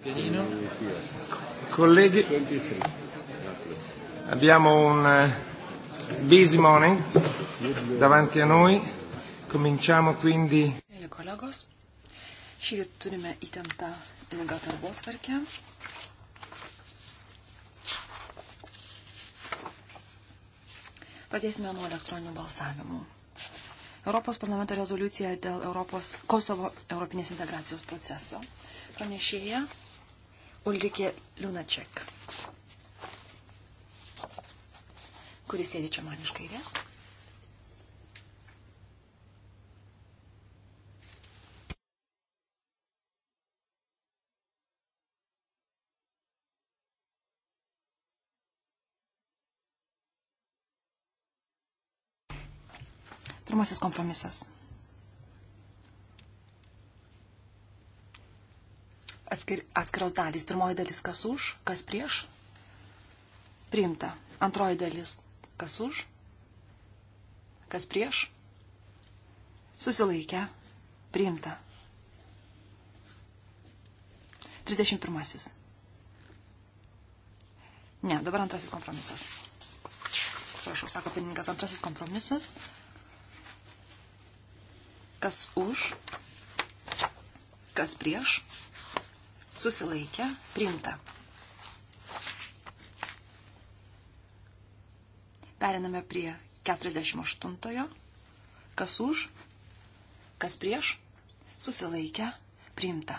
Pianino. Colleghi, abbiamo un eh, busy morning davanti a noi. Cominciamo quindi. Mėly kolegos, šį turime įtemptą ilgą darbo tvarkę. Pradėsime nuo elektroninių balsavimų. Europos parlamento rezoliucija dėl Europos, Kosovo Europinės integracijos proceso. Pranešėja Ulrike Lunaček, kuris sėdi čia man iš kairės. Pirmasis kompromisas. atskir, atskiros dalys. Pirmoji dalis kas už, kas prieš. Priimta. Antroji dalis kas už, kas prieš. Susilaikę. Priimta. 31. Ne, dabar antrasis kompromisas. Prašau, sako pirmininkas, antrasis kompromisas. Kas už, kas prieš, susilaikė, priimta. Periname prie 48. Kas už, kas prieš, susilaikė, priimta.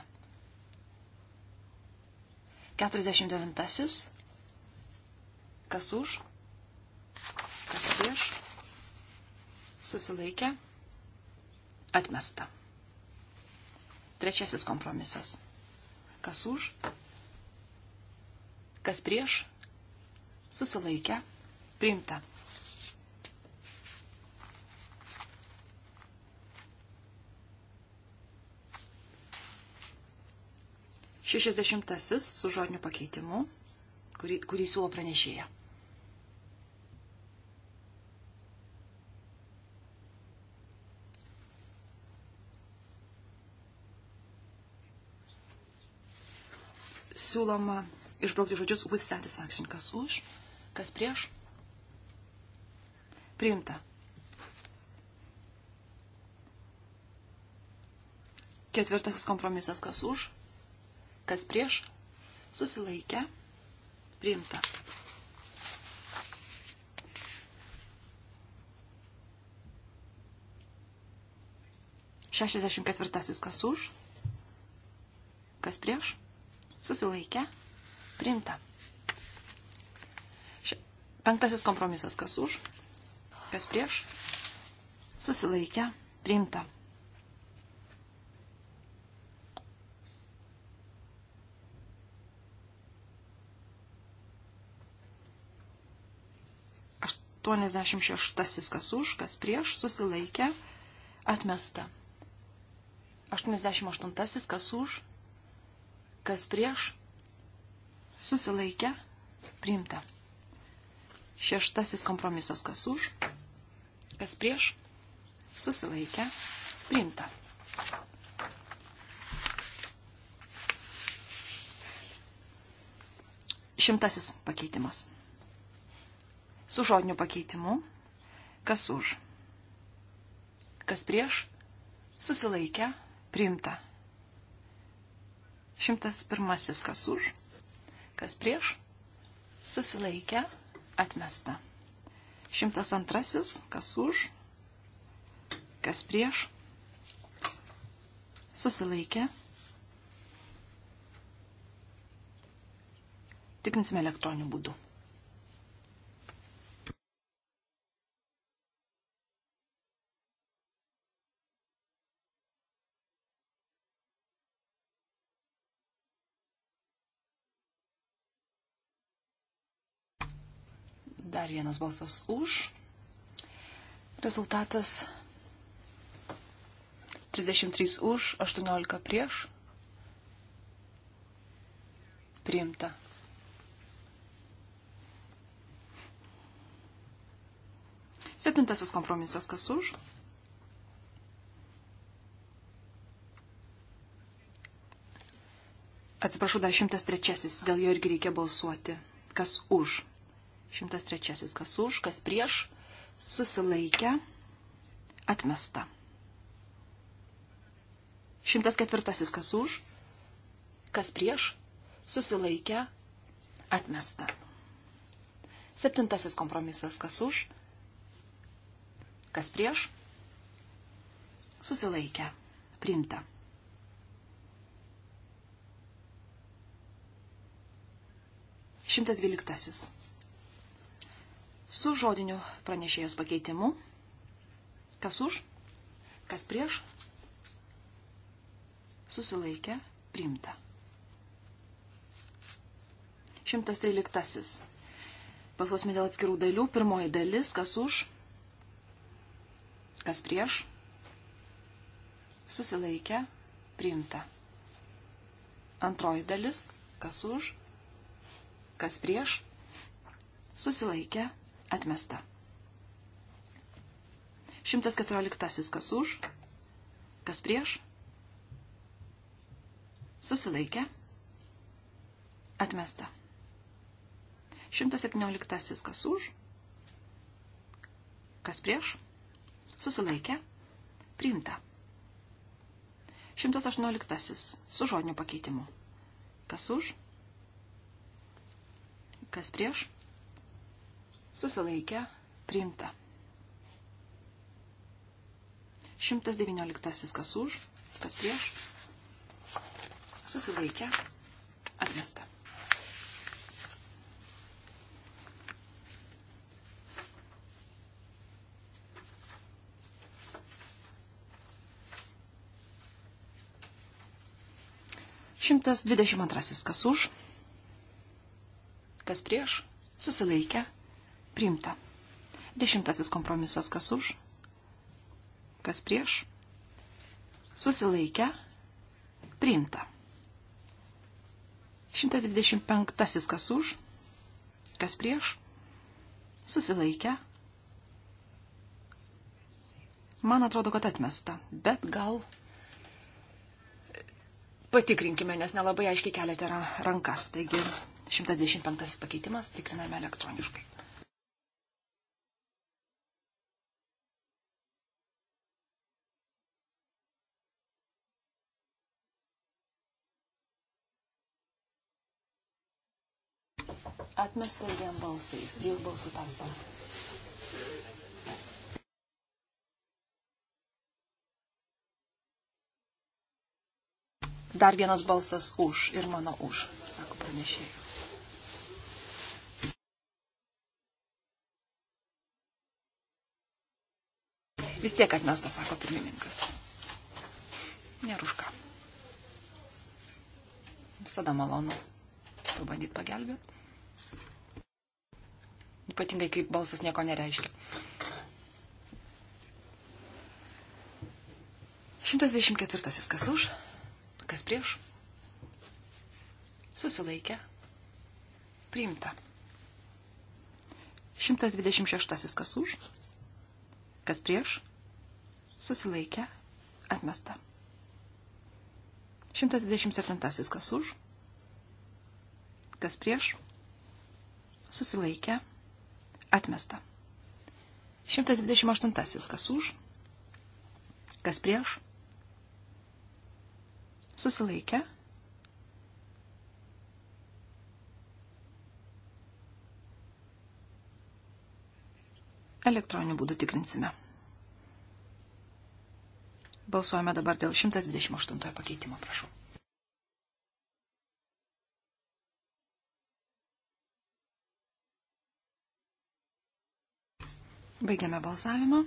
49. Kas už, kas prieš, susilaikė, atmesta. Trečiasis kompromisas. Kas už? Kas prieš? Susilaikę. Priimta. Šešiasdešimtasis su žodiniu pakeitimu, kurį, kurį siūlo pranešėja. siūloma išbraukti žodžius with satisfaction. Kas už, kas prieš. Priimta. Ketvirtasis kompromisas. Kas už, kas prieš. Susilaikę. Priimta. Šešiasdešimt ketvirtasis. Kas už, kas prieš susilaikę, priimta. Penktasis kompromisas, kas už, kas prieš, susilaikę, priimta. Aštuoniasdešimt šeštasis, kas už, kas prieš, susilaikę, atmesta. 88. Kas už, kas prieš, susilaikė, priimta. Šeštasis kompromisas, kas už, kas prieš, susilaikė, priimta. Šimtasis pakeitimas. Su žodiniu pakeitimu, kas už, kas prieš, susilaikė, priimta. 101 kas už, kas prieš, susilaikę, atmesta. 102 kas už, kas prieš, susilaikę. Tikrinsime elektroniniu būdu. Dar vienas balsas už. Rezultatas 33 už, 18 prieš. Priimta. Septintasis kompromisas kas už? Atsiprašau, dar 103. Dėl jo irgi reikia balsuoti. Kas už? 103. Kas už, kas prieš, susilaikę, atmesta. 104. Kas už, kas prieš, susilaikę, atmesta. Septintasis kompromisas. Kas už, kas prieš, susilaikę, priimta. Šimtas dvyliktasis su žodiniu pranešėjos pakeitimu. Kas už, kas prieš, susilaikė, priimta. 113. Balsuosime dėl atskirų dalių. Pirmoji dalis, kas už, kas prieš, susilaikė, priimta. Antroji dalis, kas už, kas prieš, susilaikė, Atmesta. 114. Kas už? Kas prieš? Susilaikė. Atmesta. 117. Kas už? Kas prieš? Susilaikė. Priimta. 118. Su žodiniu pakeitimu. Kas už? Kas prieš? susilaikė, priimta. 119 kas už, kas prieš, susilaikė, atmesta. Šimtas dvidešimt antrasis kas už, kas prieš, susilaikė, Priimta. Dešimtasis kompromisas kas už, kas prieš. Susilaikę. Priimta. 125 kas už, kas prieš. Susilaikę. Man atrodo, kad atmesta, bet gal patikrinkime, nes nelabai aiškiai keliate rankas. Taigi 125 pakeitimas tikriname elektroniškai. Atmesta dviem balsais, dviejų balsų persvara. Dar vienas balsas už ir mano už, sako pranešėjai. Vis tiek atmestas, sako pirmininkas. Nėra už ką. Visada malonu pabandyti pagelbėti. Ypatingai, kaip balsas nieko nereiškia. 124. Kas už? Kas prieš? Susilaikė. Priimta. 126. Kas už? Kas prieš? Susilaikė. Atmesta. 127. Kas už? Kas prieš? susilaikė, atmesta. 128. Kas už, kas prieš, susilaikė. Elektroniniu būdu tikrinsime. Balsuojame dabar dėl 128 pakeitimo, prašau. Baigiame balsavimą.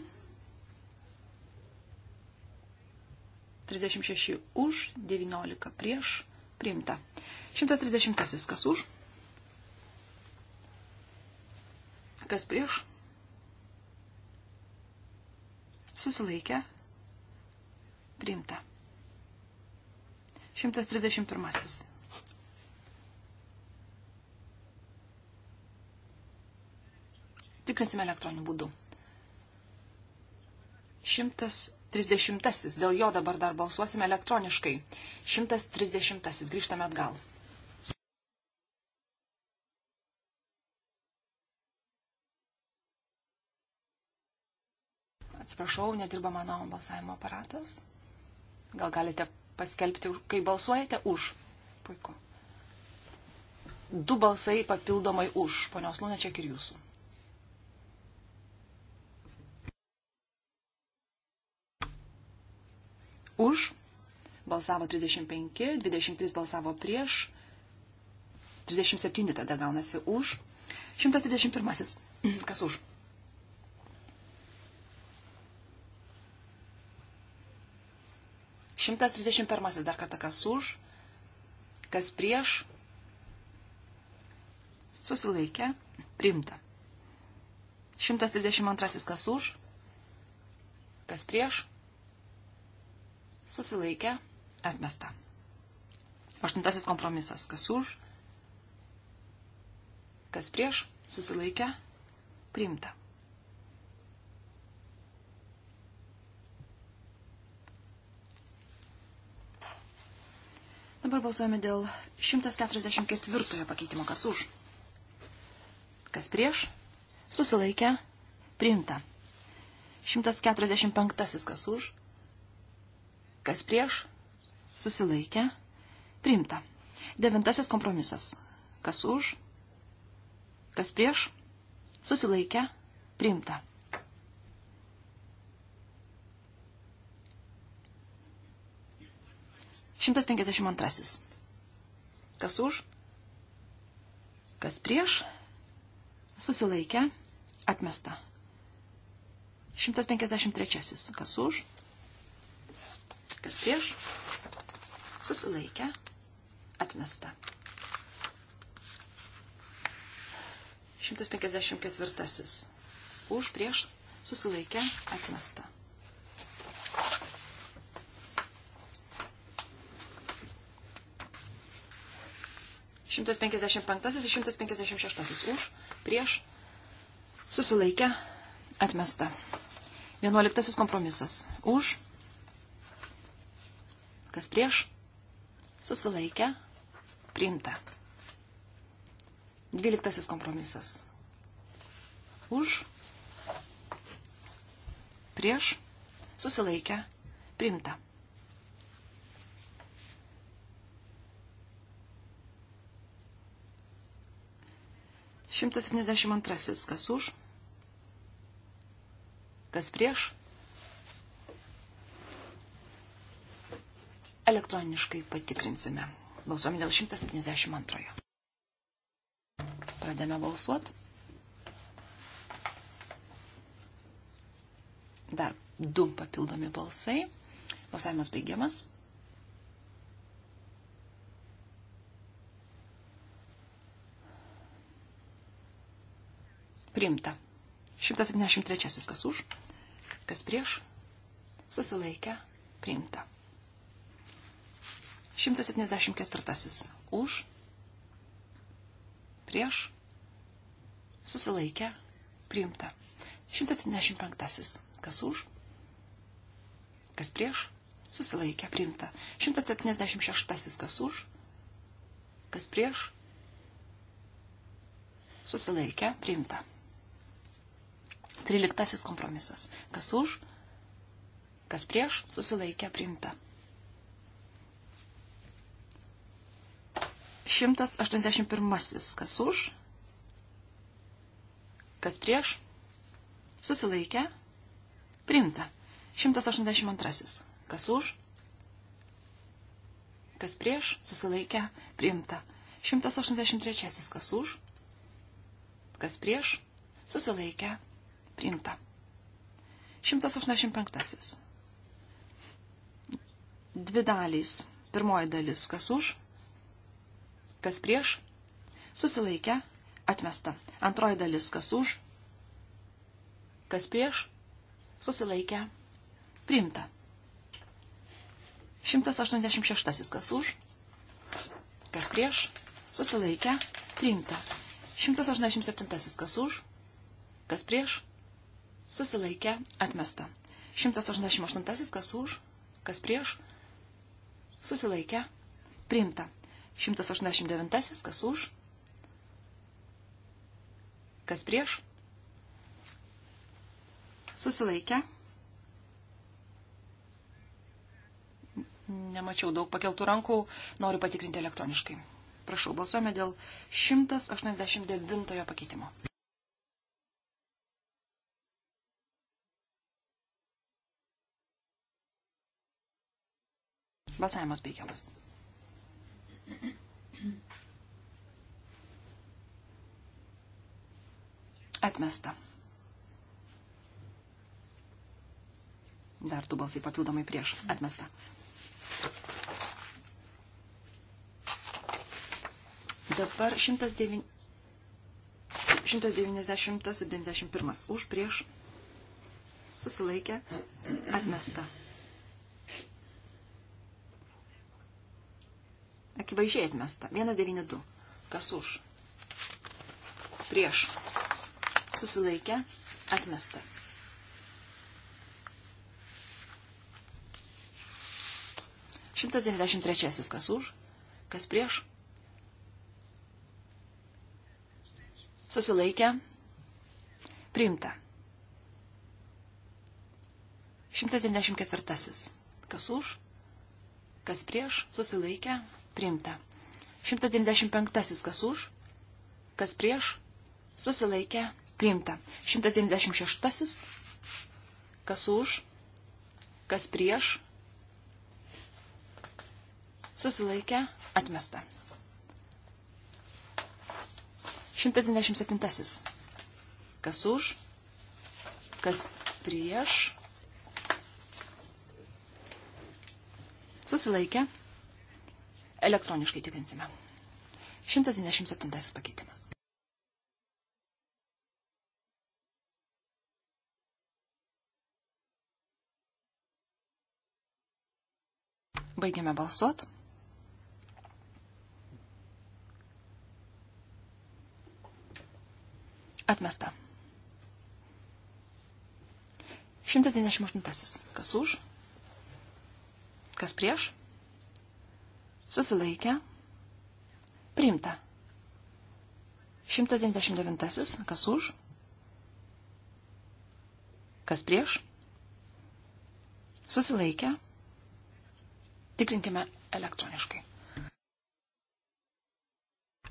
36 už, 19 prieš, priimta. 130 kas už, kas prieš, susilaikė, priimta. 131. Tikrinsime elektroniniu būdu. 130. Dėl jo dabar dar balsuosime elektroniškai. 130. Grįžtame atgal. Atsiprašau, nedirba mano balsavimo aparatas. Gal galite paskelbti, kai balsuojate, už. Puiku. Du balsai papildomai už, ponios Lūneček ir jūsų. už, balsavo 35, 23 balsavo prieš, 37 tada gaunasi už, 131 kas už. Šimtas trisdešimt pirmasis dar kartą kas už, kas prieš, susilaikė, primta. Šimtas trisdešimt antrasis kas už, kas prieš, susilaikė, atmesta. Aštuntasis kompromisas, kas už, kas prieš, susilaikė, priimta. Dabar balsuojame dėl 144 pakeitimo, kas už, kas prieš, susilaikė, priimta. 145 kas už, Kas prieš? Susilaikę. Priimta. Devintasis kompromisas. Kas už? Kas prieš? Susilaikę. Priimta. Šimtas penkiasdešimt antrasis. Kas už? Kas prieš? Susilaikę. Atmesta. 153. Kas už? kas prieš, susilaikė, atmesta. 154. Už prieš susilaikė atmesta. Šimtas penkiasdešimt penktasis ir šimtas penkiasdešimt šeštasis už, prieš, susilaikę, atmesta. Vienuoliktasis kompromisas. Už, Kas prieš? Susilaikę. Priimta. Dvyliktasis kompromisas. Už. Prieš. Susilaikę. Priimta. Šimtas septyniasdešimt antrasis. Kas už? Kas prieš? Elektroniškai patikrinsime. Balsuojame dėl 172. Pradėme balsuoti. Dar du papildomi balsai. Balsavimas baigiamas. Primta. 173 kas už, kas prieš, susilaikę, primta. 174. Už, prieš, susilaikę, priimta. 175. Kas už, kas prieš, susilaikę, priimta. 176. Kas už, kas prieš, susilaikę, priimta. 13. Kompromisas. Kas už, kas prieš, susilaikę, priimta. 181. Kas už? Kas prieš? Susilaikę? Primta. 182. Kas už? Kas prieš? Susilaikę? Primta. 183. Kas už? Kas prieš? Susilaikę? Primta. 185. Dvi dalys. Pirmoji dalis. Kas už? Kas prieš? Susilaikę. Atmesta. Antroji dalis. Kas už? Kas prieš? Susilaikę. Priimta. 186. Kas už? Kas prieš? Susilaikę. Priimta. 187. Kas už? Kas prieš? Susilaikę. Atmesta. 188. Kas už? Kas prieš? Susilaikę. Priimta. 189. Kas už? Kas prieš? Susilaikę. Nemačiau daug pakeltų rankų, noriu patikrinti elektroniškai. Prašau, balsuojame dėl 189 pakeitimo. Balsavimas baigiamas. Atmesta. Dar du balsai papildomai prieš. Atmesta. Dabar 109, 190 ir 91 už prieš susilaikė atmesta. Akivaizdžiai atmesta. 192. Kas už? Prieš. Susilaikę. Atmesta. Šimtas devyniasdešimt trečiasis kas už, kas prieš. Susilaikę. Priimta. Šimtas devyniasdešimt ketvirtasis. Kas už, kas prieš, susilaikę, Priimta. 195. Kas už? Kas prieš? Susilaikė. Priimta. 196. Kas už? Kas prieš? Susilaikė. Atmesta. 197. Kas už? Kas prieš? Susilaikė. Elektroniškai tikrinsime. 197 pakeitimas. Baigiame balsuot. Atmesta. 198. Kas už? Kas prieš? Susilaikę. Priimta. 199. Kas už? Kas prieš? Susilaikę. Tikrinkime elektroniškai.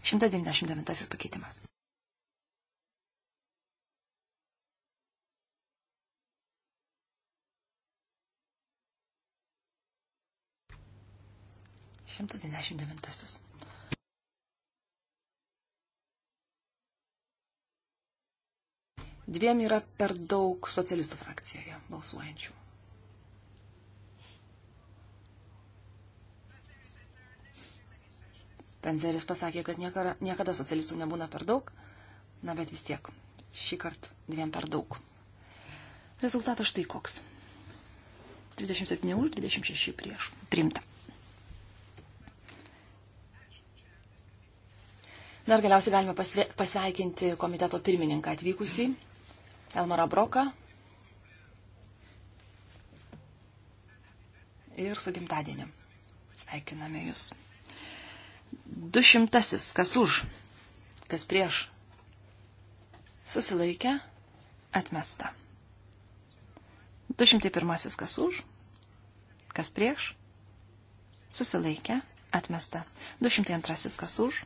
199 pakeitimas. 199. Dviem yra per daug socialistų frakcijoje balsuojančių. Penzeris pasakė, kad niekada, niekada socialistų nebūna per daug, na bet vis tiek, šį kartą dviem per daug. Rezultatas štai koks. 37 už, 26 prieš. Primta. Na ir galiausiai galime pasveikinti komiteto pirmininką atvykusį Elmarą Broką ir su gimtadieniu. Sveikiname Jūs. Du šimtasis, kas už, kas prieš, susilaikę, atmesta. Du šimtai pirmasis, kas už, kas prieš, susilaikę, atmesta. Du šimtai antrasis, kas už,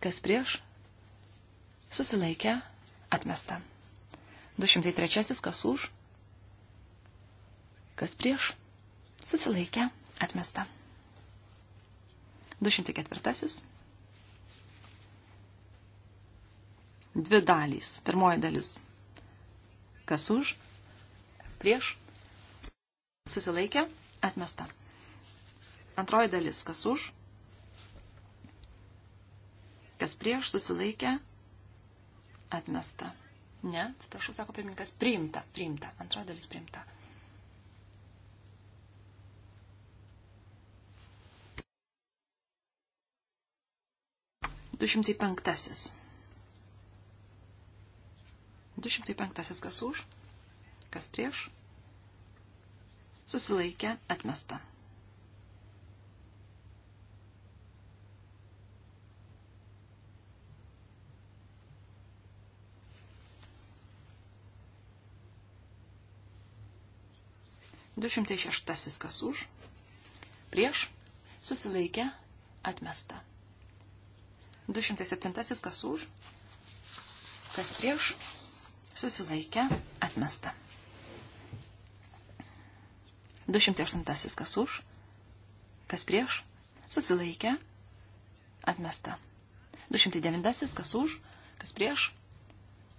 Kas prieš? Susilaikę. Atmesta. 203. Kas už? Kas prieš? Susilaikę. Atmesta. 204. Dvi dalys. Pirmoji dalis. Kas už? Prieš? Susilaikę. Atmesta. Antroji dalis. Kas už? Kas prieš susilaikė atmesta. Ne, atsiprašau, sako pirmininkas, priimta, priimta, antra dalis priimta. Du šimtai penktasis. Du šimtai penktasis kas už, kas prieš, susilaikė, atmesta. 206 kas už, prieš, susilaikė, atmesta. 207 kas už, kas prieš, susilaikė, atmesta. 208 kas už, kas prieš, susilaikė, atmesta. 209 kas už, kas prieš,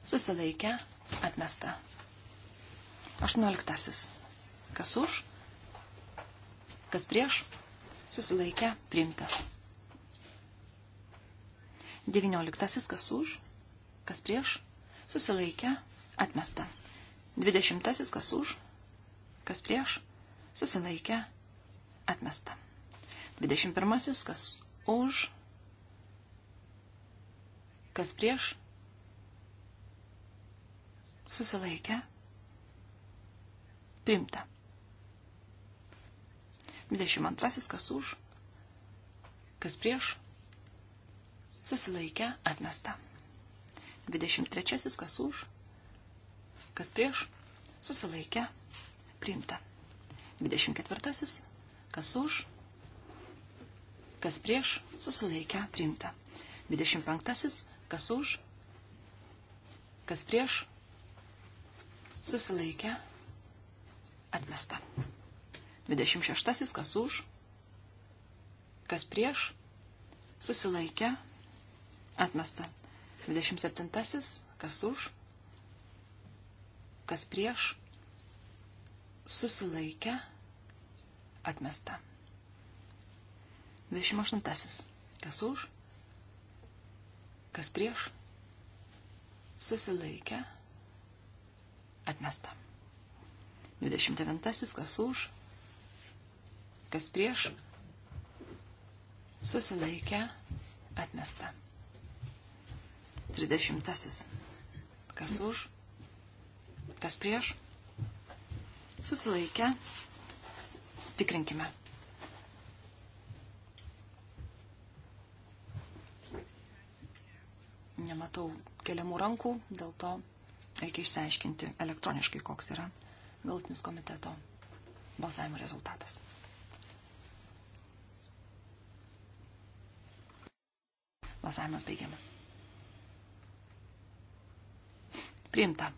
susilaikė, atmesta. 18. Kas už? Kas prieš? Susilaikę priimtas. 19. Kas už? Kas prieš? Susilaikę atmesta. 20. Kas už? Kas prieš? Susilaikę atmesta. 21. Kas už? Kas prieš? Susilaikę. Primta. 22 kas už, kas prieš, susilaikę atmesta. 23 kas už, kas prieš, susilaikę priimta. 24 kas už, kas prieš, susilaikę priimta. 25 kas už, kas prieš, susilaikę atmesta. 26. Kas už? Kas prieš? Susilaikė. Atmesta. 27. Kas už? Kas prieš? Susilaikė. Atmesta. 28. Kas už? Kas prieš? Susilaikė. Atmesta. 29. Kas už? kas prieš, susilaikė, atmesta. 30. Kas už, kas prieš, susilaikė, tikrinkime. Nematau keliamų rankų, dėl to reikia išsiaiškinti elektroniškai, koks yra galutinis komiteto balsavimo rezultatas. Balsavimas baigiamas. Priimta.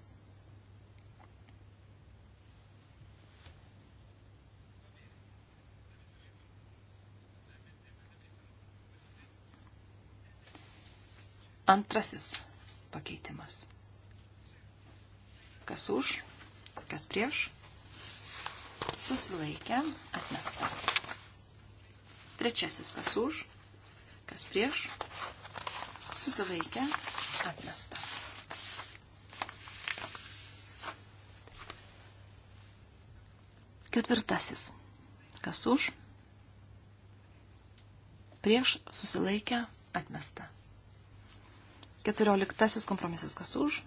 Antrasis pakeitimas. Kas už, kas prieš, susilaikę, atmesta. Trečiasis kas už, kas prieš, susilaikė, atmesta. Ketvirtasis, kas už, prieš, susilaikė, atmesta. Keturioliktasis kompromisas, kas už,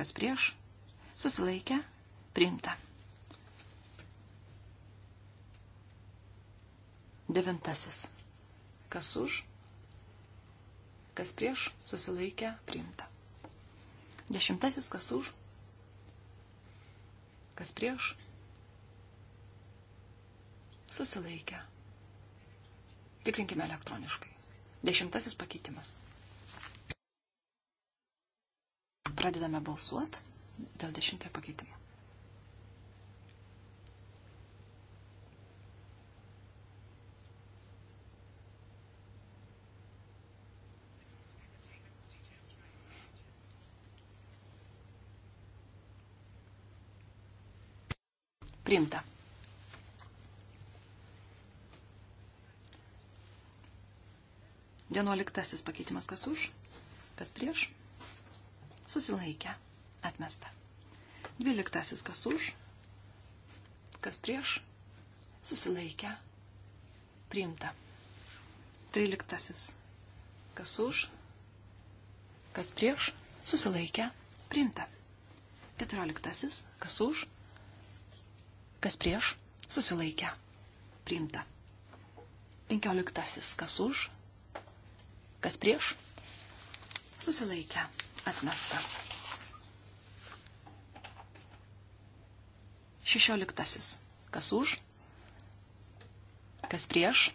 kas prieš, susilaikė, priimta. Devintasis. Kas už? Kas prieš? Susilaikę priimta. Dešimtasis kas už? Kas prieš? Susilaikę. Tikrinkime elektroniškai. Dešimtasis pakeitimas. Pradedame balsuoti dėl dešimtojo pakeitimo. Priimta. Vienuoliktasis pakeitimas kas už, kas prieš, susilaikę, atmesta. Dvyliktasis kas už, kas prieš, susilaikę, priimta. Tryliktasis kas už, kas prieš, susilaikę, priimta. Keturioliktasis kas už, Kas prieš? Susilaikę. Priimta. Penkioliktasis. Kas už? Kas prieš? Susilaikę. Atmesta. Šešioliktasis. Kas už? Kas prieš?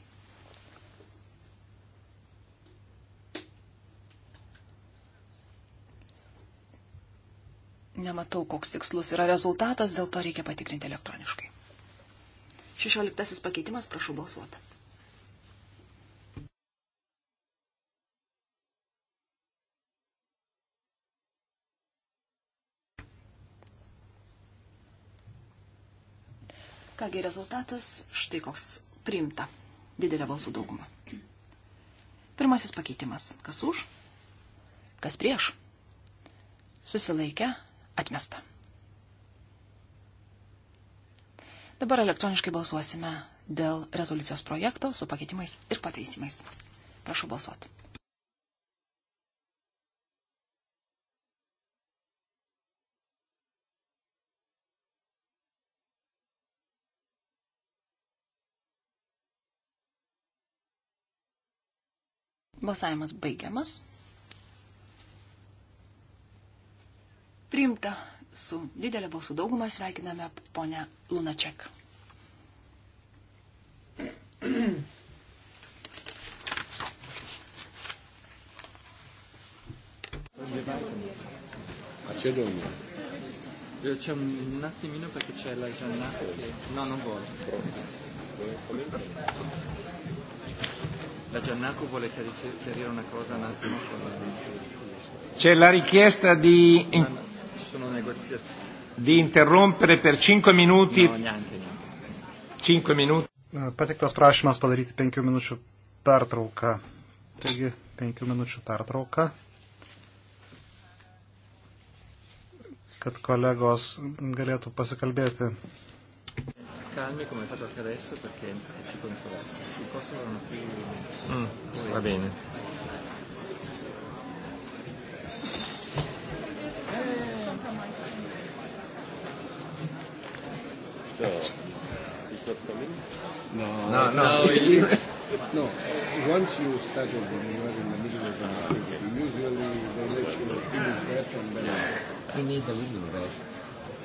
Nematau, koks tikslus yra rezultatas, dėl to reikia patikrinti elektroniškai. 16 pakeitimas, prašau balsuoti. Kągi rezultatas štai koks priimta. Didelė balsų dauguma. Pirmasis pakeitimas. Kas už? Kas prieš? Susilaikę Atmesta. Dabar elektroniškai balsuosime dėl rezoliucijos projekto su pakeitimais ir pataisimais. Prašau balsuoti. Balsavimas baigiamas. Priimta su didelė balsų dauguma sveikiname ponę Lunaček. A c'è dove? C'è un attimino perché c'è la giornata che... No, nu, non nu vuole. La Giannaco vuole chiarire una cosa un attimo. Nu c'è la richiesta di... No, no ci sono negoziazioni. Di interrompere per 5 minuti. No, neanche, no. 5 minuti. Pateiktas prašymas padaryti 5 minučių pertrauką. Taigi, 5 minučių pertrauką. Kad kolegos galėtų pasikalbėti. Calmi come hai fatto anche adesso perché è più controverso. Sul Kosovo non più... Mm, va bene. So, it's not coming? No. No, no. No, it is. no. Once you started when you are in the middle of an activity, okay. usually they let you finish that and then... Yeah. You need a little rest.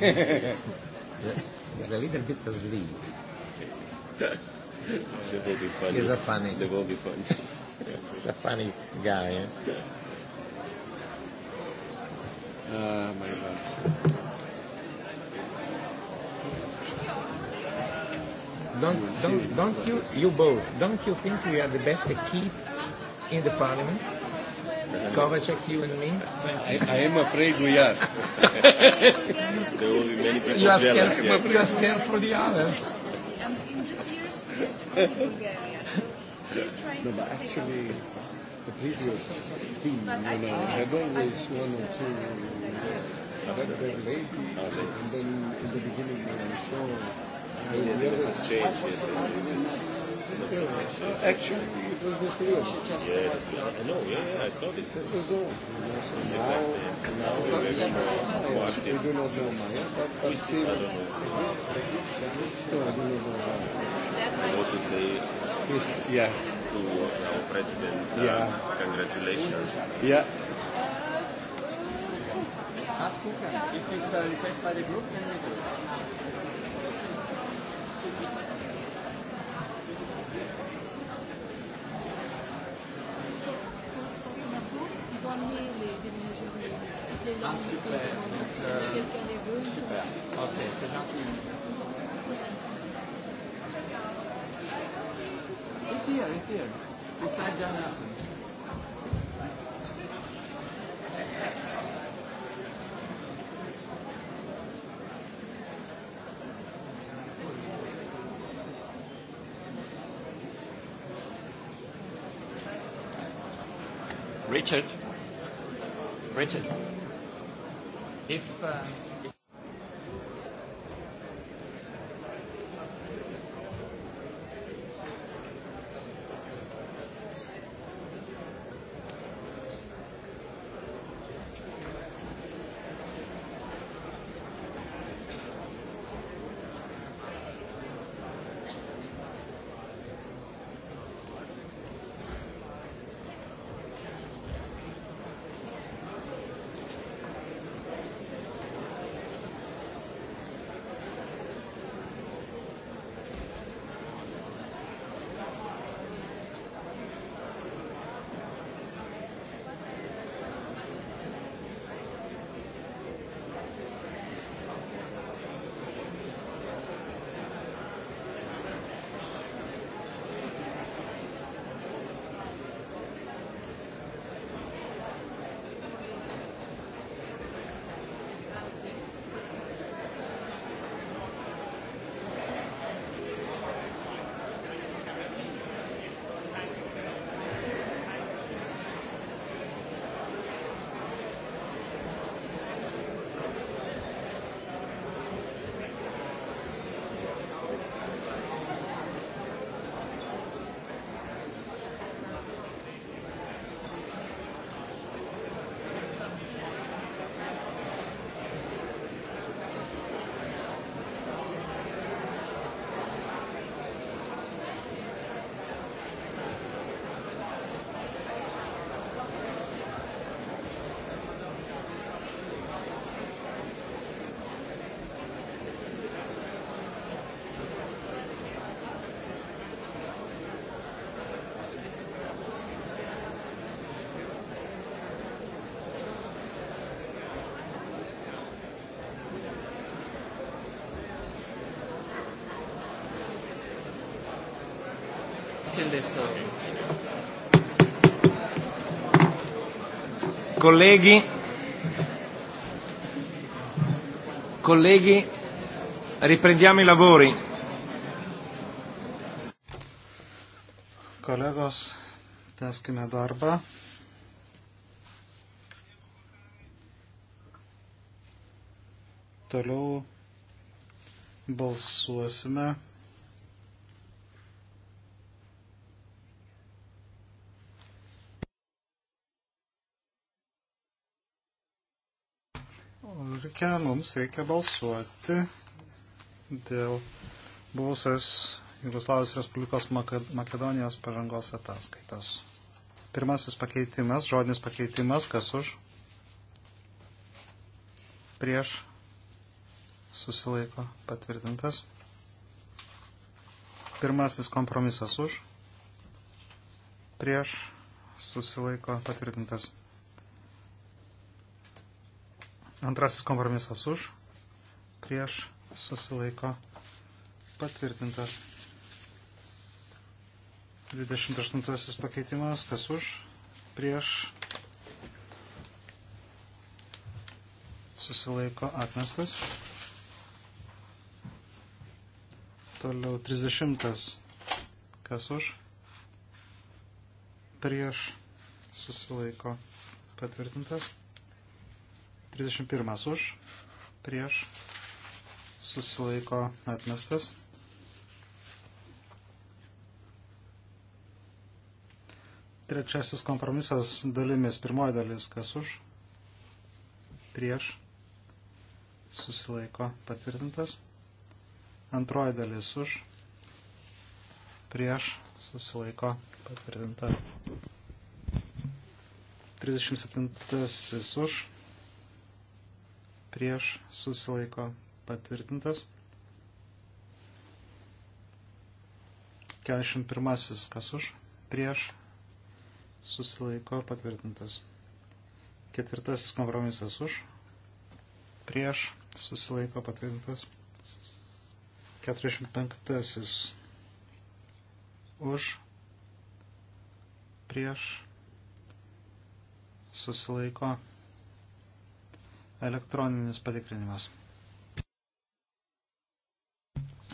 There's a little bit of sleep. It will be funny. He's a funny. It will be funny. He's a funny guy. Eh? Uh, my God. Don't, don't, don't you, you both, don't you think we are the best equipped in the parliament? Kovacic, you and me? I, I am afraid we are. there will be many people you are jealous. Scared, yeah. You are scared for the others. Um, in just years, years to Bulgaria. He's trying no, to but actually, the previous team, you know, had always one or two. Uh, but there was 80, and then in the beginning when I saw exchanges and Actually, it was this year. Yeah, I know, yeah, yeah, I saw this. It was all. Exactly. Now we're very more proactive. We do not know Maya, but, but still. I don't know. No, I do not know Maya. I want to say. Yes, yeah. To our president, uh, yeah. congratulations. Yeah. Ask who can. If it's a request by the group, then we do. Super. Super. Ok, c'est gentil. It's here, it's here. Beside Jonathan. Richard. Richard if uh, adesso. Colleghi, colleghi, riprendiamo i lavori. Kolegos, tęskime darbą. Toliau balsuosime pirmininkė, mums reikia balsuoti dėl buvusios Jugoslavijos Respublikos Makedonijos pažangos ataskaitos. Pirmasis pakeitimas, žodinis pakeitimas, kas už? Prieš susilaiko patvirtintas. Pirmasis kompromisas už. Prieš susilaiko patvirtintas. Antrasis kompromisas už, prieš susilaiko patvirtinta. 28 pakeitimas, kas už, prieš susilaiko atmestas. Toliau 30. Kas už? Prieš susilaiko patvirtintas. 31 už, prieš, susilaiko atmestas. Trečiasis kompromisas dalimis, pirmoji dalis, kas už, prieš, susilaiko patvirtintas. Antroji dalis už, prieš, susilaiko patvirtinta. 37 už, prieš susilaiko patvirtintas. 41. Kas už? Prieš susilaiko patvirtintas. Ketvirtasis kompromisas už. Prieš susilaiko patvirtintas. 45. Už. Prieš susilaiko patvirtintas Elektroninis patikrinimas.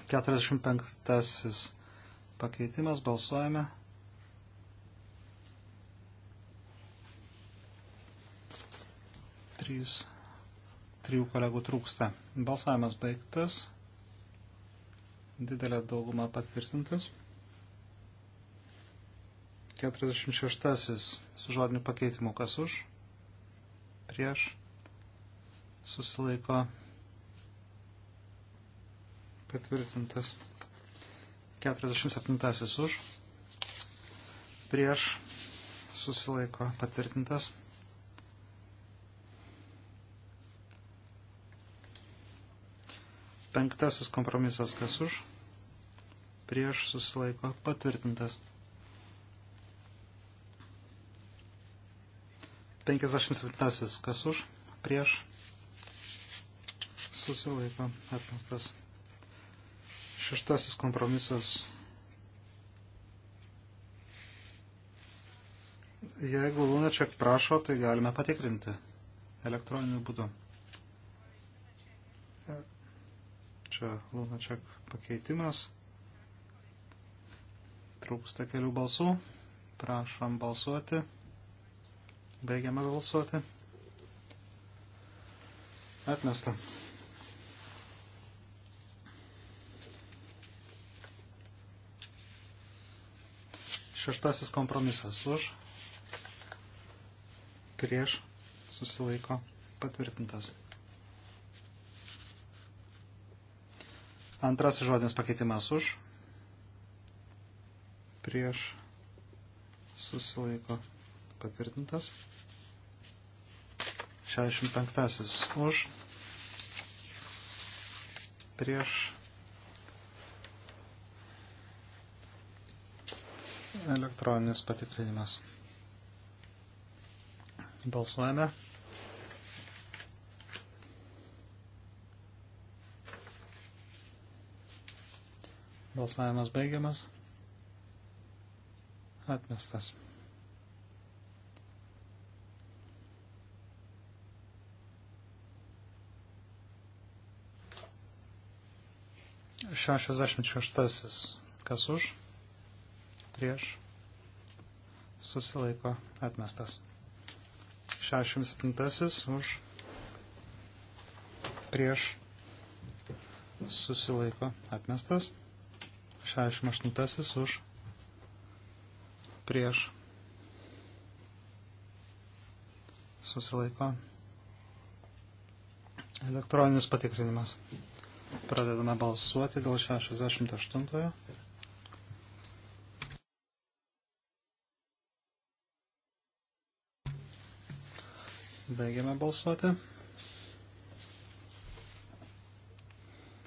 45 pakeitimas. Balsuojame. Trys, trijų kolegų trūksta. Balsavimas baigtas. Didelė dauguma patvirtintas. 46 su žodiniu pakeitimu. Kas už? Prieš susilaiko patvirtintas 47 už prieš susilaiko patvirtintas 5 kompromisas kas už prieš susilaiko patvirtintas 57 kas už prieš susilaiko atmestas. Šeštasis kompromisas. Jeigu Lunačiak prašo, tai galime patikrinti elektroniniu būdu. E, čia Lunačiak pakeitimas. Trūksta kelių balsų. Prašom balsuoti. Baigiame balsuoti. Atmesta. Šeštasis kompromisas už, prieš, susilaiko, patvirtintas. Antrasis žodinis pakeitimas už, prieš, susilaiko, patvirtintas. 65 už, prieš, Elektroninis patikrinimas. Balsuojame. Balsavimas baigiamas. Atmestas. Šešiasdešimt šeštasis. Kas už? prieš, susilaiko atmestas. 67 už, prieš, susilaiko atmestas. 68 už, prieš, susilaiko elektroninis patikrinimas. Pradedame balsuoti dėl 68. Baigiame balsuoti.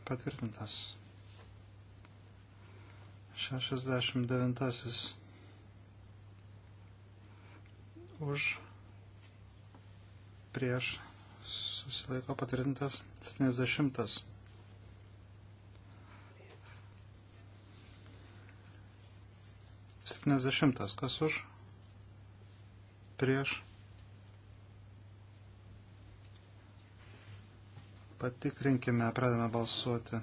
Patvirtintas. 69. Už prieš susilaiko patvirtintas 70. Septyniasdešimtas, kas už? Prieš Patikrinkime, pradame balsuoti.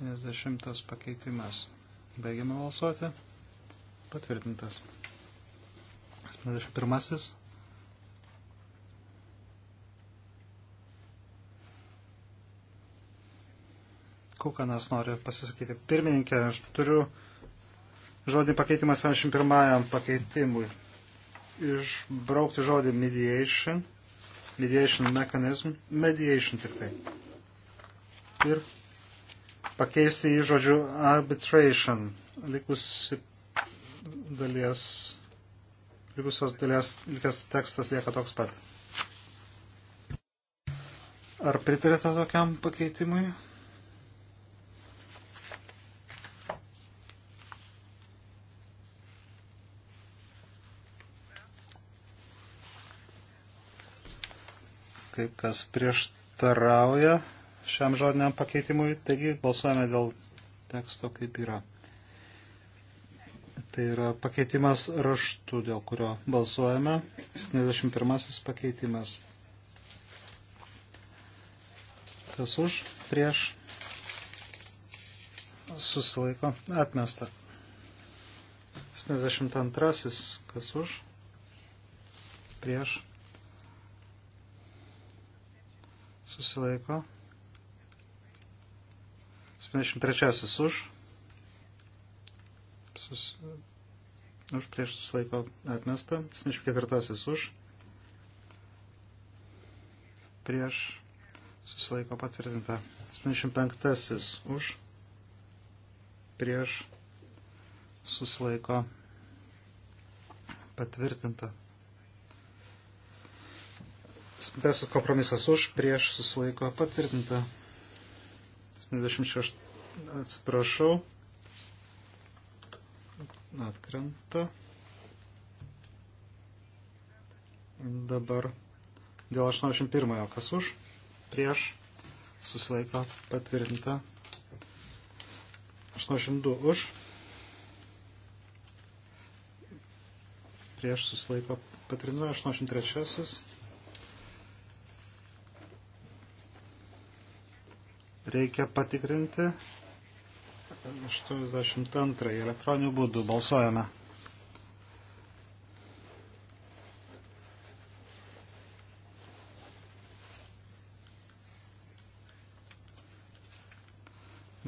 70 pakeitimas. Baigiame balsuoti. Patvirtintas. 71. Kukanas nori pasisakyti. Pirmininkė, aš turiu žodį pakeitimą 71 pakeitimui išbraukti žodį mediation, mediation mechanism, mediation tik tai. Ir pakeisti į žodžių arbitration, likusi dalies, likusios dalies, likęs tekstas lieka toks pat. Ar pritarėte tokiam pakeitimui? kai kas prieštarauja šiam žodiniam pakeitimui, taigi balsuojame dėl teksto kaip yra. Tai yra pakeitimas raštu, dėl kurio balsuojame. 71 pakeitimas. Kas už, prieš, susilaiko, atmesta. 72 kas už, prieš, susilaiko. 73 už. Sus... Už prieš susilaiko atmesta. 74 už. Prieš susilaiko patvirtinta. 75 už. Prieš susilaiko patvirtinta. Septintasis kompromisas už, prieš susilaiko patvirtinta. 76, atsiprašau, atkrenta. Dabar dėl 81, kas už, prieš susilaiko patvirtinta. 82 už, prieš susilaiko patvirtinta. 83 reikia patikrinti. 82 elektroninių būdų balsuojame.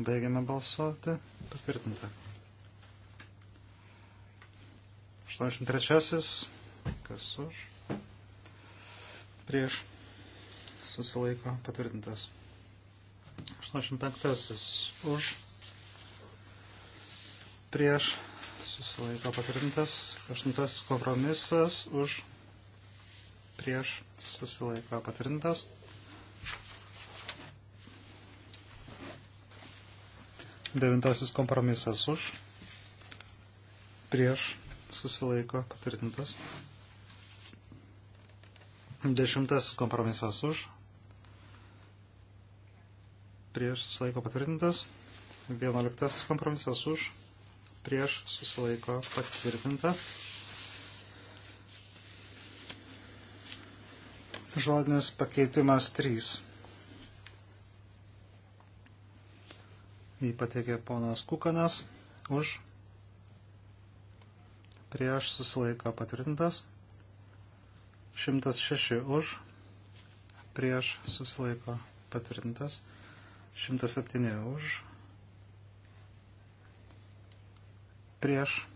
Baigiame balsuoti. Patvirtinta. 83. Kas už? Prieš. Susilaiko. Patvirtintas. 85 už, prieš, susilaiko patvirtintas, 8 kompromisas už, prieš, susilaiko patvirtintas. Devintasis kompromisas už, prieš, susilaiko patvirtintas. Dešimtasis kompromisas už, prieš susilaiko patvirtintas. 11 kompromisas už, prieš susilaiko patvirtinta. Žodinis pakeitimas 3. Jį pateikė ponas Kukanas už, prieš susilaiko patvirtintas. 106 už, prieš susilaiko patvirtintas. 107 už, prieš,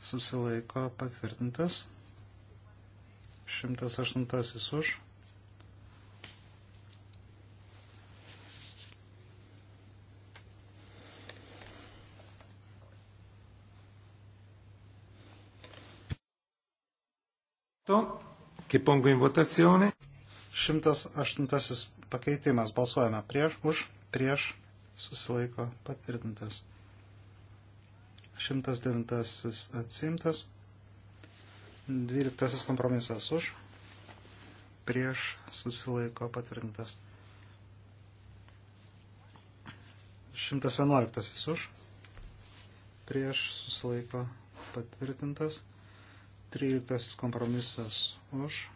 susilaiko patvirtintas, 108 už, che pongo in votazione. 108 pakeitimas. Balsuojame prieš, už, prieš, susilaiko patvirtintas. 109 atsimtas. 12 kompromisas už, prieš, susilaiko patvirtintas. 111 už, prieš, susilaiko patvirtintas. 13 kompromisas už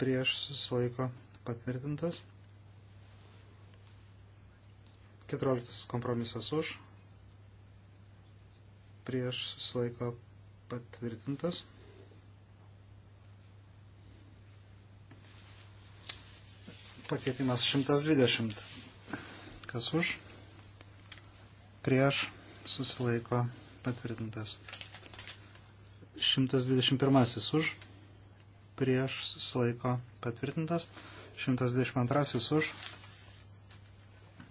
prieš susilaiko patvirtintas. 14 kompromisas už, prieš susilaiko patvirtintas. Pakeitimas 120. Kas už? Prieš susilaiko patvirtintas. 121 už prieš susilaiko patvirtintas, 122 už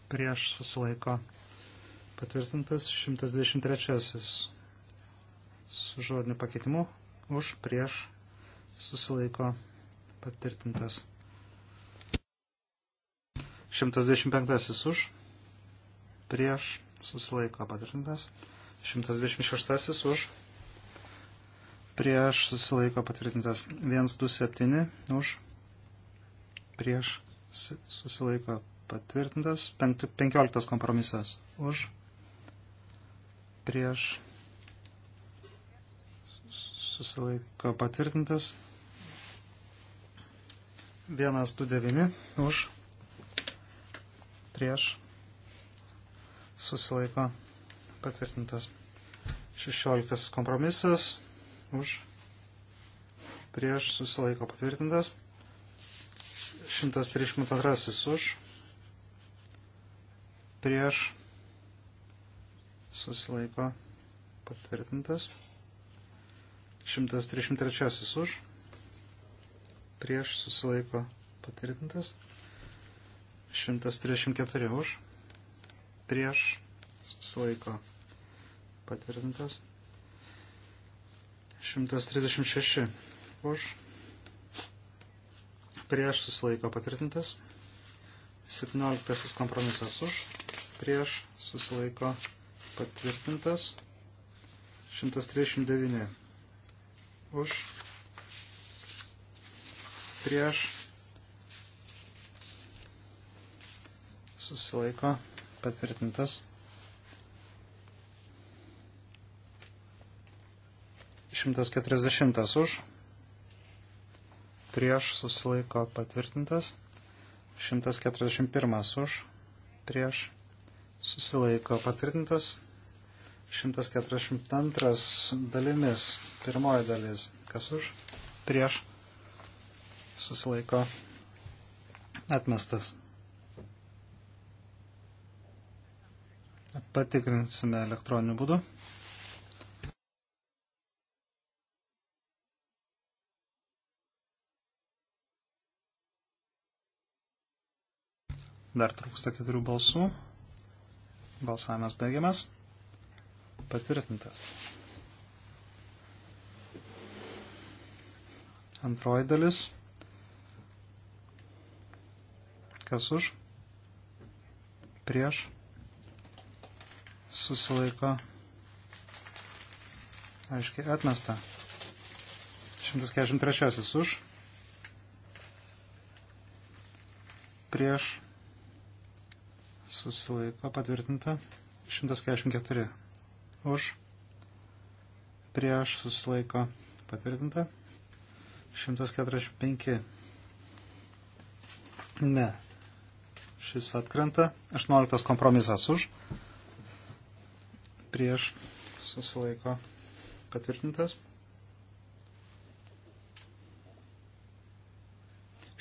prieš susilaiko patvirtintas, 123 su žodiniu pakeitimu už prieš susilaiko patvirtintas. 125 už prieš susilaiko patvirtintas, 126 už prieš susilaiko patvirtintas 127 už prieš susilaiko patvirtintas 15 kompromisas už prieš susilaiko patvirtintas 129 už prieš susilaiko patvirtintas 16 kompromisas už, prieš susilaiko patvirtintas, 132 už, prieš susilaiko patvirtintas, 133 už, prieš susilaiko patvirtintas, 134 už, prieš susilaiko patvirtintas. 136 už, prieš susilaiko patvirtintas, 17 kompromisas už, prieš susilaiko patvirtintas, 139 už, prieš susilaiko patvirtintas. 140 už, prieš susilaiko patvirtintas, 141 už, prieš susilaiko patvirtintas, 142 dalimis, pirmoji dalis, kas už, prieš susilaiko atmestas. Patikrinsime elektroniniu būdu. Dar trūksta keturių balsų. Balsavimas baigiamas. Patvirtintas. Antroji dalis. Kas už? Prieš. Susilaiko. Aiškiai, atmesta. 143 už. Prieš susilaiko patvirtinta. 144 už, prieš susilaiko patvirtinta. 145. Ne. Šis atkrenta. 18 kompromisas už. Prieš susilaiko patvirtintas.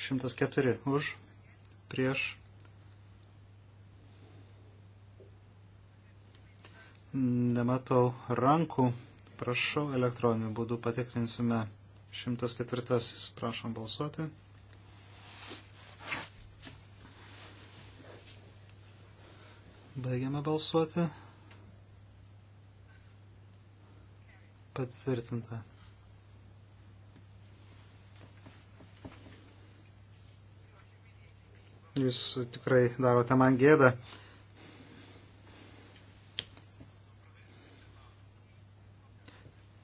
104 už. Prieš Nematau rankų. Prašau, elektroniniu būdu patikrinsime 104. Prašom balsuoti. Baigiame balsuoti. Patvirtinta. Jūs tikrai darote man gėdą.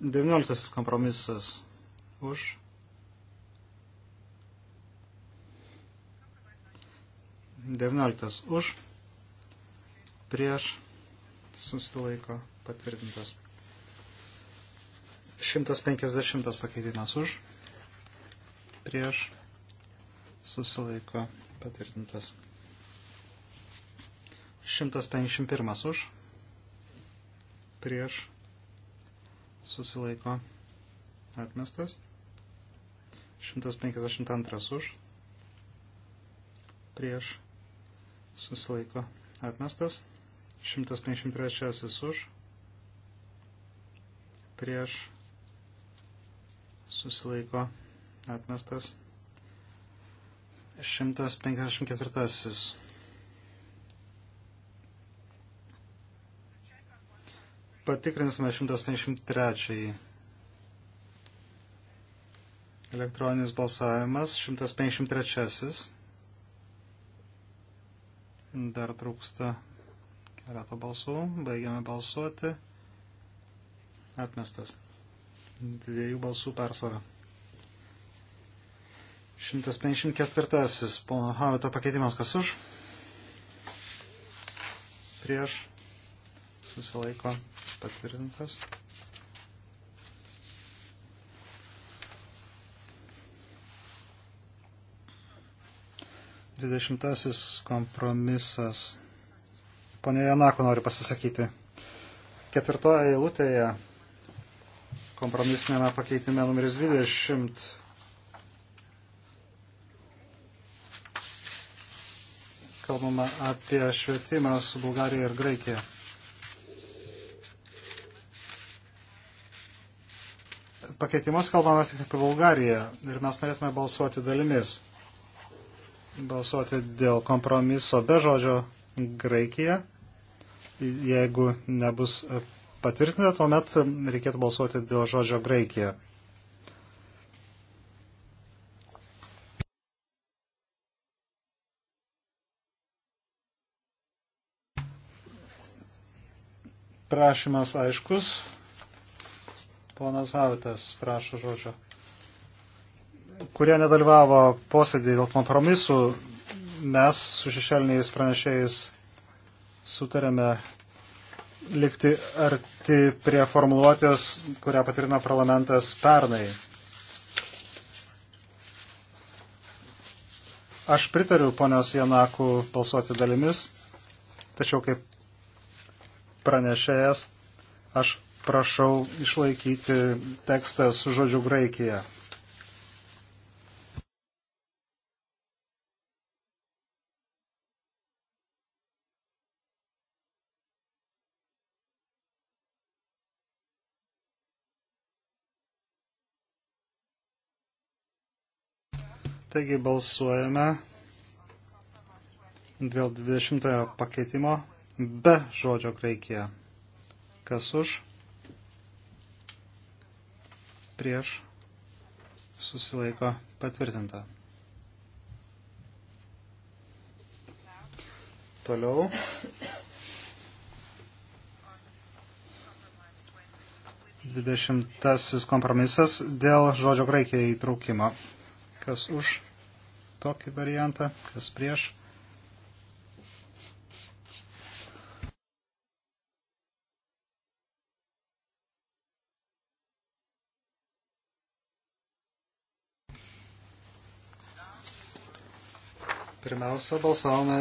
19 kompromisas už. Devynioliktas už, prieš, susilaiko, patvirtintas. 150 pakeitimas už, prieš, susilaiko, patvirtintas. 151 už, prieš, susilaiko atmestas. 152 už prieš susilaiko atmestas. 153 už prieš susilaiko atmestas. 154 Patikrinsime 153. Elektroninis balsavimas 153. Dar trūksta keletą balsų. Baigiame balsuoti. Atmestas. Dviejų balsų persvara. 154. Pono Havito pakeitimas kas už? Prieš. Susilaiko patvirtintas. Dvidešimtasis kompromisas. Pone Janako nori pasisakyti. Ketvirtoje eilutėje kompromisinėme pakeitime numeris 20. Kalbama apie švietimą su Bulgarija ir Graikija. pakeitimus kalbame tik apie Bulgariją ir mes norėtume balsuoti dalimis. Balsuoti dėl kompromiso be žodžio Graikija. Jeigu nebus patvirtinta, tuomet reikėtų balsuoti dėl žodžio Graikija. Prašymas aiškus, Ponas Havitas prašo žodžio. Kurie nedalyvavo posėdį dėl kompromisų, mes su šešelniais pranešėjais sutarėme likti arti prie formuluotės, kurią patvirtino parlamentas pernai. Aš pritariu ponios Janakų balsuoti dalimis, tačiau kaip pranešėjas aš prašau išlaikyti tekstą su žodžiu Graikija. Taigi balsuojame dėl 20 pakeitimo be žodžio Graikija. Kas už? prieš susilaiko patvirtinta. Toliau. Dvidešimtasis kompromisas dėl žodžio Graikijai įtraukimo. Kas už tokį variantą, kas prieš Pirmiausia, balsavome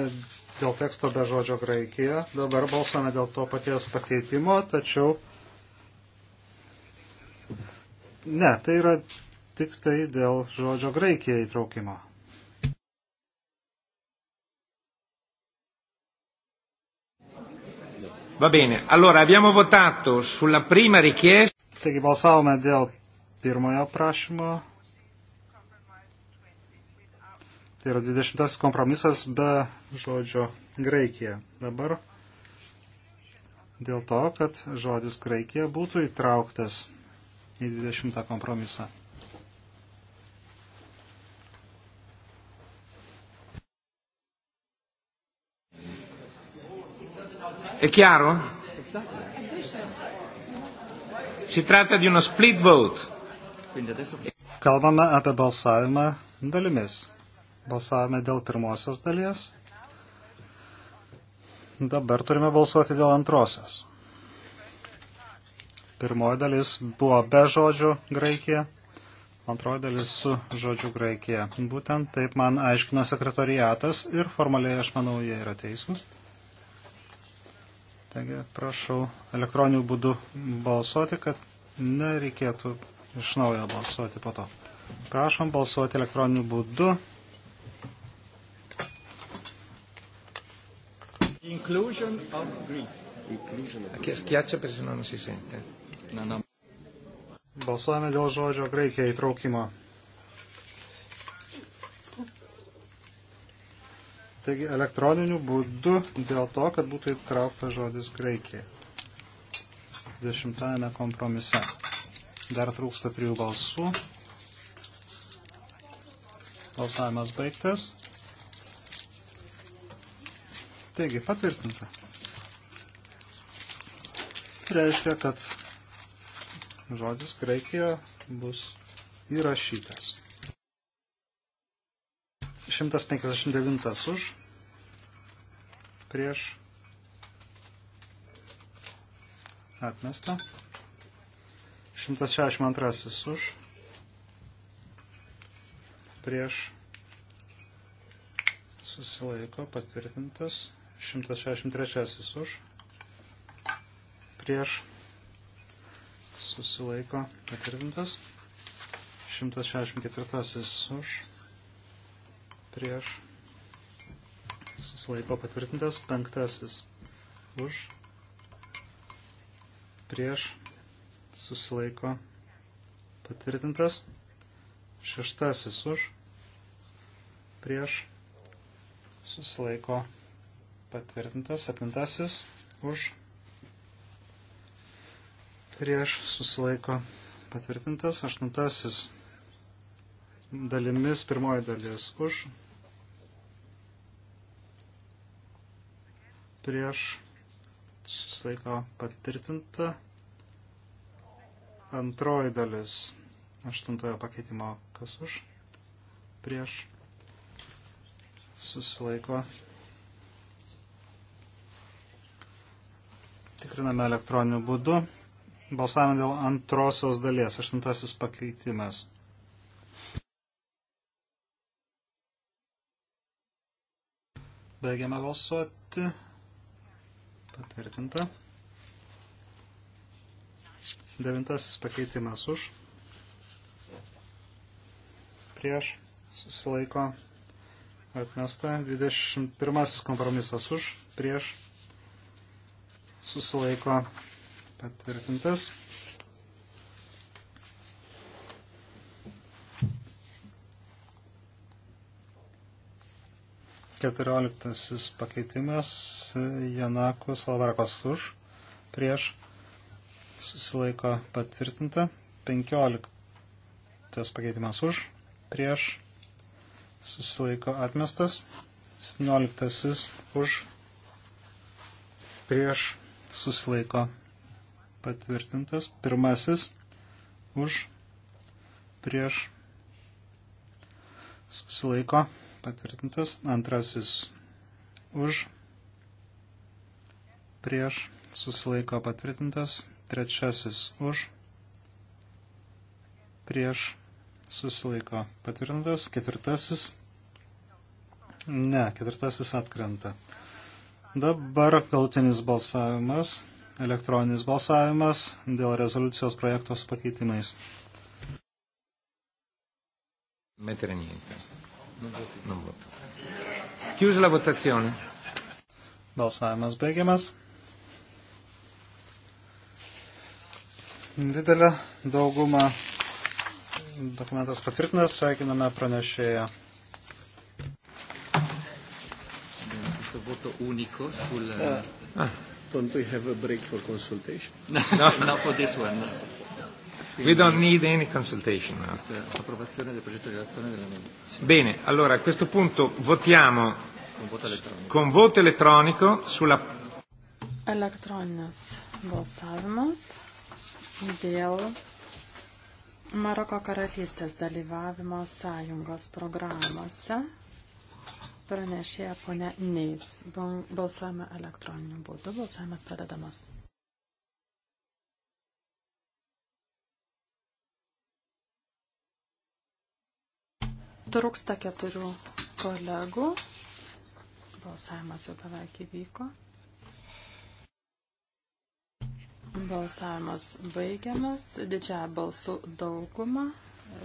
dėl teksto be žodžio Graikija, dabar balsavome dėl to paties pakeitimo, tačiau ne, tai yra tik tai dėl žodžio Graikija įtraukimo. Va bene, allora abbiamo votato sulla prima richiesta. Taigi balsavome dėl pirmojo prašymo Tai yra 20 kompromisas be žodžio Graikija. Dabar dėl to, kad žodis Graikija būtų įtrauktas į 20 kompromisą. È chiaro? Si tratta di uno split vote. Kalbame apie balsavimą dalimis. Balsavome dėl pirmosios dalies. Dabar turime balsuoti dėl antrosios. Pirmoji dalis buvo be žodžių Graikija, antroji dalis su žodžiu Graikija. Būtent taip man aiškino sekretoriatas ir formaliai aš manau, jie yra teisūs. Taigi prašau elektroniniu būdu balsuoti, kad nereikėtų iš naujo balsuoti po to. Prašom balsuoti elektroniniu būdu. Inclusion of Greece. Inclusion of Greece. Schiaccia perché sennò non si sente. No, no. Balsuojame dėl žodžio Graikija įtraukimo. Taigi elektroniniu būdu dėl to, kad būtų įtraukta žodis Graikija. Dešimtajame kompromise. Dar trūksta trijų balsų. Balsavimas baigtas. Taigi, patvirtinta. Reiškia, kad žodis Graikija bus įrašytas. 159 už, prieš, atmesta. 162 už, prieš, susilaiko, patvirtintas. 163 už, prieš, susilaiko, patvirtintas. 164 už, prieš, susilaiko, patvirtintas. 5 už, prieš, susilaiko, patvirtintas. 6 už, prieš, susilaiko, patvirtintas susilaiko patvirtintas, septintasis už, prieš susilaiko patvirtintas, aštuntasis dalimis, pirmoji dalis už, prieš susilaiko patvirtinta, antroji dalis aštuntojo pakeitimo kas už, prieš susilaiko patvirtinta tikriname elektroniniu būdu. Balsavimą dėl antrosios dalies, aštuntasis pakeitimas. Baigiame balsuoti. Patvirtinta. Devintasis pakeitimas už. Prieš. Susilaiko. Atmesta. 21 kompromisas už. Prieš susilaiko patvirtintas. Keturioliktasis pakeitimas Janakų Salvarakos už prieš susilaiko patvirtinta. Penkioliktas pakeitimas už prieš susilaiko atmestas. Septynioliktasis už prieš susilaiko patvirtintas. Pirmasis už prieš susilaiko patvirtintas. Antrasis už prieš susilaiko patvirtintas. Trečiasis už prieš susilaiko patvirtintas. Ketvirtasis. Ne, ketvirtasis atkrenta. Dabar galutinis balsavimas, elektroninis balsavimas dėl rezoliucijos projekto su pakeitimais. Mettere niente. Non voto. Chiusa la votazione. Balsavimas baigiamas. Didelė dauguma dokumentas patvirtinas, sveikiname pranešėją. questo voto unico sul... Uh, ah. Don't we have a break for consultation? no, not for this one. No. Quindi, we don't need any consultation now. Approvazione del progetto di relazione della sì. Bene, allora a questo punto votiamo con voto elettronico, con voto elettronico sulla... Elektroninis balsavimas dėl Maroko karalystės dalyvavimo sąjungos programuose pranešė ponia Neis. Balsuojame elektroniniu būdu. Balsavimas pradedamas. Trūksta keturių kolegų. Balsavimas jau beveik įvyko. Balsavimas baigiamas. Didžiąją balsų daugumą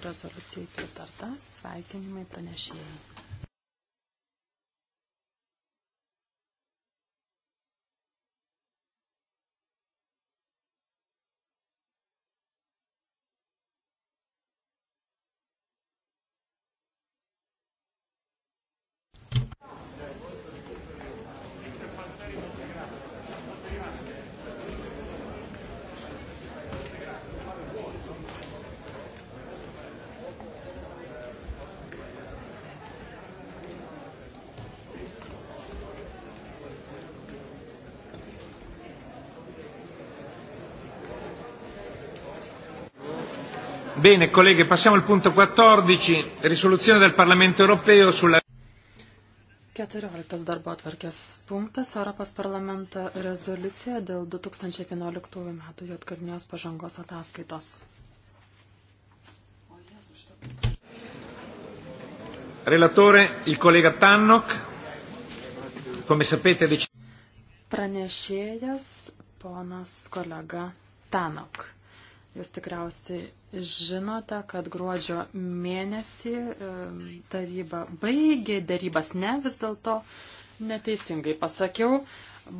rezoliucijai pritarta. Sveikinimai pranešėjai. Bene, colleghi, passiamo al punto 14, risoluzione del Parlamento europeo sulla. 14 darbo atvarkės punktas Europos parlamento rezoliucija dėl 2015 metų Jotkalnijos pažangos ataskaitos. Relatore, il collega Tannock, come sapete, dice... Pranešėjas, ponas kolega Tanok. Jūs tikriausiai Žinote, kad gruodžio mėnesį taryba baigė darybas, ne vis dėlto neteisingai pasakiau,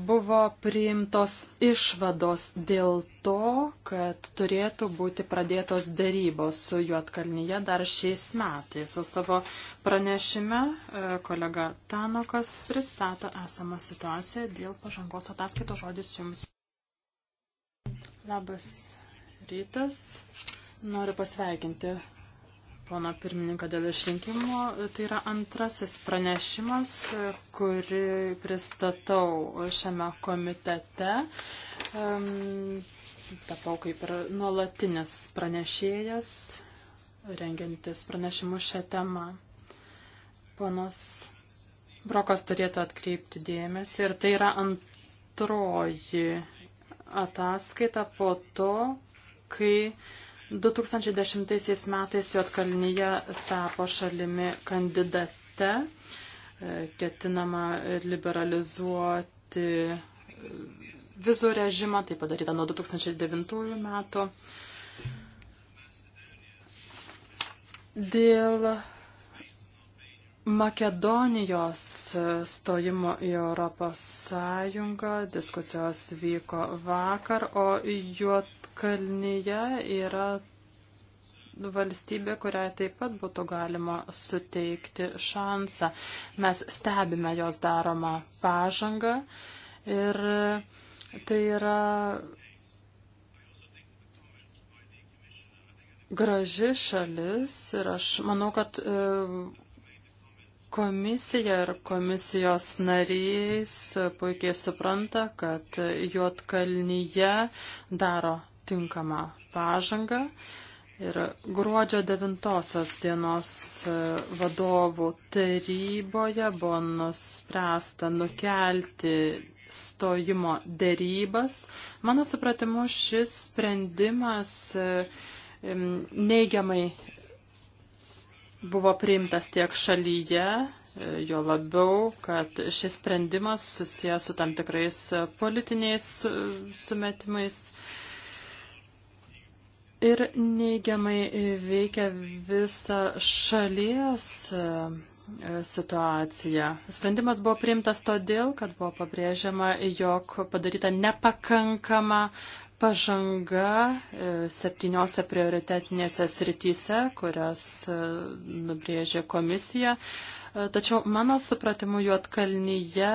buvo priimtos išvados dėl to, kad turėtų būti pradėtos darybos su Juotkalnyje dar šiais metais. O savo pranešime e, kolega Tanokas pristato esamą situaciją dėl pažangos ataskaito žodis jums. Labas rytas. Noriu pasveikinti pono pirmininką dėl išrinkimo. Tai yra antrasis pranešimas, kurį pristatau šiame komitete. Tapau kaip ir nuolatinis pranešėjas, rengiantis pranešimus šią temą. Ponas Brokas turėtų atkreipti dėmesį ir tai yra antroji ataskaita po to, kai 2010 metais Juotkalnyje tapo šalimi kandidate, e, ketinama liberalizuoti e, vizų režimą, tai padaryta nuo 2009 metų. Dėl Makedonijos stojimo į Europos Sąjungą diskusijos vyko vakar, o juot Juotkalnyje yra valstybė, kuriai taip pat būtų galima suteikti šansą. Mes stebime jos daromą pažangą ir tai yra graži šalis ir aš manau, kad e, komisija ir komisijos narys puikiai supranta, kad Juotkalnyje daro tinkamą pažangą. Ir gruodžio 9 dienos e, vadovų taryboje buvo nuspręsta nukelti stojimo dėrybas. Mano supratimu, šis sprendimas e, neigiamai buvo priimtas tiek šalyje, e, jo labiau, kad šis sprendimas susijęs su tam tikrais politiniais sumetimais. Su ir neigiamai veikia visą šalies e, situaciją. Sprendimas buvo priimtas todėl, kad buvo pabrėžiama, jog padaryta nepakankama pažanga e, septyniose prioritetinėse srityse, kurias e, nubrėžė komisija. Tačiau mano supratimu Juotkalnyje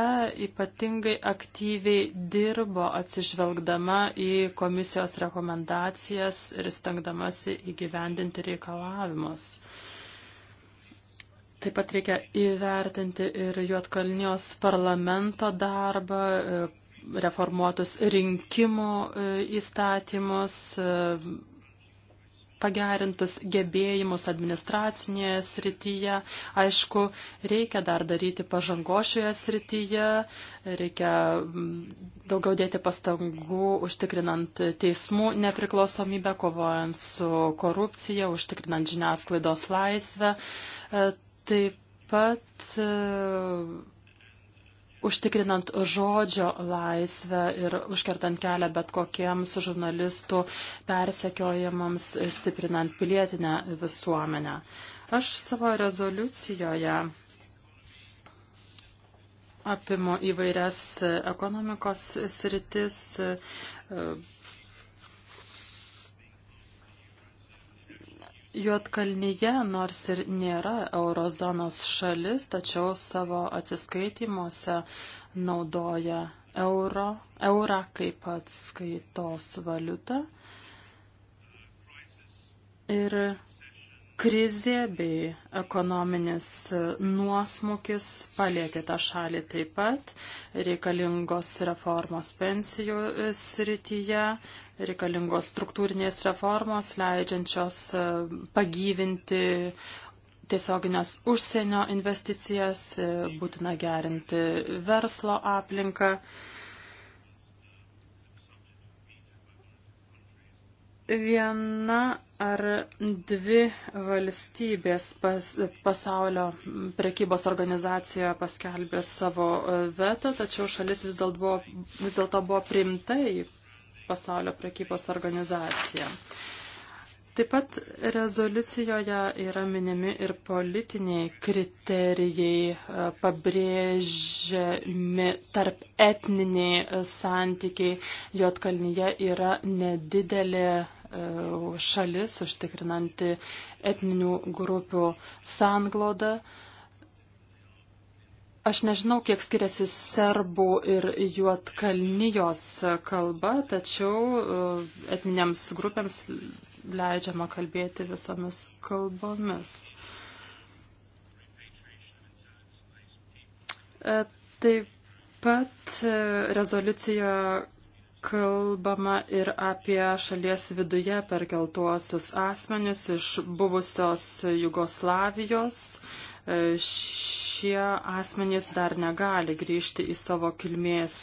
ypatingai aktyviai dirbo atsižvelgdama į komisijos rekomendacijas ir stengdamasi įgyvendinti reikalavimus. Taip pat reikia įvertinti ir Juotkalnijos parlamento darbą, reformuotus rinkimų e, įstatymus, e, pagerintus gebėjimus administracinėje srityje. Aišku, reikia dar daryti pažango šioje srityje, reikia mm, daugiau dėti pastangų užtikrinant teismų nepriklausomybę, kovojant su korupcija, užtikrinant žiniasklaidos laisvę. E, taip pat e, užtikrinant žodžio laisvę ir užkertant kelią bet kokiems žurnalistų persekiojimams, stiprinant pilietinę visuomenę. Aš savo rezoliucijoje apimu įvairias ekonomikos sritis, Juotkalnyje nors ir nėra eurozonos šalis, tačiau savo atsiskaitimuose naudoja euro, eurą kaip atskaitos valiutą. Ir Krizė bei ekonominis nuosmukis palėtė tą šalį taip pat, reikalingos reformos pensijų srityje, reikalingos struktūrinės reformos, leidžiančios e, pagyvinti tiesioginės užsienio investicijas, e, būtina gerinti verslo aplinką. viena ar dvi valstybės pas, pasaulio prekybos organizacija paskelbė savo e, vetą, tačiau šalis vis dėlto buvo, vis dėl buvo priimta į pasaulio prekybos organizaciją. Taip pat rezoliucijoje yra minimi ir politiniai kriterijai, e, pabrėžiami tarp etniniai e, santykiai. Juotkalnyje yra nedidelė e, šalis užtikrinanti etninių grupių sanglaudą. Aš nežinau, kiek skiriasi serbų ir juotkalnyjos kalba, tačiau etniniams grupėms leidžiama kalbėti visomis kalbomis. E, taip pat e, rezoliucijoje kalbama ir apie šalies viduje perkeltuosius asmenis iš buvusios Jugoslavijos. E, šie asmenys dar negali grįžti į savo kilmės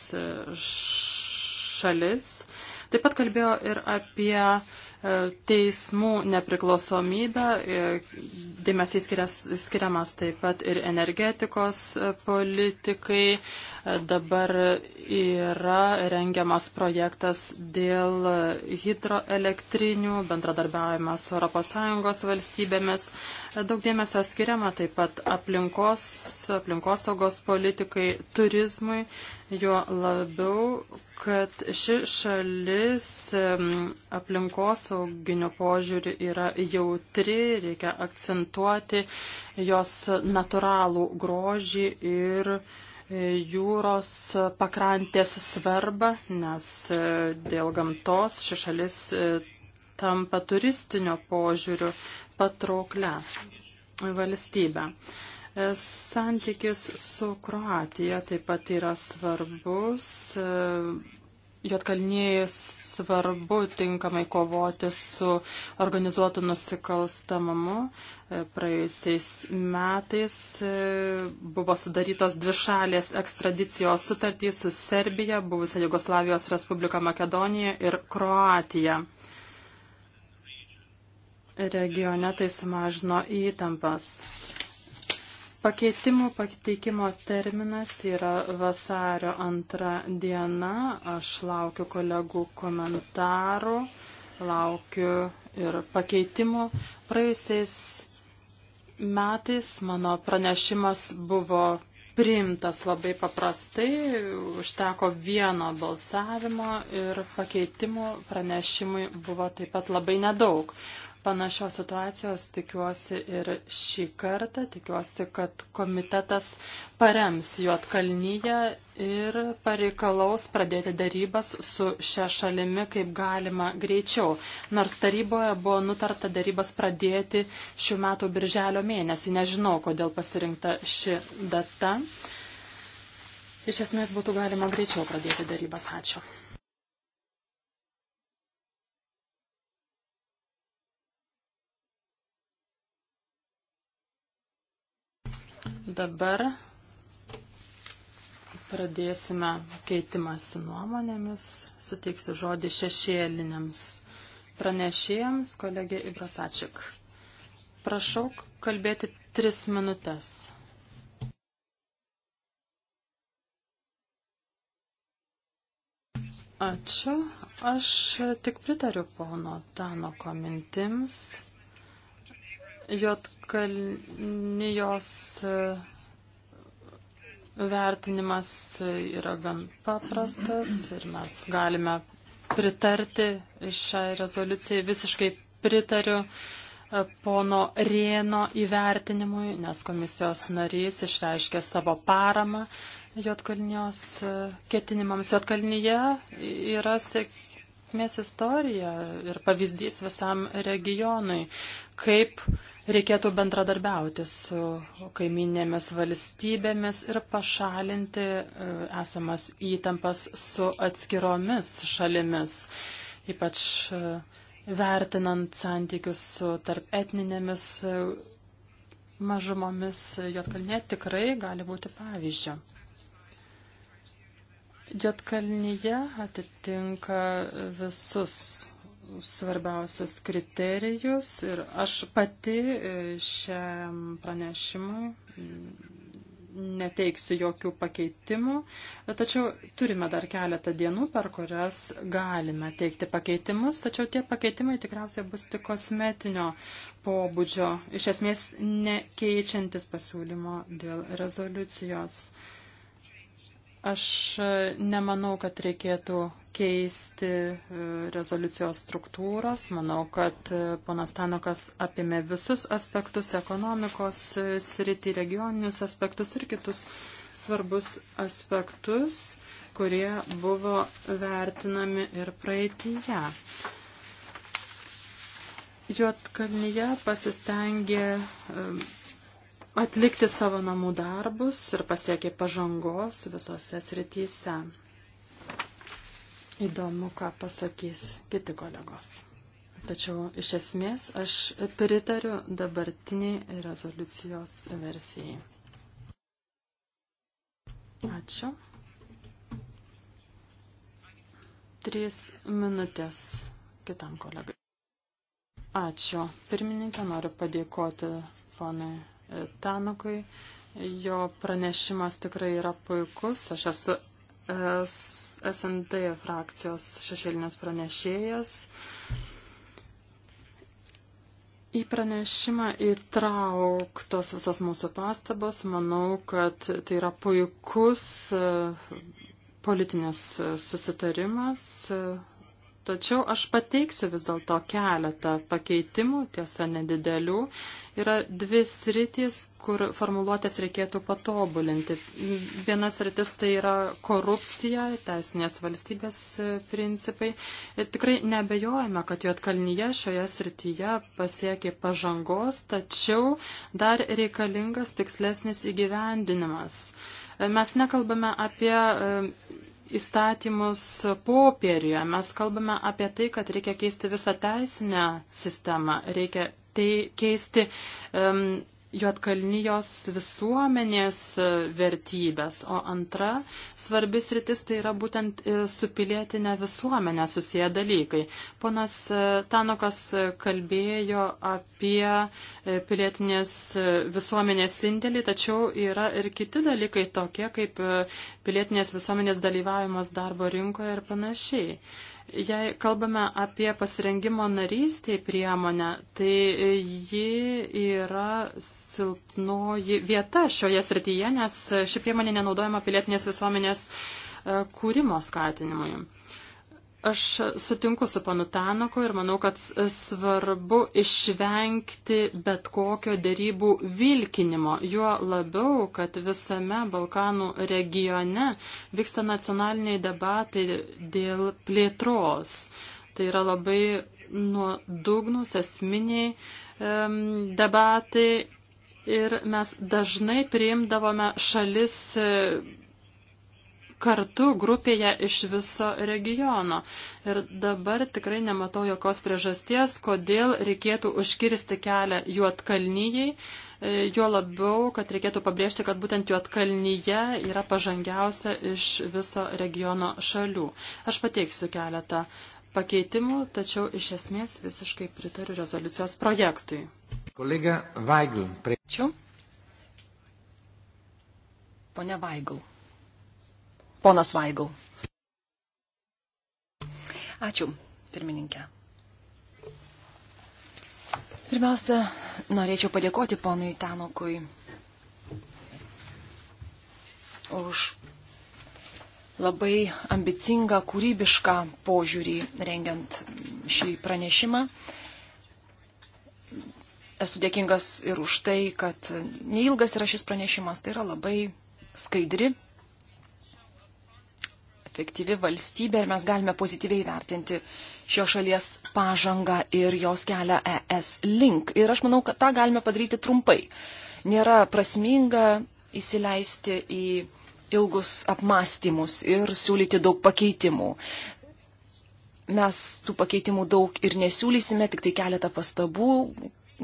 šalis. Taip pat kalbėjo ir apie teismų nepriklausomybę, e, dėmesys skiriamas taip pat ir energetikos politikai. E, dabar yra rengiamas projektas dėl hidroelektrinių, bendradarbiavimą su ES valstybėmis. E, daug dėmesio skiriama taip pat aplinkos, aplinkosaugos politikai, turizmui, jo labiau, kad ši šalis aplinkosauginio požiūrį yra jautri, reikia akcentuoti jos natūralų grožį ir e, jūros pakrantės svarbą, nes e, dėl gamtos ši šalis e, tampa turistinio požiūriu patrauklę valstybę. E, santykis su Kroatija taip pat yra svarbus. E, Jotkalniai svarbu tinkamai kovoti su organizuotu nusikalstamamu. E, praėjusiais metais buvo sudarytos dvi šalės ekstradicijos sutartys su Serbija, buvusia Jugoslavijos Respublika Makedonija ir Kroatija. Regione tai sumažino įtampas. Pakeitimų pateikimo terminas yra vasario antra diena. Aš laukiu kolegų komentarų, laukiu ir pakeitimų. Praėjusiais metais mano pranešimas buvo priimtas labai paprastai, užteko vieno balsavimo ir pakeitimų pranešimui buvo taip pat labai nedaug panašios situacijos tikiuosi ir šį kartą. Tikiuosi, kad komitetas parems Juotkalnyje ir pareikalaus pradėti darybas su šia šalimi kaip galima greičiau. Nors taryboje buvo nutarta darybas pradėti šių metų birželio mėnesį. Nežinau, kodėl pasirinkta ši data. Iš esmės būtų galima greičiau pradėti darybas. Ačiū. Dabar pradėsime keitimąsi nuomonėmis. Suteiksiu žodį šešėliniams pranešėjams, kolegė Ibrasačik. Prašau kalbėti tris minutės. Ačiū. Aš tik pritariu pono Tanoko mintims. Jotkalnijos e, vertinimas yra gan paprastas ir mes galime pritarti šiai rezoliucijai. Visiškai pritariu e, pono Rėno įvertinimui, nes komisijos narys išreiškė savo paramą Jotkalnijos e, ketinimams. Jotkalnyje yra sėkmė sėkmės istorija ir pavyzdys visam regionui, kaip reikėtų bendradarbiauti su kaiminėmis valstybėmis ir pašalinti e, esamas įtampas su atskiromis šalimis, ypač e, vertinant santykius su tarp etninėmis e, mažumomis, Jotkalnė tikrai gali būti pavyzdžio. Jotkalnyje atitinka visus svarbiausius kriterijus ir aš pati e, šiam pranešimui mm, neteiksiu jokių pakeitimų, tačiau turime dar keletą dienų, per kurias galime teikti pakeitimus, tačiau tie pakeitimai tikriausiai bus tik kosmetinio pobūdžio, iš esmės nekeičiantis pasiūlymo dėl rezoliucijos. Uh, Aš e, nemanau, kad reikėtų keisti e, rezoliucijos struktūros. Manau, kad e, ponas Tanokas apėmė visus aspektus - ekonomikos sritį, regioninius aspektus ir kitus svarbus aspektus, kurie buvo vertinami ir praeitįje. Juotkalnyje pasistengė atlikti savo namų darbus ir pasiekė pažangos visose srityse. Įdomu, ką pasakys kiti kolegos. Tačiau iš esmės aš pritariu dabartiniai rezoliucijos versijai. Ačiū. Trys minutės kitam kolegai. Ačiū. Pirmininkė noriu padėkoti ponai Tanukui. Jo pranešimas tikrai yra puikus. Aš esu SND frakcijos šešėlinės pranešėjas. Į pranešimą įtrauktos visos mūsų pastabos. Manau, kad tai yra puikus e, politinis e, susitarimas, e, Tačiau aš pateiksiu vis dėlto keletą pakeitimų, tiesa nedidelių. Yra dvi sritys, kur formuluotės reikėtų patobulinti. Vienas sritis tai yra korupcija, teisinės valstybės principai. Ir tikrai nebejojame, kad Juotkalnyje šioje srityje pasiekė pažangos, tačiau dar reikalingas tikslesnis įgyvendinimas. Mes nekalbame apie įstatymus popieriuje. Mes kalbame apie tai, kad reikia keisti visą teisinę sistemą, reikia tai keisti um, Juotkalnyjos visuomenės e, vertybės, o antra svarbis rytis tai yra būtent e, su pilietinė visuomenė susiję dalykai. Ponas e, Tanokas kalbėjo apie pilietinės visuomenės indėlį, tačiau yra ir kiti dalykai tokie kaip pilietinės visuomenės dalyvavimas darbo rinkoje ir panašiai. Jei kalbame apie pasirengimo narystėj priemonę, tai ji yra silpnoji vieta šioje srityje, nes ši priemonė nenaudojama pilietinės visuomenės e, kūrimo skatinimui. Aš sutinku su panu Tanaku ir manau, kad svarbu išvengti bet kokio dėrybų vilkinimo, juo labiau, kad visame Balkanų regione vyksta nacionaliniai debatai dėl plėtros. Tai yra labai nuodugnus esminiai um, debatai ir mes dažnai priimdavome šalis. Uh, kartu grupėje iš viso regiono. Ir dabar tikrai nematau jokios priežasties, kodėl reikėtų užkirsti kelią juotkalnyjei, e, juo labiau, kad reikėtų pabrėžti, kad būtent juotkalnyje yra pažangiausia iš viso regiono šalių. Aš pateiksiu keletą pakeitimų, tačiau iš esmės visiškai pritariu rezoliucijos projektui. Kolega Vaigl. Ačiū. Prie... Pone Vaigl. Ponas Vaigau. Ačiū, pirmininkė. Pirmiausia, norėčiau padėkoti ponui Tanokui už labai ambicingą, kūrybišką požiūrį rengiant šį pranešimą. Esu dėkingas ir už tai, kad neilgas yra šis pranešimas, tai yra labai skaidri efektyvi valstybė ir mes galime pozityviai vertinti šios šalies pažangą ir jos kelią ES link. Ir aš manau, kad tą galime padaryti trumpai. Nėra prasminga įsileisti į ilgus apmąstymus ir siūlyti daug pakeitimų. Mes tų pakeitimų daug ir nesiūlysime, tik tai keletą pastabų,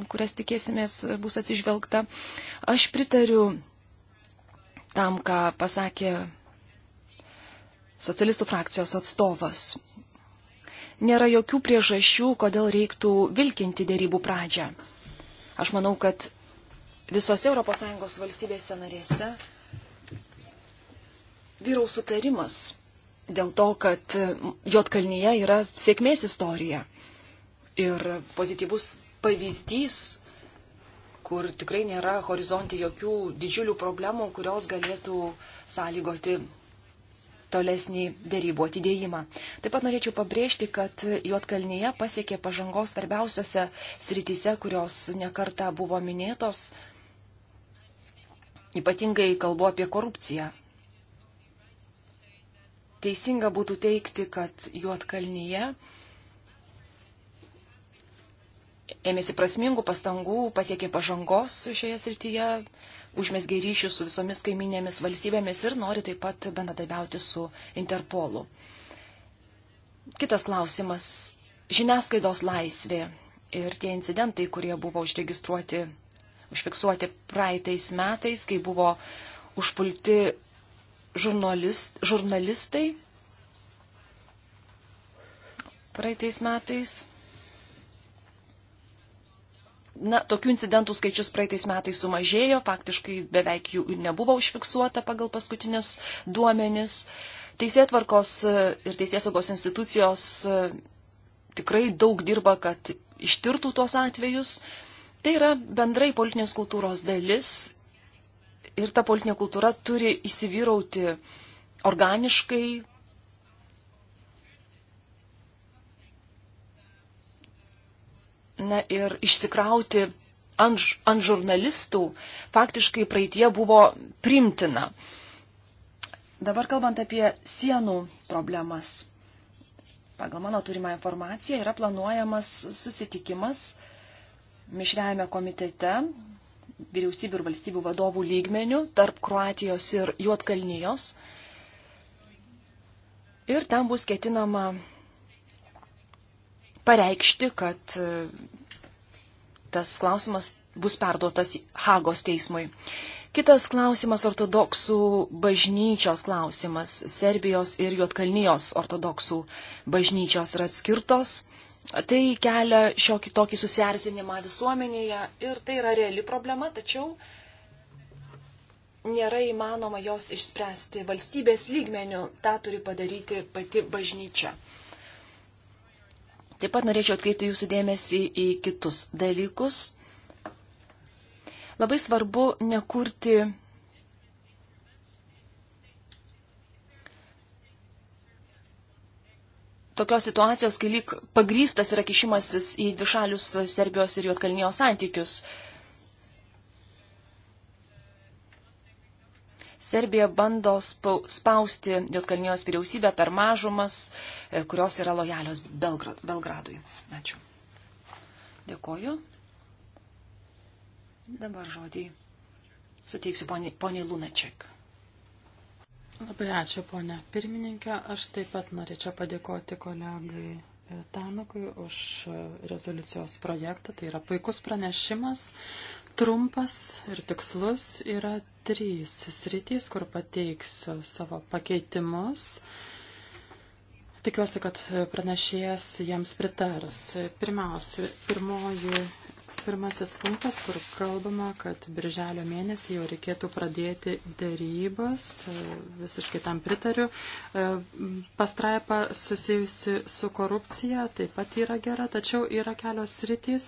kurias tikėsimės bus atsižvelgta. Aš pritariu tam, ką pasakė socialistų frakcijos atstovas. Nėra jokių priežasčių, kodėl reiktų vilkinti dėrybų pradžią. Aš manau, kad visose ES valstybėse narėse vyraus sutarimas dėl to, kad Jotkalnyje yra sėkmės istorija ir pozityvus pavyzdys, kur tikrai nėra horizontė jokių didžiulių problemų, kurios galėtų sąlygoti tolesnį dėrybų atidėjimą. Taip pat norėčiau pabrėžti, kad Juotkalnyje pasiekė pažangos svarbiausiose srityse, kurios nekarta buvo minėtos. Ypatingai kalbu apie korupciją. Teisinga būtų teikti, kad Juotkalnyje ėmėsi prasmingų pastangų, pasiekė pažangos šioje srityje, užmesgė ryšių su visomis kaiminėmis valstybėmis ir nori taip pat bendradarbiauti su Interpolu. Kitas klausimas - žiniasklaidos laisvė ir tie incidentai, kurie buvo užregistruoti, užfiksuoti praeitais metais, kai buvo užpulti žurnalist, žurnalistai praeitais metais. Na, tokių incidentų skaičius praeitais metais sumažėjo, faktiškai beveik jų nebuvo užfiksuota pagal paskutinius duomenis. Teisėtvarkos e, ir teisėsaugos institucijos e, tikrai daug dirba, kad ištirtų tuos atvejus. Tai yra bendrai politinės kultūros dalis ir ta politinė kultūra turi įsivyrauti organiškai, na ir išsikrauti ant, ant žurnalistų faktiškai praeitie buvo primtina. Dabar kalbant apie sienų problemas. Pagal mano turimą informaciją yra planuojamas susitikimas mišriajame komitete vyriausybių ir valstybių vadovų lygmenių tarp Kroatijos ir Juotkalnyjos. Ir ten bus ketinama pareikšti, kad e, tas klausimas bus perduotas Hagos teismui. Kitas klausimas - ortodoksų bažnyčios klausimas. Serbijos ir Jotkalnijos ortodoksų bažnyčios yra atskirtos. Tai kelia šiokį tokį susierzinimą visuomenėje ir tai yra reali problema, tačiau nėra įmanoma jos išspręsti valstybės lygmenių, tą turi padaryti pati bažnyčia. Taip pat norėčiau atkreipti jūsų dėmesį į kitus dalykus. Labai svarbu nekurti tokios situacijos, kai lyg pagrystas yra kišimasis į dvišalius Serbijos ir Juotkalnijos santykius. Serbija bando spausti Jotkalnijos vyriausybę per mažumas, e, kurios yra lojalios Belgradui. Ačiū. Dėkoju. Dabar žodį suteiksiu poniai, poniai Lunaček. Labai ačiū, ponia pirmininkė. Aš taip pat norėčiau padėkoti kolegai e, Tanukui už e, rezoliucijos projektą. Tai yra puikus pranešimas trumpas ir tikslus. Yra trys sritys, kur pateiksiu savo pakeitimus. Tikiuosi, kad pranešėjas jiems pritars. Pirmiausia, pirmoji pirmasis punktas, kur kalbama, kad birželio mėnesį jau reikėtų pradėti dėrybas, e, visiškai tam pritariu. E, pastraipa susijusi su korupcija taip pat yra gera, tačiau yra kelios rytis,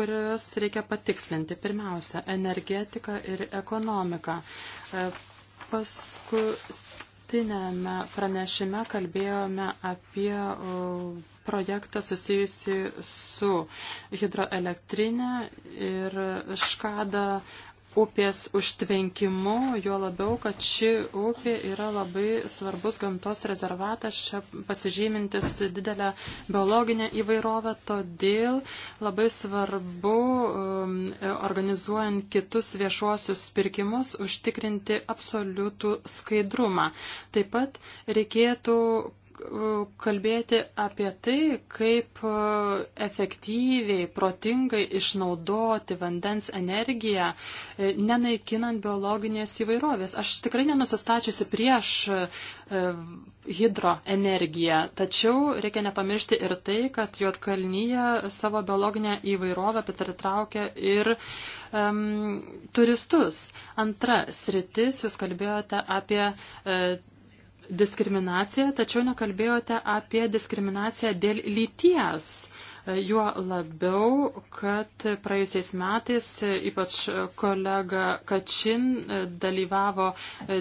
kurios reikia patikslinti. Pirmiausia, energetika ir ekonomika. E, Paskui paskutinėme pranešime kalbėjome apie projektą susijusi su hidroelektrinė ir škada upės užtvenkimu, juo labiau, kad ši upė yra labai svarbus gamtos rezervatas, čia pasižymintis didelę biologinę įvairovę, todėl labai svarbu um, e, organizuojant kitus viešuosius pirkimus užtikrinti absoliutų skaidrumą. Taip pat reikėtų kalbėti apie tai, kaip e, efektyviai, protingai išnaudoti vandens energiją, e, nenaikinant biologinės įvairovės. Aš tikrai nenusistačiusi prieš e, hidroenergiją, tačiau reikia nepamiršti ir tai, kad Juotkalnyje savo biologinę įvairovę pritraukia ir um, turistus. Antra sritis, jūs kalbėjote apie uh, diskriminaciją, tačiau nekalbėjote apie diskriminaciją dėl lyties. Juo labiau, kad praėjusiais metais ypač kolega Kačin e, dalyvavo e,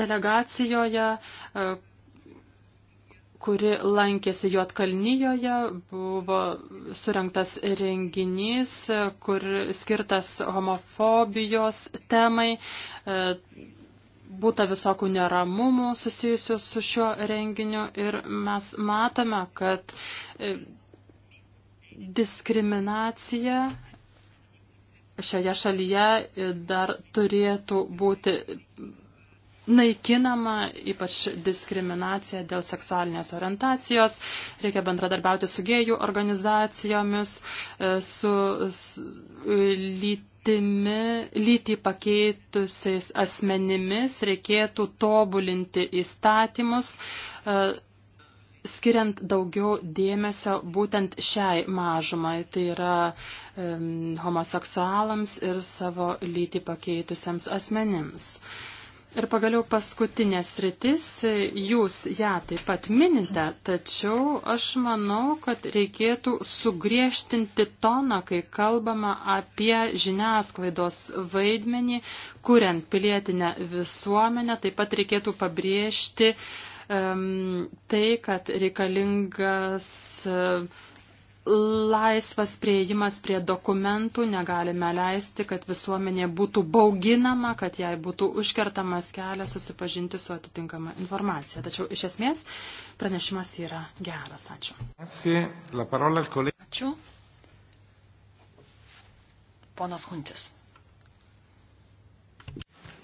delegacijoje, e, kuri lankėsi Juotkalnyjoje, buvo surinktas renginys, kur skirtas homofobijos temai būta visokių neramumų susijusių su šiuo renginiu ir mes matome, kad e, diskriminacija šioje šalyje e, dar turėtų būti naikinama, ypač diskriminacija dėl seksualinės orientacijos. Reikia bendradarbiauti su gėjų organizacijomis, e, su, su lyt lytimi, lytį pakeitusiais asmenimis reikėtų tobulinti įstatymus, e, skiriant daugiau dėmesio būtent šiai mažumai, tai yra um, homoseksualams ir savo lytį pakeitusiems asmenims. Um, Ir pagaliau paskutinė sritis, jūs ją taip pat minite, tačiau aš manau, kad reikėtų sugriežtinti toną, kai kalbama apie žiniasklaidos vaidmenį, kuriant pilietinę visuomenę, taip pat reikėtų pabrėžti um, tai, kad reikalingas. Uh, laisvas prieimas prie dokumentų, negalime leisti, kad visuomenė būtų bauginama, kad jai būtų užkertamas kelias susipažinti su atitinkama informacija. Tačiau iš esmės pranešimas yra geras. Ačiū. Ačiū. Ponas Huntis.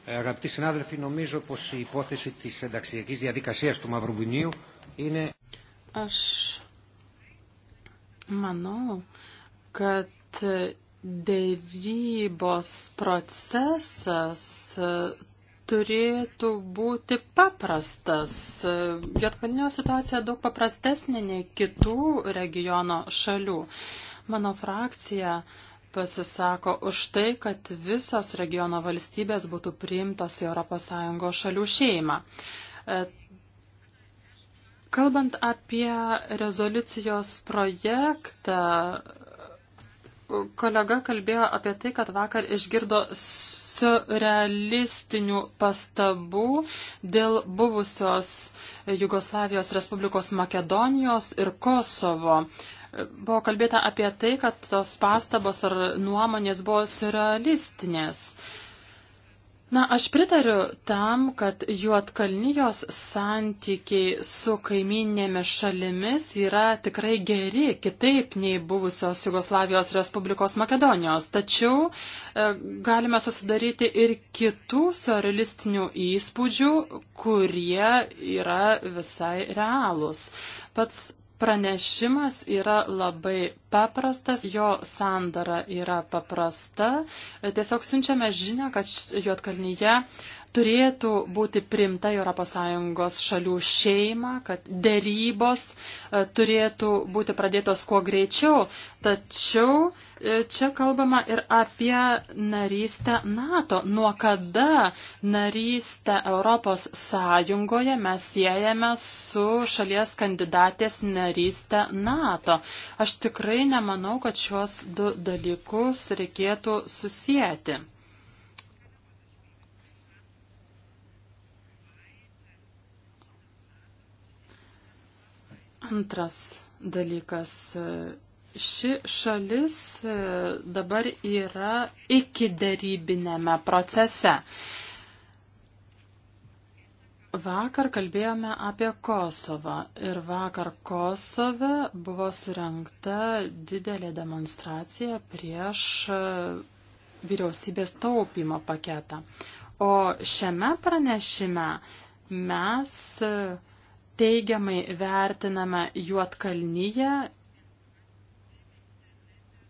Αγαπητοί συνάδελφοι, νομίζω πως η υπόθεση της ενταξιακής διαδικασίας του Μαυροβουνίου είναι... Aš Manau, kad dėrybos procesas turėtų būti paprastas. Lietkalnio situacija daug paprastesnė nei kitų regiono šalių. Mano frakcija pasisako už tai, kad visos regiono valstybės būtų priimtos į ES šalių šeimą. Kalbant apie rezoliucijos projektą, kolega kalbėjo apie tai, kad vakar išgirdo surrealistinių pastabų dėl buvusios Jugoslavijos Respublikos Makedonijos ir Kosovo. Buvo kalbėta apie tai, kad tos pastabos ar nuomonės buvo surrealistinės. Na, aš pritariu tam, kad juotkalnyjos santykiai su kaiminėmis šalimis yra tikrai geri, kitaip nei buvusios Jugoslavijos Respublikos Makedonijos. Tačiau e, galime susidaryti ir kitų surrealistinių įspūdžių, kurie yra visai realūs. Pats Pranešimas yra labai paprastas, jo sandara yra paprasta. Tiesiog siunčiame žinę, kad Juotkalnyje turėtų būti primta ES šalių šeima, kad dėrybos e, turėtų būti pradėtos kuo greičiau. Tačiau Čia kalbama ir apie narystę NATO. Nuo kada narystę Europos Sąjungoje mes siejame su šalies kandidatės narystę NATO? Aš tikrai nemanau, kad šios du dalykus reikėtų susijęti. Antras dalykas Ši šalis e, dabar yra iki darybinėme procese. Vakar kalbėjome apie Kosovą ir vakar Kosove buvo surinkta didelė demonstracija prieš e, vyriausybės taupimo paketą. O šiame pranešime mes e, teigiamai vertiname Juotkalnyje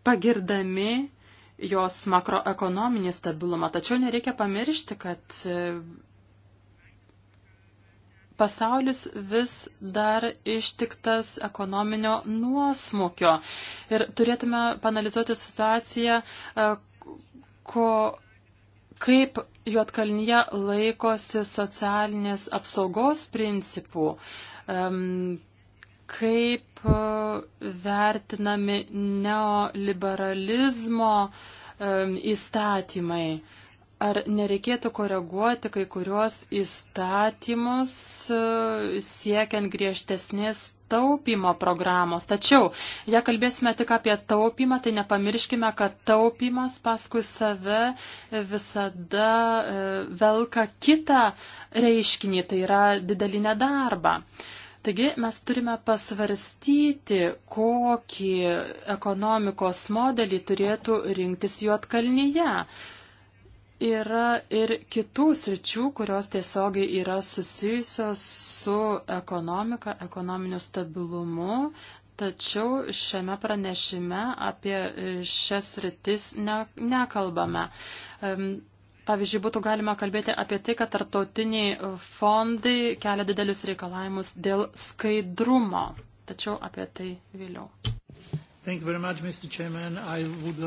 pagirdami jos makroekonominį stabilumą. Tačiau nereikia pamiršti, kad e, pasaulis vis dar ištiktas ekonominio nuosmukio. Ir turėtume panalizuoti situaciją, e, ko, kaip Juotkalnyje laikosi socialinės apsaugos principų. Um, kaip e, vertinami neoliberalizmo e, įstatymai. Ar nereikėtų koreguoti kai kuriuos įstatymus e, siekiant griežtesnės taupimo programos? Tačiau, jei kalbėsime tik apie taupimą, tai nepamirškime, kad taupimas paskui save visada velka kitą reiškinį, tai yra didelį nedarbą. Taigi mes turime pasvarstyti, kokį ekonomikos modelį turėtų rinktis juotkalnyje. Yra ir kitų sričių, kurios tiesiogiai yra susijusios su ekonomika, ekonominiu stabilumu, tačiau šiame pranešime apie šias rytis ne, nekalbame. Um, Pavyzdžiui, būtų galima kalbėti apie tai, kad tarptautiniai fondai kelia didelius reikalavimus dėl skaidrumo. Tačiau apie tai vėliau. Much,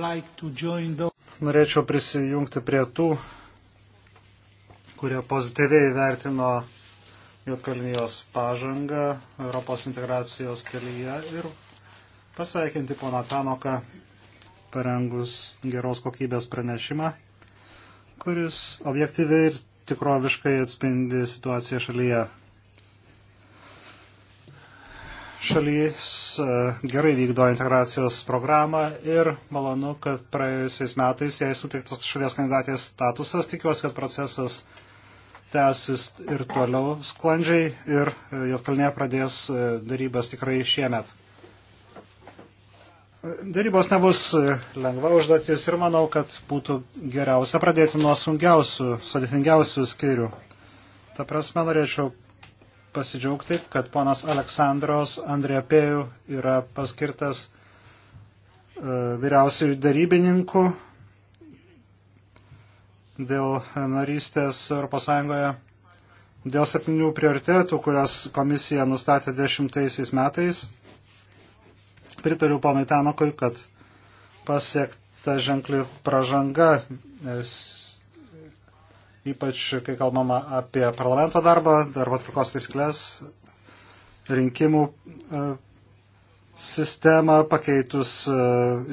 like the... Norėčiau prisijungti prie tų, kurie pozityviai vertino Jotkalnijos pažangą Europos integracijos kelyje ir pasveikinti poną Tanoką parengus geros kokybės pranešimą kuris objektyviai ir tikroviškai atspindi situaciją šalyje. Šalis e, gerai vykdo integracijos programą ir malonu, kad praėjusiais metais jai suteiktas šalies kandidatės statusas. Tikiuosi, kad procesas tęsis ir toliau sklandžiai ir e, Jotkalnė pradės e, darybas tikrai šiemet. Darybos nebus e, lengva užduotis ir manau, kad būtų geriausia pradėti nuo sunkiausių, sudėtingiausių skyrių. Ta prasme, norėčiau pasidžiaugti, kad ponas Aleksandros Andriepėjų yra paskirtas e, vyriausiųjų darybininkų dėl narystės ES, dėl septynių prioritetų, kurias komisija nustatė dešimtaisiais metais Pritariu ponui Tenokui, kad pasiekta ženkli pražanga, ypač kai kalbama apie parlamento darbą, darbo tvarkos taisyklės, rinkimų e, sistemą pakeitus e,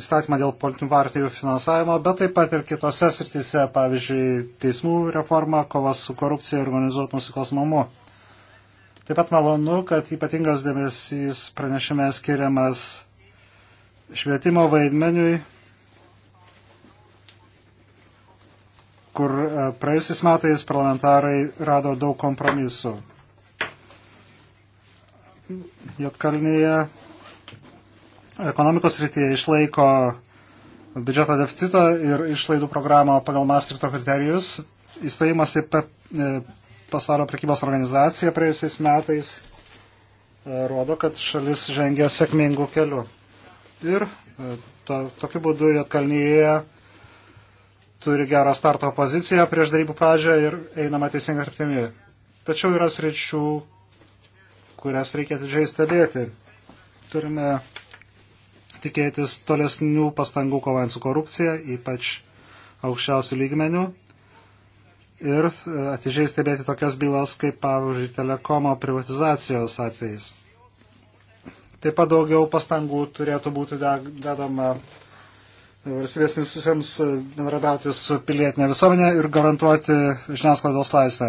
įstatymą dėl politinių partijų finansavimo, bet taip pat ir kitose srityse, pavyzdžiui, teismų reforma, kovas su korupcija ir organizuotų nusikalsmamu. Taip pat malonu, kad ypatingas dėmesys pranešime skiriamas švietimo vaidmeniui, kur e, praėjusiais metais parlamentarai rado daug kompromisų. Jotkalnyje ekonomikos rytyje išlaiko biudžeto deficito ir išlaidų programą pagal Maastrichto kriterijus. Įstojimas į e, pasaulio prekybos organizaciją praėjusiais metais e, rodo, kad šalis žengia sėkmingų kelių ir e, to, tokiu būdu Jotkalnyje turi gerą starto poziciją prieš darybų pradžią ir einama teisinga kryptimi. Tačiau yra sričių, kurias reikia didžiai stebėti. Turime tikėtis tolesnių pastangų kovant su korupcija, ypač aukščiausių lygmenių. Ir e, atidžiai stebėti tokias bylas, kaip pavyzdžiui, telekomo privatizacijos atvejais. Taip pat daugiau pastangų turėtų būti dedama valstybės institucijams e, bendradauti su pilietinė visuomenė ir garantuoti žiniasklaidos laisvę.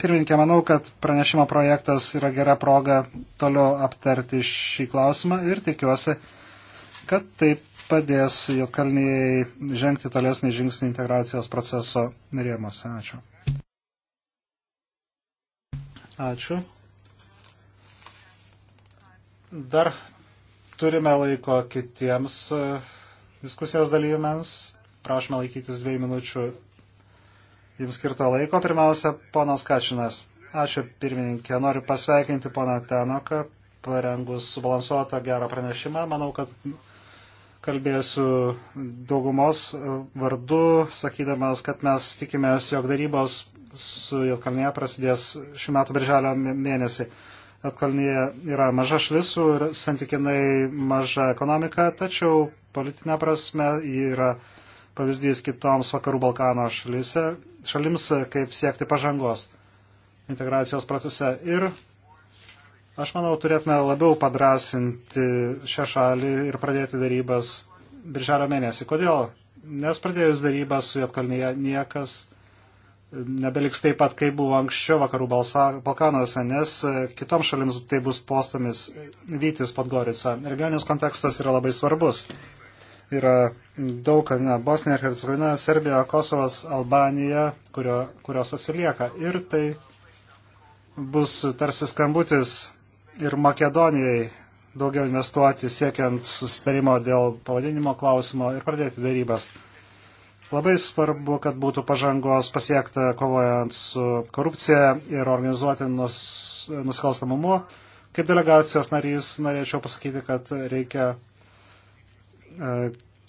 Pirmininkė, manau, kad pranešimo projektas yra gera proga toliau aptarti šį klausimą ir tikiuosi, kad taip padės Jotkalnyje žengti tolesnį žingsnį integracijos proceso rėmose. Ačiū. Ačiū. Dar turime laiko kitiems e, diskusijos dalyviams. Prašome laikytis dviejų minučių jums skirto laiko. Pirmiausia, ponas Kačinas. Ačiū pirmininkė. Noriu pasveikinti poną Tenoką, parengus subalansuotą gerą pranešimą. Manau, kad kalbėsiu daugumos vardu, sakydamas, kad mes tikimės, jog darybos su Jotkalnyje prasidės šių metų birželio mėnesį. Atkalnyje yra maža šalis su santykinai maža ekonomika, tačiau politinė prasme ji yra pavyzdys kitoms vakarų Balkano šalise, šalims, kaip siekti pažangos integracijos procese. Ir aš manau, turėtume labiau padrasinti šią šalį ir pradėti darybas birželio mėnesį. Kodėl? Nes pradėjus darybas su Jotkalnyje niekas nebeliks taip pat, kaip buvo anksčiau vakarų Balsa, Balkanuose, nes e, kitoms šalims tai bus postumis Vytis Podgorica. Regioninis kontekstas yra labai svarbus. Yra daug, ne, Bosnija, Hercegovina, Serbija, Kosovas, Albanija, kurio, kurios atsilieka. Ir tai bus tarsi skambutis ir Makedonijai daugiau investuoti siekiant susitarimo dėl pavadinimo klausimo ir pradėti darybas. Labai svarbu, kad būtų pažangos pasiekta kovojant su korupcija ir organizuoti nus, nusikalstamumu. Kaip delegacijos narys norėčiau pasakyti, kad reikia e,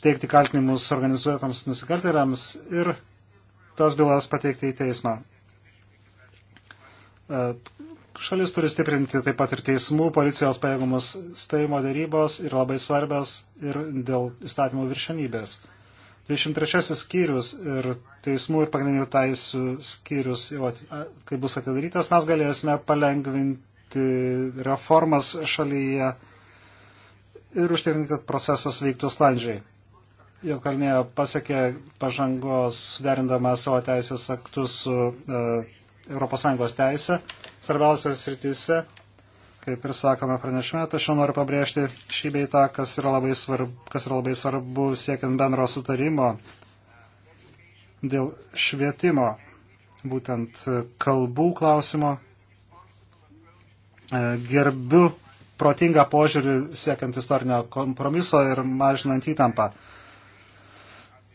teikti kaltinimus organizuotams nusikaltėliams ir tas bylas pateikti į teismą. E, šalis turi stiprinti taip pat ir teismų, policijos pajėgumus, staimo darybos ir labai svarbios ir dėl įstatymų viršenybės. 23 skyrius ir teismų ir pagrindinių taisų skyrius, jo, kai bus atidarytas, mes galėsime palengvinti reformas šalyje ir užtikrinti, kad procesas veiktų sklandžiai. Jotkalnė pasiekė pažangos derindama savo teisės aktus su uh, e, ES teise svarbiausios rytise kaip ir sakome pranešime, tačiau noriu pabrėžti šį beitą, kas yra labai svarbu, kas yra labai svarbu siekiant bendro sutarimo dėl švietimo, būtent kalbų klausimo. E, gerbiu protingą požiūrį siekiant istorinio kompromiso ir mažinant įtampą.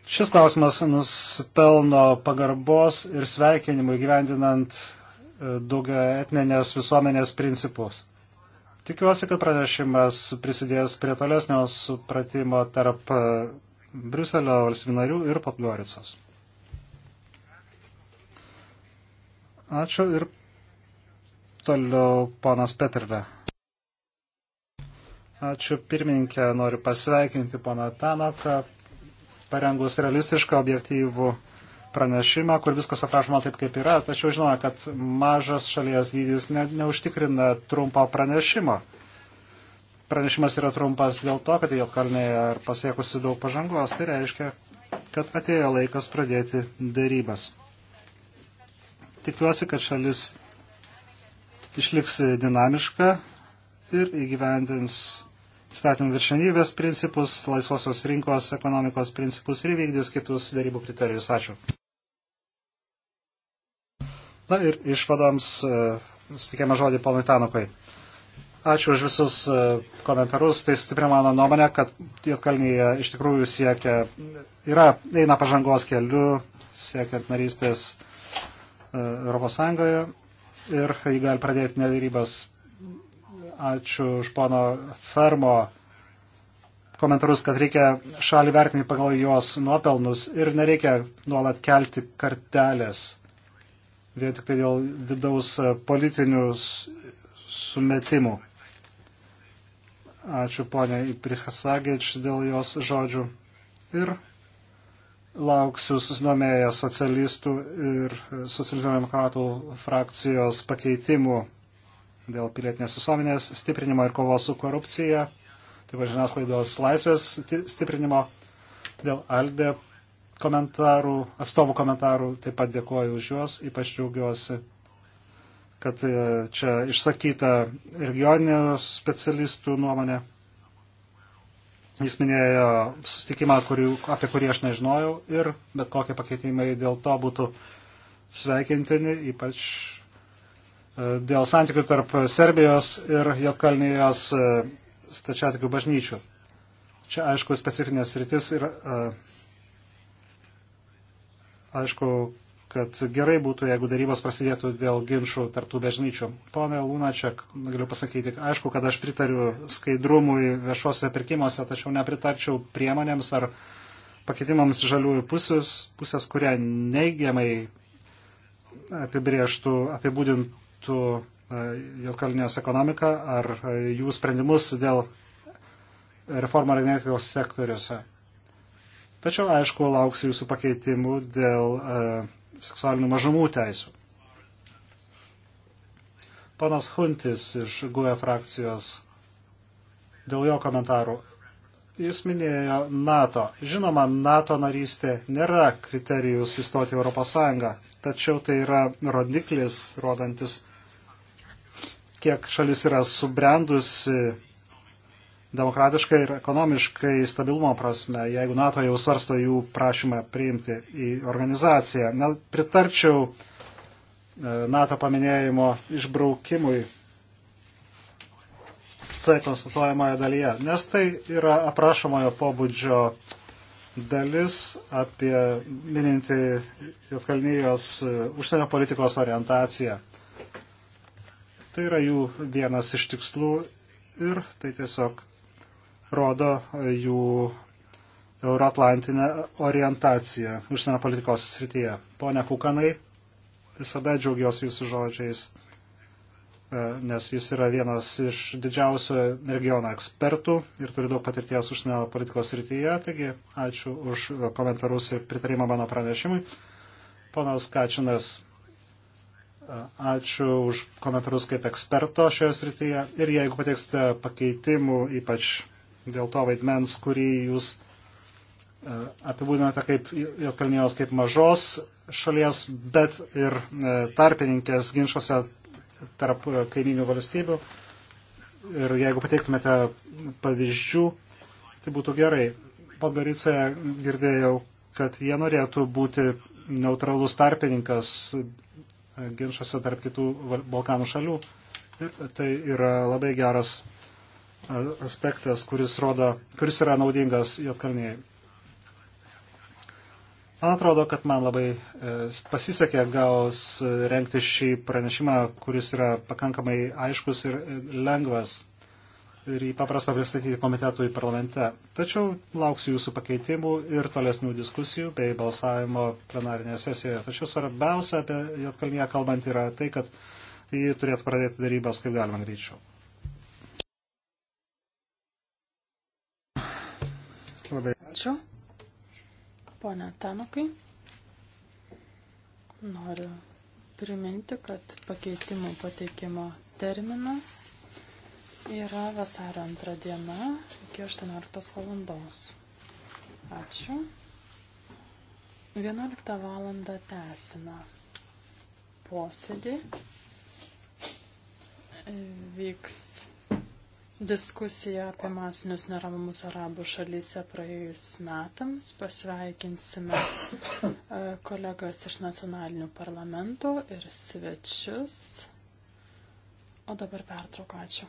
Šis klausimas nuspelno pagarbos ir sveikinimų gyvendinant e, daugia etninės visuomenės principus. Tikiuosi, kad pranešimas prisidės prie tolesnio supratimo tarp Briuselio valstybinarių ir Podgoricos. Ačiū ir toliau ponas Petrle. Ačiū pirmininkė, noriu pasveikinti poną Tanoką, parengus realistišką objektyvų pranešimą, kur viskas aprašoma taip, kaip yra, tačiau žinome, kad mažas šalies dydis ne, neužtikrina trumpo pranešimo. Pranešimas yra trumpas dėl to, kad jo kalnėje ir pasiekusi daug pažangos, tai reiškia, kad atėjo laikas pradėti dėrybas. Tikiuosi, kad šalis išliks dinamiška ir įgyvendins statymų viršenybės principus, laisvosios rinkos ekonomikos principus ir vykdys kitus darybų kriterijus. Ačiū. Na ir išvadoms e, sutikėme žodį ponui Tanukui. Ačiū už visus e, komentarus. Tai sustiprina mano nuomonę, kad Jotkalnyje iš tikrųjų siekia, yra, eina pažangos keliu, siekiant narystės e, Europos Sąjungoje ir jį gali pradėti nedarybas. Ačiū už pono Fermo komentarus, kad reikia šalį vertinti pagal jos nuopelnus ir nereikia nuolat kelti kartelės vien tik tai dėl vidaus e, politinių sumetimų. Ačiū poniai Prihasagič dėl jos žodžių. Ir lauksiu susidomėję socialistų ir socialdemokratų frakcijos pakeitimų dėl pilietinės visuomenės stiprinimo ir kovos su korupcija, taip pat žiniasklaidos laisvės stiprinimo, dėl ALDE komentarų, atstovų komentarų, taip pat dėkuoju už juos, ypač džiaugiuosi, kad e, čia išsakyta regioninių specialistų nuomonė. Jis minėjo sustikimą, kurį, apie kurį aš nežinojau ir bet kokie pakeitimai dėl to būtų sveikintini, ypač e, dėl santykių tarp Serbijos ir Jotkalnyjos e, stačiatikių bažnyčių. Čia, aišku, specifinės rytis ir uh, Aišku, kad gerai būtų, jeigu darybos prasidėtų dėl ginčių tarptų bežnyčių. Pone Lunačiak, galiu pasakyti, aišku, kad aš pritariu skaidrumui viešuose pirkimuose, tačiau nepritarčiau priemonėms ar pakeitimams žaliųjų pusės, pusės kurie neigiamai apibrieštų, apibūdintų e, Jotkalnijos ekonomiką ar e, jų sprendimus dėl reformų energetikos sektoriuose. Tačiau, aišku, lauksiu jūsų pakeitimų dėl e, seksualinių mažumų teisų. Panas Huntis iš GUE frakcijos dėl jo komentarų. Jis minėjo NATO. Žinoma, NATO narystė nėra kriterijus įstoti Europos Sąjungą, tačiau tai yra rodiklis, rodantis, kiek šalis yra subrendusi demokratiškai ir ekonomiškai stabilumo prasme, jeigu NATO jau svarsto jų prašymą priimti į organizaciją. Net pritarčiau e, NATO paminėjimo išbraukimui C konstatuojamoje dalyje, nes tai yra aprašomojo pobūdžio dalis apie mininti Jotkalnyjos e, užsienio politikos orientaciją. Tai yra jų vienas iš tikslų ir tai tiesiog rodo e, jų euroatlantinę orientaciją užsienio politikos srityje. Pone Fukanai, visada džiaugiuosi jūsų žodžiais, e, nes jis yra vienas iš didžiausių regiono ekspertų ir turi daug patirties užsienio politikos srityje, taigi ačiū už komentarus ir pritarimą mano pranešimui. Ponas Kačinas, e, ačiū už komentarus kaip eksperto šioje srityje ir jeigu pateiksite pakeitimų, ypač dėl to vaidmens, kurį jūs e, apibūdinate kaip Jotkalnijos kaip mažos šalies, bet ir e, tarpininkės ginčiuose tarp e, kaiminių valstybių. Ir jeigu pateiktumėte pavyzdžių, tai būtų gerai. Podgoricoje girdėjau, kad jie norėtų būti neutralus tarpininkas ginčiuose tarp kitų Balkanų šalių. Ir tai yra labai geras aspektas, kuris, rodo, kuris yra naudingas Jotkalnyje. Man atrodo, kad man labai e, pasisekė gaus e, renkti šį pranešimą, kuris yra pakankamai aiškus ir e, lengvas ir jį paprasta pristatyti komitetui parlamente. Tačiau lauksiu jūsų pakeitimų ir tolesnių diskusijų bei balsavimo plenarinėje sesijoje. Tačiau svarbiausia apie Jotkalnyje kalbant yra tai, kad jį turėtų pradėti darybas kaip galima greičiau. labai. Ačiū. Pone Tanukai, noriu priminti, kad pakeitimų pateikimo terminas yra vasario antrą dieną iki 18 valandos. Ačiū. 11 valandą tęsime posėdį. Vyks Diskusija apie masinius neramumus arabų šalyse praėjus metams pasveikinsime e, kolegas iš nacionalinių parlamentų ir svečius. O dabar pertrauką ačiū.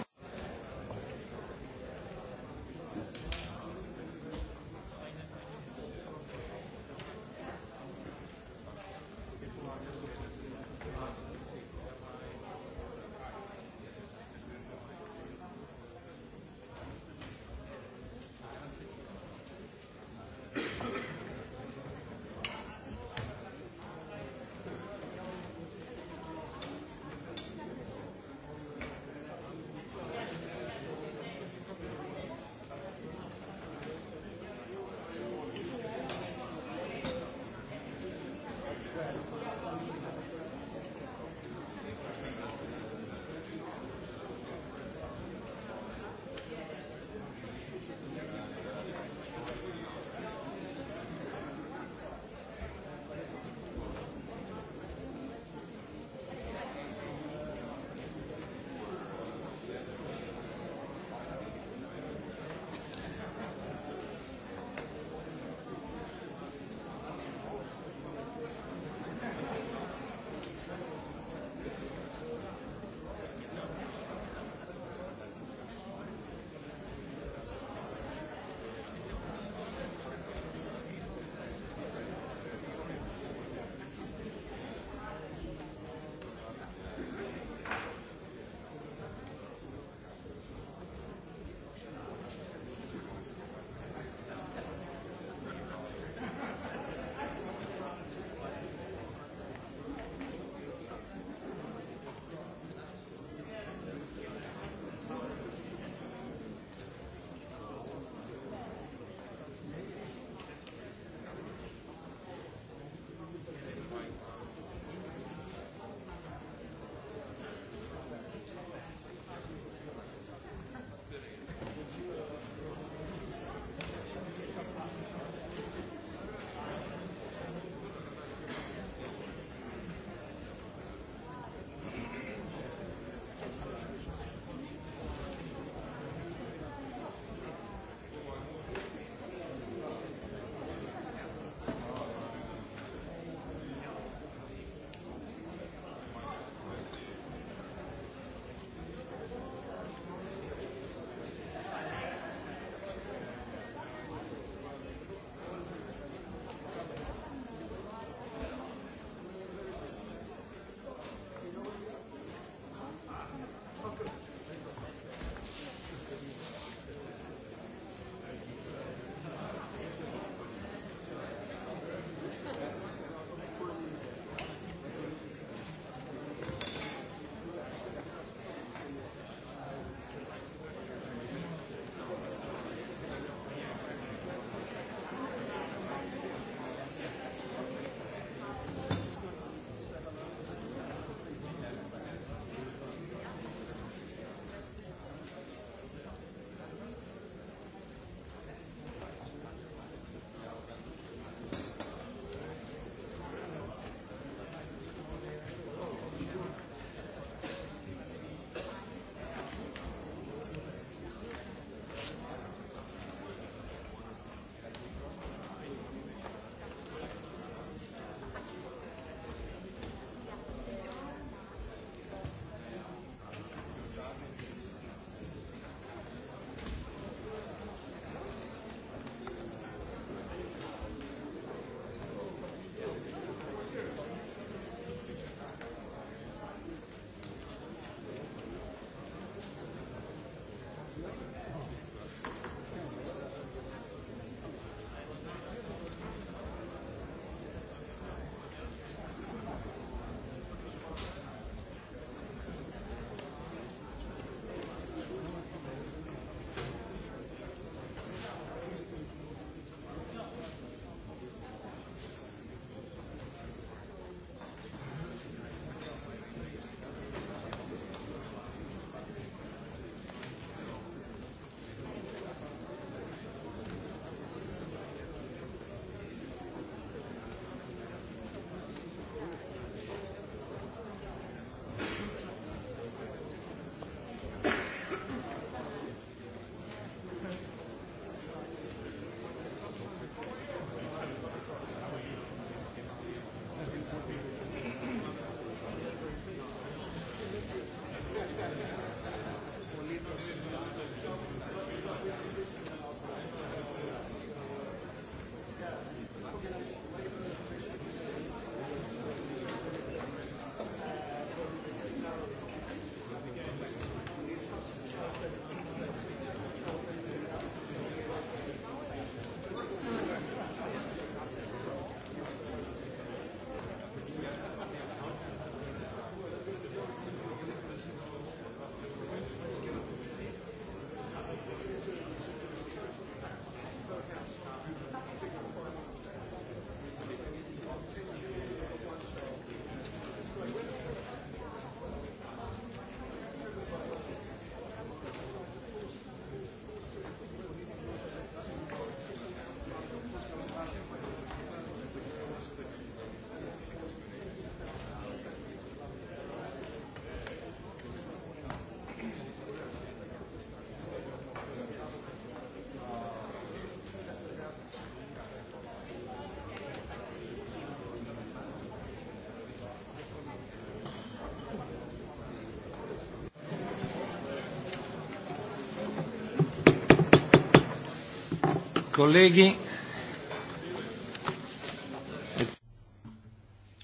Kolegi.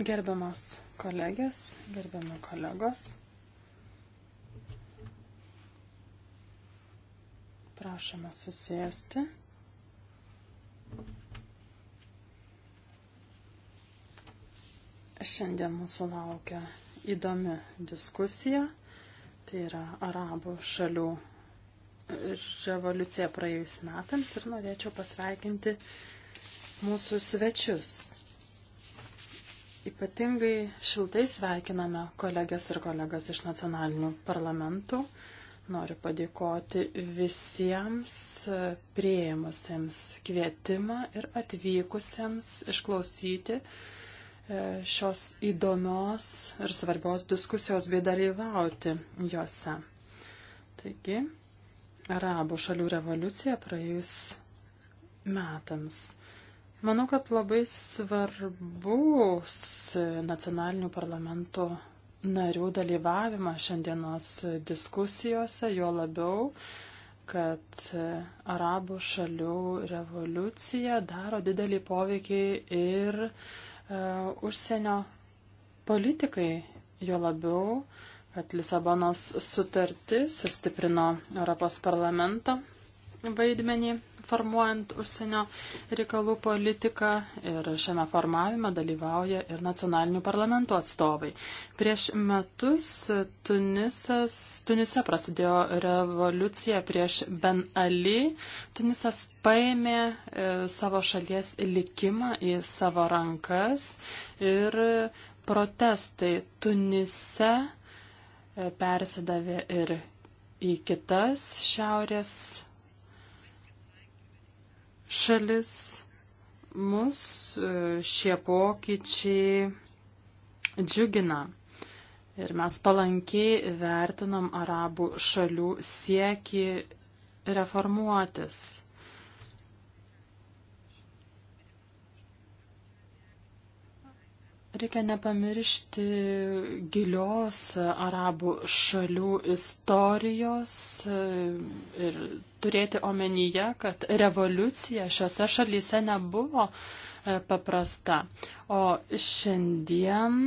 Gerbiamas kolegės, gerbiami kolegos. Prašome susėsti. Šiandien mūsų laukia įdomi diskusija. Tai yra arabų šalių revoliuciją praėjus metams ir norėčiau pasveikinti mūsų svečius. Ypatingai šiltai sveikiname kolegės ir kolegas iš nacionalinių parlamentų. Noriu padėkoti visiems prieimusiems kvietimą ir atvykusiems išklausyti e, šios įdomios ir svarbios diskusijos bei dalyvauti juose. Taigi, arabų šalių revoliuciją praėjus metams. Manau, kad labai svarbus nacionalinių parlamentų narių dalyvavimas šiandienos diskusijose, jo labiau, kad arabų šalių revoliucija daro didelį poveikį ir e, užsienio politikai, jo labiau, e, kad Lisabonos sutartis sustiprino Europos parlamento vaidmenį formuojant užsienio reikalų politiką ir šiame formavime dalyvauja ir nacionalinių parlamentų atstovai. Prieš metus Tunisas, Tunise prasidėjo revoliucija prieš Ben Ali. Tunisas paėmė e, savo šalies likimą į savo rankas ir protestai Tunise persidavė ir į kitas šiaurės šalis. Mus e, šie pokyčiai džiugina. Ir mes palankiai vertinam arabų šalių siekį reformuotis. Reikia nepamiršti gilios arabų šalių istorijos e, ir turėti omenyje, kad revoliucija šiose šalyse nebuvo e, paprasta. O šiandien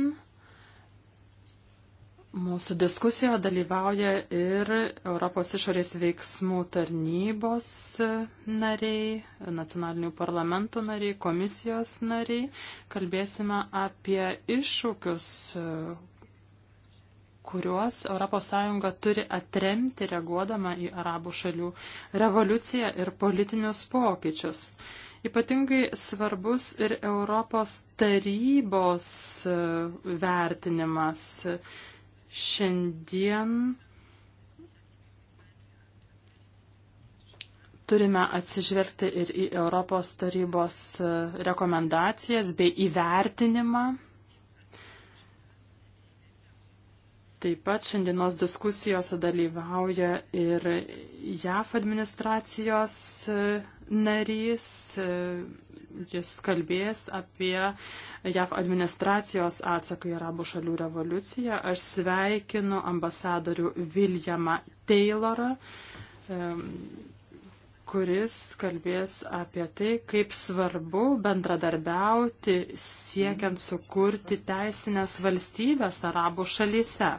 Mūsų diskusijoje dalyvauja ir Europos išorės veiksmų tarnybos nariai, nacionalinių parlamentų nariai, komisijos nariai. Kalbėsime apie iššūkius, kuriuos ES turi atremti reaguodama į arabų šalių revoliuciją ir politinius pokyčius. Ypatingai svarbus ir Europos tarybos e, vertinimas Šiandien turime atsižvelgti ir į Europos tarybos rekomendacijas bei įvertinimą. Taip pat šiandienos diskusijose dalyvauja ir JAF administracijos narys, Jis kalbės apie JAV administracijos atsaką į arabų šalių revoliuciją. Aš sveikinu ambasadorių Viljamą Taylorą kuris kalbės apie tai, kaip svarbu bendradarbiauti siekiant sukurti teisinės valstybės arabų šalyse.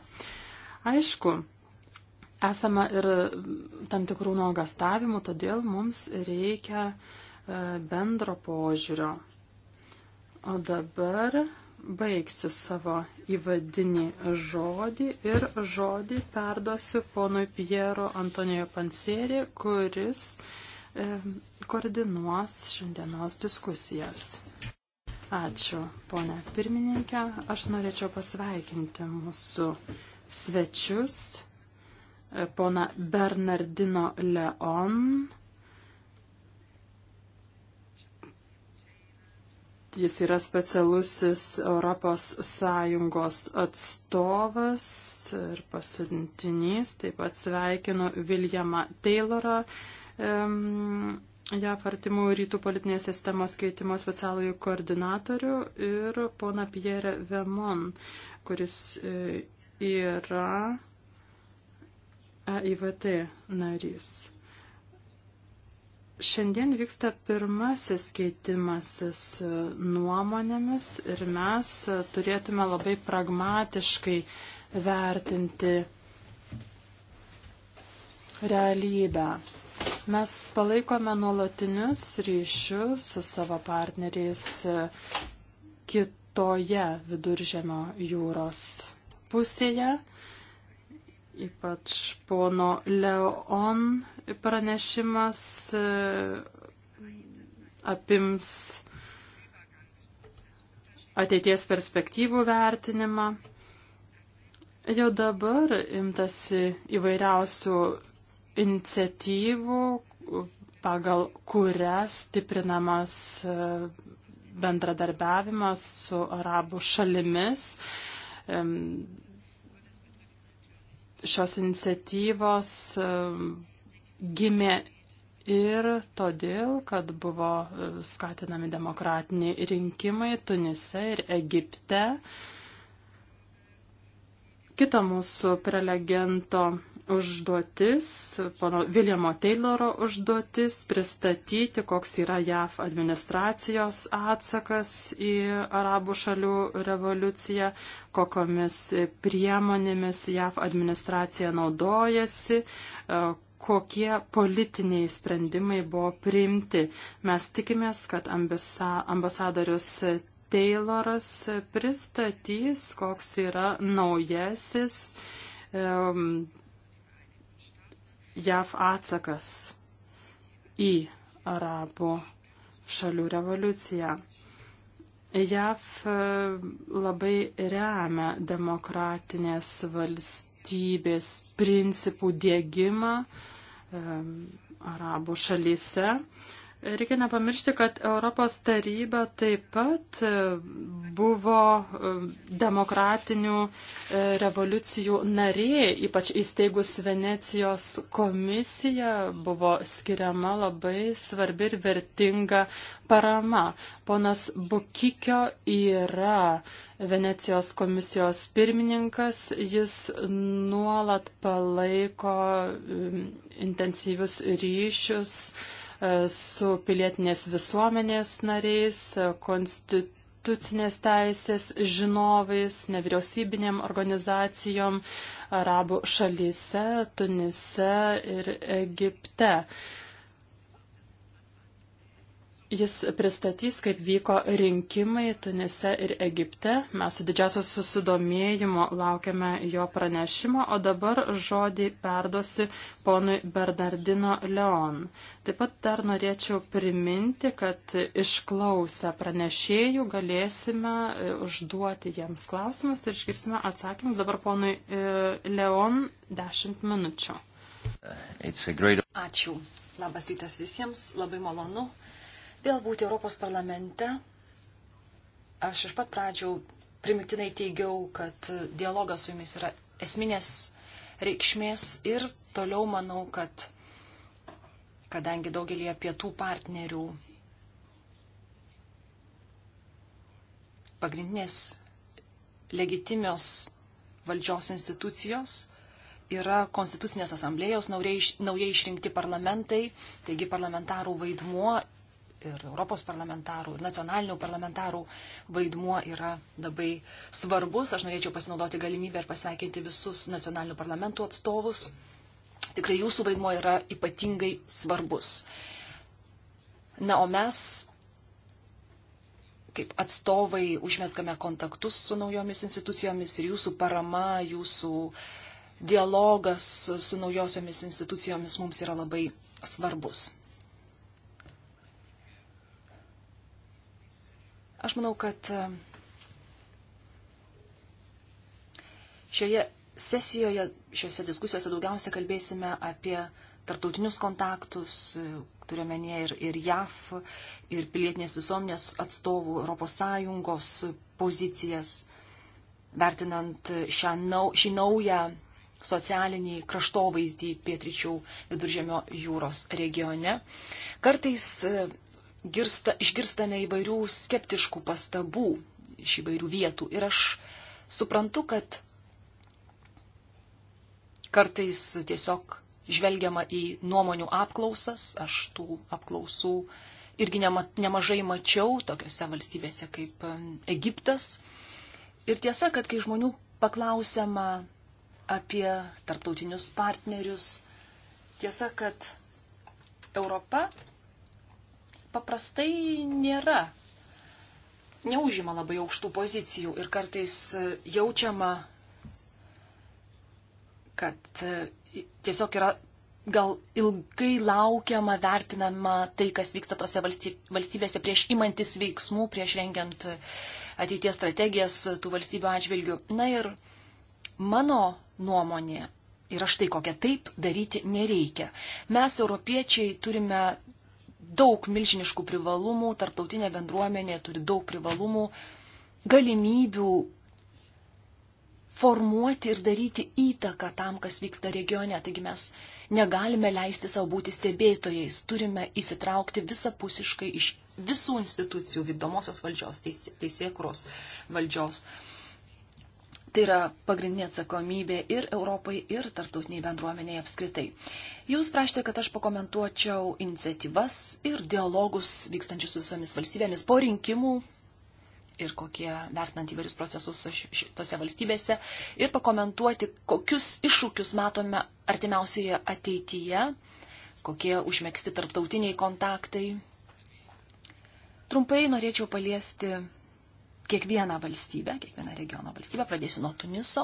Aišku, esama ir tam tikrų nuogastavimų, todėl mums reikia uh, E, bendro požiūrio. O dabar baigsiu savo įvadinį žodį ir žodį perduosiu ponui Piero Antonijo Panserį, kuris e, koordinuos šiandienos diskusijas. Ačiū, ponė pirmininkė. Aš norėčiau pasveikinti mūsų svečius, e, pona Bernardino Leon Jis yra specialusis Europos Sąjungos atstovas ir pasiuntinys. Taip pat sveikinu Viljamą Taylorą, um, JAF artimų rytų politinės sistemos keitimo specialųjų koordinatorių ir pona Pierre Vemon, kuris e, yra EIVT narys. Šiandien vyksta pirmasis keitimasis e, nuomonėmis ir mes e, turėtume labai pragmatiškai vertinti realybę. Mes palaikome nuolatinius ryšius su savo partneriais e, kitoje viduržėmio jūros pusėje, ypač pono Leon pranešimas e, apims ateities perspektyvų vertinimą. Jau dabar imtasi įvairiausių iniciatyvų, pagal kurias stiprinamas e, bendradarbiavimas su arabų šalimis. Šios iniciatyvos gimė ir todėl, kad buvo e, skatinami demokratiniai rinkimai Tunise ir Egipte. Kita mūsų prelegento užduotis, pono Viljamo Tayloro užduotis, pristatyti, koks yra JAF administracijos atsakas į arabų šalių revoliuciją, kokomis priemonėmis JAF administracija naudojasi, e, kokie politiniai sprendimai buvo priimti. Mes tikimės, kad ambisa, ambasadorius Tayloras pristatys, koks yra naujasis um, JAV atsakas į arabų šalių revoliuciją. JAV labai remia demokratinės valstybės principų dėgymą, uh, arabų šalyse. Reikia nepamiršti, kad Europos taryba taip pat e, buvo e, demokratinių e, revoliucijų narė, ypač įsteigus Venecijos komisiją buvo skiriama labai svarbi ir vertinga parama. Ponas Bukikio yra Venecijos komisijos pirmininkas, jis nuolat palaiko intensyvius ryšius E, su pilietinės visuomenės nariais, e, konstitucinės teisės žinovais, nevyriausybinėm organizacijom arabų šalyse, Tunise ir Egipte. Jis pristatys, kaip vyko rinkimai Tunise ir Egipte. Mes su didžiausio susidomėjimo laukiame jo pranešimo, o dabar žodį perduosi ponui Bernardino Leon. Taip pat dar norėčiau priminti, kad išklausę pranešėjų galėsime e, užduoti jiems klausimus ir išgirsime atsakymus. Dabar ponui e, Leon 10 minučių. Great... Ačiū. Labas rytas visiems. Labai malonu vėl būti Europos parlamente. Aš iš pat pradžių primiktinai teigiau, kad dialogas su jumis yra esminės reikšmės ir toliau manau, kad kadangi daugelį pietų partnerių pagrindinės legitimios valdžios institucijos yra konstitucinės asamblėjos naujai išrinkti parlamentai, taigi parlamentarų vaidmuo ir Europos parlamentarų, ir nacionalinių parlamentarų vaidmuo yra labai svarbus. Aš norėčiau pasinaudoti galimybę ir pasveikinti visus nacionalinių parlamentų atstovus. Tikrai jūsų vaidmuo yra ypatingai svarbus. Na, o mes, kaip atstovai, užmesgame kontaktus su naujomis institucijomis ir jūsų parama, jūsų dialogas su naujosiomis institucijomis mums yra labai svarbus. Aš manau, kad e, šioje sesijoje, šiuose diskusijose daugiausia kalbėsime apie tartautinius kontaktus, e, turiuomenė ir, ir JAF, ir pilietinės visuomenės atstovų ES pozicijas, vertinant šią, nau, šį naują socialinį kraštovaizdį pietričių viduržėmio jūros regione. Kartais e, girsta, išgirstame įvairių skeptiškų pastabų iš įvairių vietų. Ir aš suprantu, kad kartais tiesiog žvelgiama į nuomonių apklausas, aš tų apklausų irgi nema, nemažai mačiau tokiuose valstybėse kaip Egiptas. Ir tiesa, kad kai žmonių paklausiama apie tarptautinius partnerius, tiesa, kad Europa paprastai nėra, neužima labai aukštų pozicijų ir kartais e, jaučiama, kad e, tiesiog yra gal ilgai laukiama, vertinama tai, kas vyksta tose valstybėse prieš imantis veiksmų, prieš rengiant e, ateities strategijas tų valstybių atžvilgių. Na ir mano nuomonė yra štai kokia. Taip daryti nereikia. Mes, europiečiai, turime daug milžiniškų privalumų, tarptautinė bendruomenė turi daug privalumų, galimybių formuoti ir daryti įtaką tam, kas vyksta regione. Taigi mes negalime leisti savo būti stebėtojais, turime įsitraukti visapusiškai iš visų institucijų, vykdomosios valdžios, teisėkuros valdžios. Teisė Tai yra pagrindinė atsakomybė ir Europai, ir tarptautiniai bendruomeniai apskritai. Jūs prašėte, kad aš pakomentuočiau iniciatyvas ir dialogus vykstančius su visomis valstybėmis po rinkimų ir kokie vertinant įvairius procesus tose valstybėse ir pakomentuoti, kokius iššūkius matome artimiausioje ateityje, kokie užmėgsti tarptautiniai kontaktai. Trumpai norėčiau paliesti kiekvieną valstybę, kiekvieną regiono valstybę. Pradėsiu nuo Tuniso.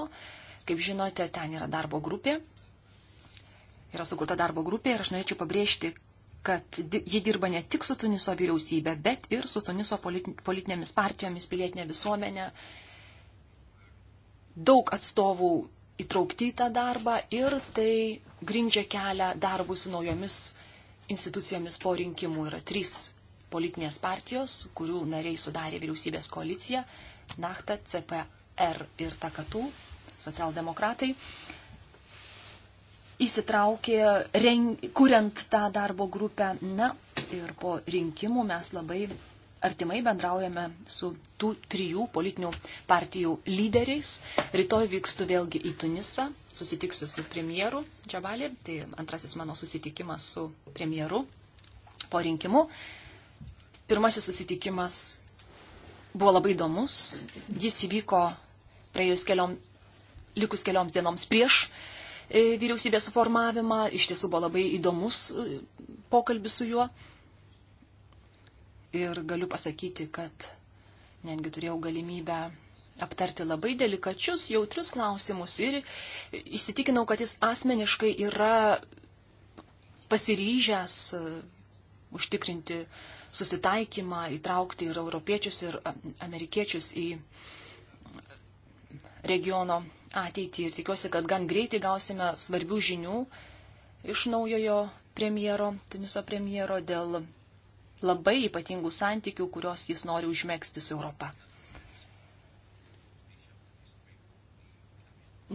Kaip žinote, ten yra darbo grupė. Yra sukurta darbo grupė ir aš norėčiau pabrėžti, kad ji dirba ne tik su Tuniso vyriausybė, bet ir su Tuniso politinėmis partijomis, pilietinė visuomenė. Daug atstovų įtraukti į tą darbą ir tai grindžia kelią darbų su naujomis institucijomis po rinkimų. Yra trys politinės partijos, kurių nariai sudarė vyriausybės koaliciją, Nachta, CPR ir Takatų, socialdemokratai, įsitraukė, reng, kuriant tą darbo grupę. Na ir po rinkimų mes labai artimai bendraujame su tų trijų politinių partijų lyderiais. Rytoj vykstu vėlgi į Tunisą, susitiksiu su premjeru Džabalį, tai antrasis mano susitikimas su premjeru po rinkimų. Pirmasis susitikimas buvo labai įdomus. Jis įvyko praėjus keliom, likus kelioms dienoms prieš e, vyriausybės suformavimą. Iš tiesų buvo labai įdomus e, pokalbis su juo. Ir galiu pasakyti, kad netgi turėjau galimybę aptarti labai delikačius, jautrius klausimus ir įsitikinau, kad jis asmeniškai yra pasiryžęs e, užtikrinti uh, susitaikymą, įtraukti ir europiečius, ir amerikiečius į regiono ateitį. Ir tikiuosi, kad gan greitai gausime svarbių žinių iš naujojo premjero, Tuniso premjero, dėl labai ypatingų santykių, kuriuos jis nori užmėgsti su Europą.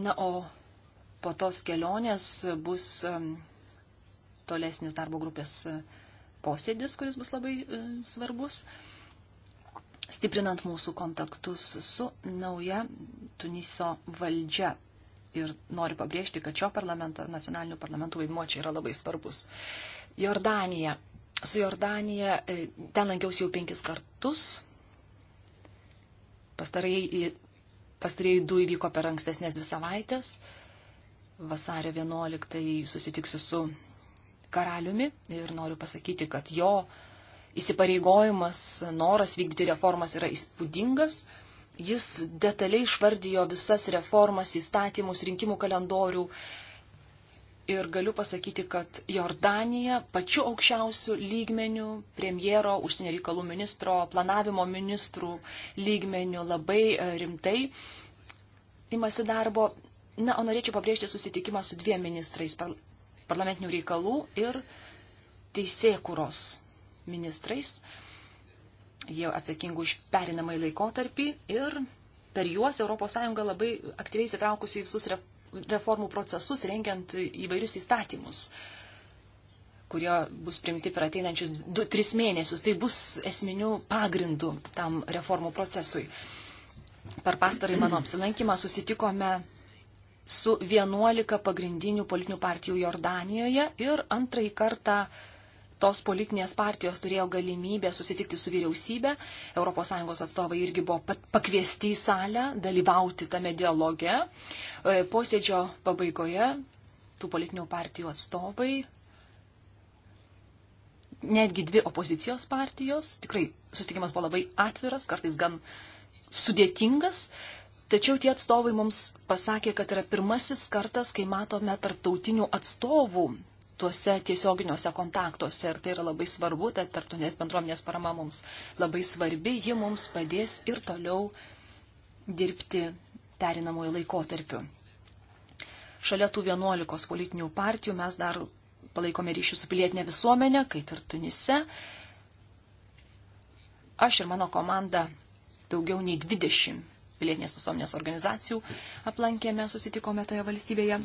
Na, o po tos kelionės bus um, tolesnis darbo grupės posėdis, kuris bus labai e, svarbus, stiprinant mūsų kontaktus su nauja Tuniso valdžia. Ir noriu pabrėžti, kad šio parlamento, nacionalinių parlamentų vaidmuo čia yra labai svarbus. Jordanija. Su Jordanija e, ten lankiausi jau penkis kartus. Pastarėjai du įvyko per ankstesnės dvi savaitės. Vasario 11 susitiksiu su karaliumi ir noriu pasakyti, kad jo įsipareigojimas, noras vykdyti reformas yra įspūdingas. Jis detaliai išvardijo visas reformas, įstatymus, rinkimų kalendorių ir galiu pasakyti, kad Jordanija pačiu aukščiausiu lygmeniu, premjero, užsienio reikalų ministro, planavimo ministrų lygmeniu labai e, rimtai imasi darbo. Na, o norėčiau pabrėžti susitikimą su dviem ministrais parlamentinių reikalų ir teisėkuros ministrais. Jie atsakingi už perinamąjį laikotarpį ir per juos ES labai aktyviai įsitraukusi į visus reformų procesus, rengiant įvairius įstatymus, kurie bus primti per ateinančius 2-3 mėnesius. Tai bus esminių pagrindų tam reformų procesui. Per pastarąjį mano apsilankymą susitikome su 11 pagrindinių politinių partijų Jordanijoje ir antrąjį kartą tos politinės partijos turėjo galimybę susitikti su vyriausybė, ES atstovai irgi buvo pakviesti į salę, dalyvauti tame dialoge. E, posėdžio pabaigoje tų politinių partijų atstovai, netgi dvi opozicijos partijos, tikrai susitikimas buvo labai atviras, kartais gan sudėtingas, Tačiau tie atstovai mums pasakė, kad yra pirmasis kartas, kai matome tarptautinių atstovų tuose tiesioginiuose kontaktuose ir tai yra labai svarbu, tad tarptautinės bendruomenės parama mums labai svarbi, ji mums padės ir toliau dirbti perinamojo laikotarpiu. Šalia tų 11 politinių partijų mes dar palaikome ryšių su pilietinė visuomenė, kaip ir Tunise. Aš ir mano komanda daugiau nei 20 pilietinės visuomenės organizacijų aplankėme, susitikome toje valstybėje.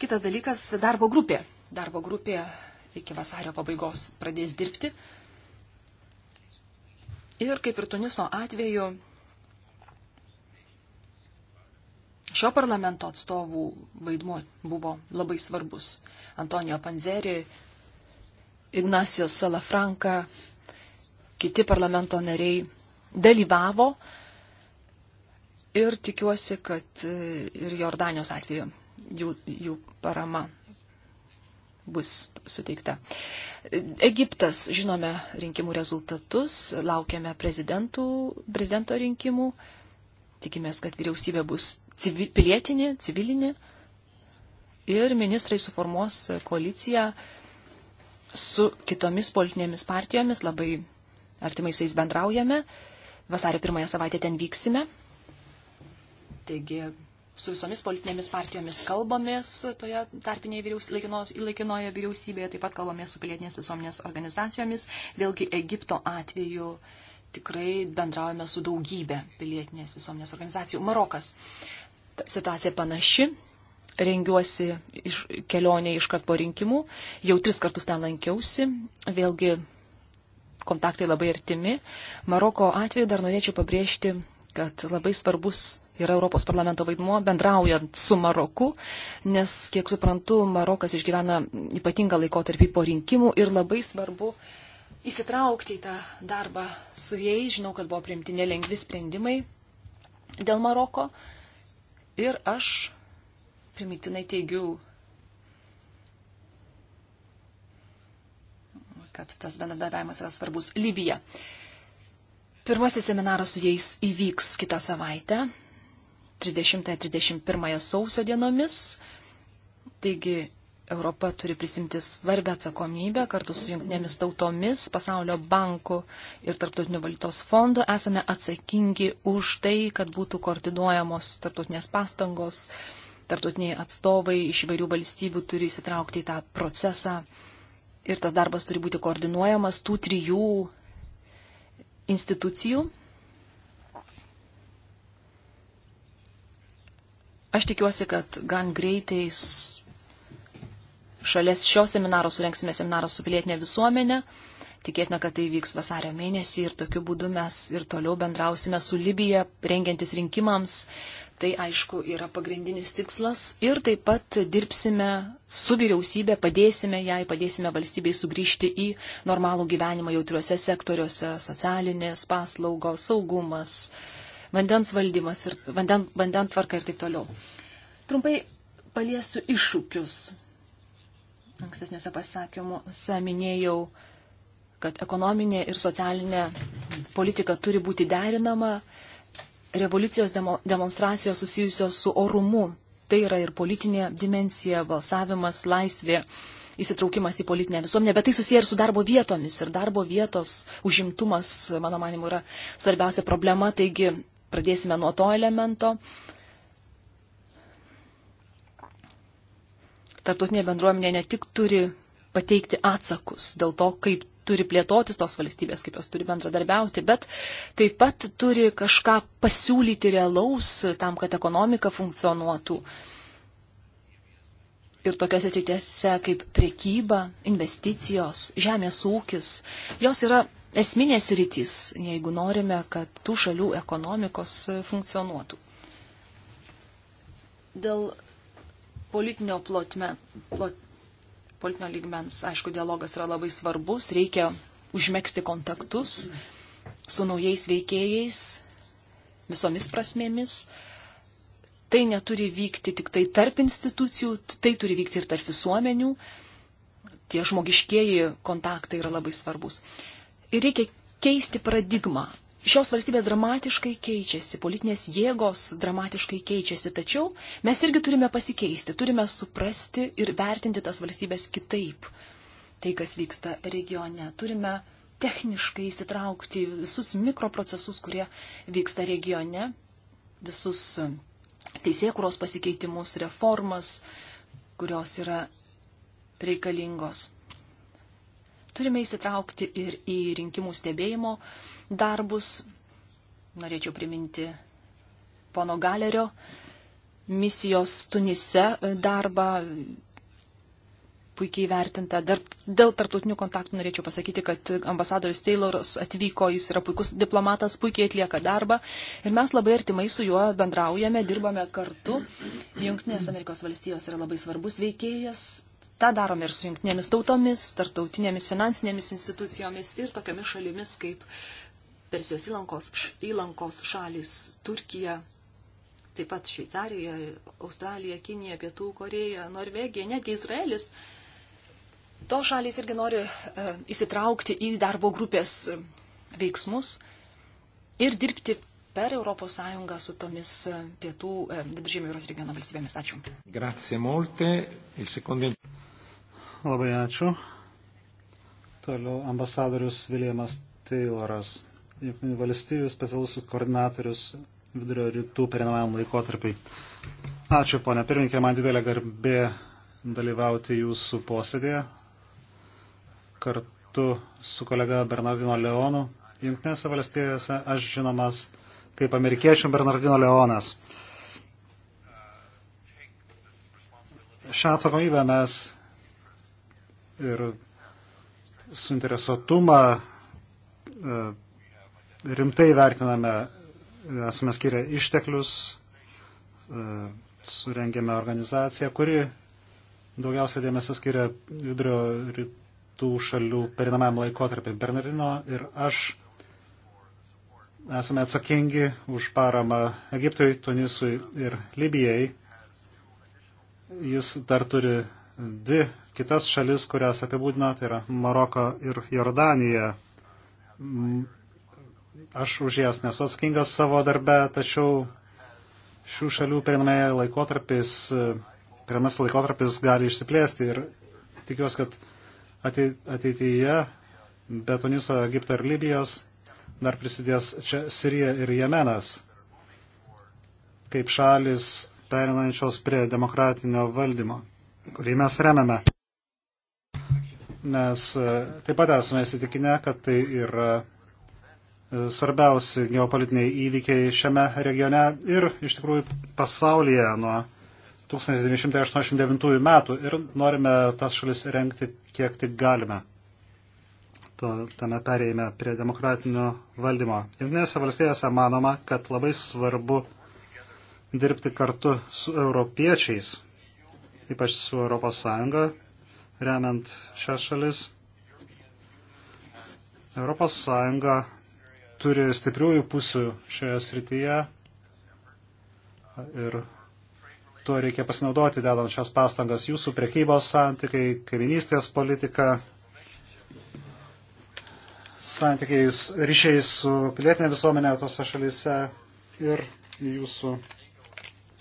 Kitas dalykas - darbo grupė. Darbo grupė iki vasario pabaigos pradės dirbti. Ir kaip ir Tuniso atveju, šio parlamento atstovų vaidmuo buvo labai svarbus. Antonijo Panzeri, Ignacijos Salafranka, kiti parlamento nariai dalyvavo ir tikiuosi, kad e, ir Jordanijos atveju jų, jų parama bus suteikta. Egiptas, žinome rinkimų rezultatus, laukiame prezidento rinkimų, tikimės, kad vyriausybė bus civi, pilietinė, civilinė ir ministrai suformuos koaliciją su kitomis politinėmis partijomis, labai artimai su jais bendraujame. Vasario pirmąją savaitę ten vyksime, Taigi su visomis politinėmis partijomis kalbamės toje tarpinėje vyriaus, laikinos, laikinoje vyriausybėje, taip pat kalbamės su pilietinės visuomenės organizacijomis. Vėlgi Egipto atveju tikrai bendraujame su daugybė pilietinės visuomenės organizacijų. Marokas. Ta situacija panaši. Rengiuosi iš kelionė iškart po rinkimų. Jau tris kartus ten lankiausi. Vėlgi kontaktai labai artimi. Maroko atveju dar norėčiau pabrėžti, kad labai svarbus yra Europos parlamento vaidmuo bendraujant su Maroku, nes, kiek suprantu, Marokas išgyvena ypatingą laikotarpį po rinkimų ir labai svarbu įsitraukti į tą darbą su jais. Žinau, kad buvo priimti nelengvi sprendimai dėl Maroko ir aš primiktinai teigiu, kad tas bendradarbiavimas yra svarbus. Libija. Pirmasis seminaras su jais įvyks kitą savaitę. 30-31 sausio dienomis. Taigi Europa turi prisimti svarbę atsakomybę kartu su jungtinėmis tautomis, pasaulio banku ir tarptautinio valytos fondu. Esame atsakingi už tai, kad būtų koordinuojamos tarptautinės pastangos. Tarptautiniai atstovai iš įvairių valstybių turi įsitraukti į tą procesą. Ir tas darbas turi būti koordinuojamas tų trijų institucijų Aš tikiuosi, kad gan greitai šalia šio seminaro surenksime seminarą su pilietinė visuomenė. Tikėtina, kad tai vyks vasario mėnesį ir tokiu būdu mes ir toliau bendrausime su Libija, rengiantis rinkimams. Tai aišku yra pagrindinis tikslas ir taip pat dirbsime su vyriausybė, padėsime jai, padėsime valstybei sugrįžti į normalų gyvenimą jautriuose sektoriuose - socialinės paslaugos, saugumas, uh, vandens valdymas ir vanden, vandentvarka ir taip toliau. Trumpai paliesiu iššūkius. Ankstesniuose pasakymuose minėjau, kad ekonominė ir socialinė politika turi būti derinama. Revoliucijos demo, demonstracijos susijusios su orumu. Tai yra ir politinė dimensija, balsavimas, laisvė įsitraukimas į politinę visuomenę, bet tai susiję ir su darbo vietomis. Ir darbo vietos užimtumas, mano manimu, yra svarbiausia problema. Taigi pradėsime nuo to elemento. Tarptautinė bendruomenė ne tik turi pateikti atsakus dėl to, kaip turi plėtotis tos valstybės, kaip jos turi bendradarbiauti, bet taip pat turi kažką pasiūlyti realaus tam, kad ekonomika funkcionuotų. Ir tokiuose rytėse kaip priekyba, investicijos, žemės ūkis, jos yra esminės rytis, jeigu norime, kad tų šalių ekonomikos e, funkcionuotų. Dėl politinio plotme, plot, politinio lygmens, aišku, dialogas yra labai svarbus, reikia užmėgsti kontaktus su naujais veikėjais visomis prasmėmis. Tai neturi vykti tik tai tarp institucijų, tai turi vykti ir tarp visuomenių. Tie žmogiškieji kontaktai yra labai svarbus. Uh, ir reikia keisti paradigmą. Šios valstybės dramatiškai keičiasi, politinės jėgos dramatiškai keičiasi, tačiau mes irgi turime pasikeisti, turime suprasti ir vertinti tas valstybės kitaip. Tai, kas vyksta regione, turime techniškai įsitraukti visus mikroprocesus, kurie vyksta regione, visus teisėkuros pasikeitimus, reformas, kurios yra reikalingos. Turime įsitraukti ir į rinkimų stebėjimo darbus. Norėčiau priminti pono Galerio misijos Tunise darbą puikiai vertinta. Dar dėl tarptautinių kontaktų norėčiau pasakyti, kad ambasadorius Tayloras atvyko, jis yra puikus diplomatas, puikiai atlieka darbą ir mes labai artimai su juo bendraujame, dirbame kartu. Junktinės Amerikos valstijos yra labai svarbus veikėjas tą darome ir su jungtinėmis tautomis, tartautinėmis finansinėmis institucijomis ir tokiamis šalimis kaip Persijos įlankos, įlankos šalis, Turkija, taip pat Šveicarija, Australija, Kinija, Pietų Koreja, Norvegija, netgi Izraelis. To šalis irgi nori uh, įsitraukti į darbo grupės e, veiksmus ir dirbti per Europos Sąjungą su tomis e, pietų Viduržėmio jūros regiono valstybėmis. Ačiū. Grazie molte. Il secondo... Labai ačiū. Toliau ambasadorius Viljamas Tayloras, Junktinių valstybių specialusis koordinatorius vidurio rytų perinamajam laikotarpiai. Ačiū, ponė pirminkė, man didelė garbė dalyvauti jūsų posėdėje kartu su kolega Bernardino Leonu. Junktinėse valstijose aš žinomas kaip amerikiečių Bernardino Leonas. Šią atsakomybę mes ir suinteresuotumą e, rimtai vertiname, esame skiria išteklius, e, surengėme organizaciją, kuri daugiausia dėmesio skiria vidurio rytų šalių perinamajam laikotarpiu. Bernardino ir aš esame atsakingi už paramą Egiptui, Tunisui ir Libijai. Jis dar turi dvi kitas šalis, kurias apibūdina, tai yra Maroko ir Jordanija. Aš už jas nesu atsakingas savo darbe, tačiau šių šalių perinamai laikotarpis, e, pirmas laikotarpis gali išsiplėsti ir tikiuosi, kad ateityje be Tuniso, Egipto ir Libijos dar prisidės čia Sirija ir Jemenas, kaip šalis perinančios prie demokratinio valdymo, kurį mes remiame. Mes e, taip pat esame įsitikinę, kad tai yra e, svarbiausi geopolitiniai įvykiai šiame regione ir iš tikrųjų pasaulyje nuo 1989 metų ir norime tas šalis renkti kiek tik galime tame perėjime prie demokratinio valdymo. Jungtinėse valstijose manoma, kad labai svarbu dirbti kartu su europiečiais, ypač su ES, remiant šias šalis. Europos Sąjunga turi stipriųjų pusių šioje srityje ir tuo reikia pasinaudoti, dedant šias pastangas jūsų prekybos santykiai, kaiminystės politika, santykiai ryšiai su pilietinė visuomenė tose šalyse ir jūsų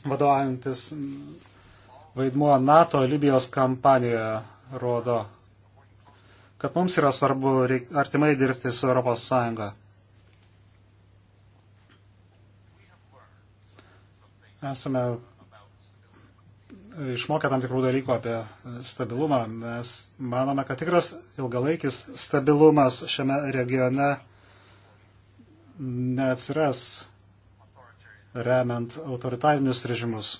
vadovaujantis vaidmuo NATO Libijos kampanijoje rodo, kad mums yra svarbu reik, artimai dirbti su Europos Sąjunga. Esame išmokę tam tikrų dalykų apie stabilumą. Mes manome, kad tikras ilgalaikis stabilumas šiame regione neatsiras remiant autoritarinius režimus.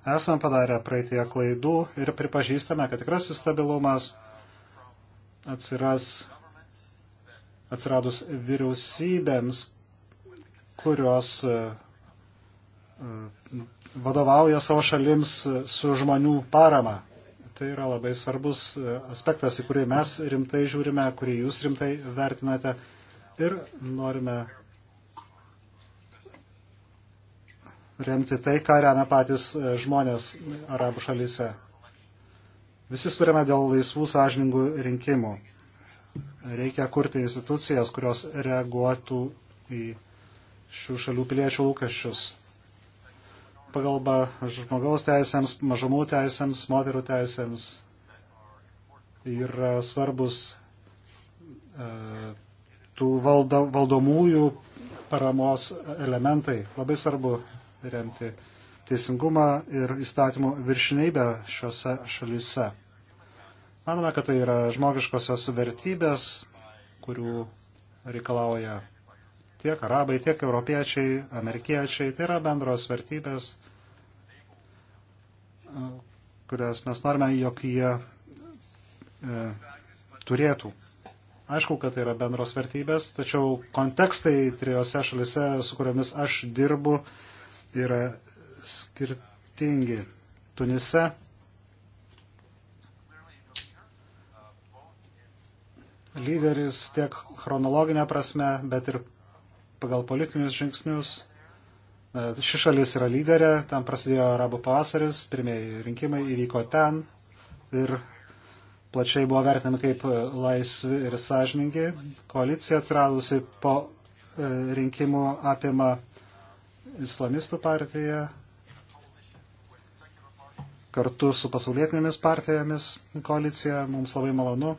Esame padarę praeitie klaidų ir pripažįstame, kad tikrasis stabilumas atsiras atsiradus vyriausybėms, kurios e, e, vadovauja savo šalims su žmonių parama. Tai yra labai svarbus e, aspektas, į kurį mes rimtai žiūrime, kurį jūs rimtai vertinate ir norime remti tai, ką remia patys e, žmonės arabų šalyse. Visi turime dėl laisvų sąžiningų rinkimų. Reikia kurti institucijas, kurios reaguotų į šių šalių piliečių lūkesčius. Pagalba žmogaus teisėms, mažumų teisėms, moterų teisėms yra svarbus e, tų valdo, valdomųjų paramos elementai. Labai svarbu remti teisingumą ir įstatymų viršinybę šiuose šalyse. Manome, kad tai yra žmogiškosios vertybės, kurių reikalauja tiek arabai, tiek europiečiai, amerikiečiai. Tai yra bendros vertybės, kurias mes norime, jog jie e, turėtų. Aišku, kad tai yra bendros vertybės, tačiau kontekstai trijose šalise, su kuriomis aš dirbu, e, yra skirtingi. Tunise lyderis tiek chronologinė prasme, bet ir pagal politinius žingsnius. E, ši šalis yra lyderė, tam prasidėjo arabų pavasaris, pirmieji rinkimai įvyko ten ir plačiai buvo vertinami kaip laisvi ir sąžiningi. Koalicija atsiradusi po e, rinkimų apima islamistų partija kartu su pasaulietinėmis partijomis koalicija. Mums labai malonu,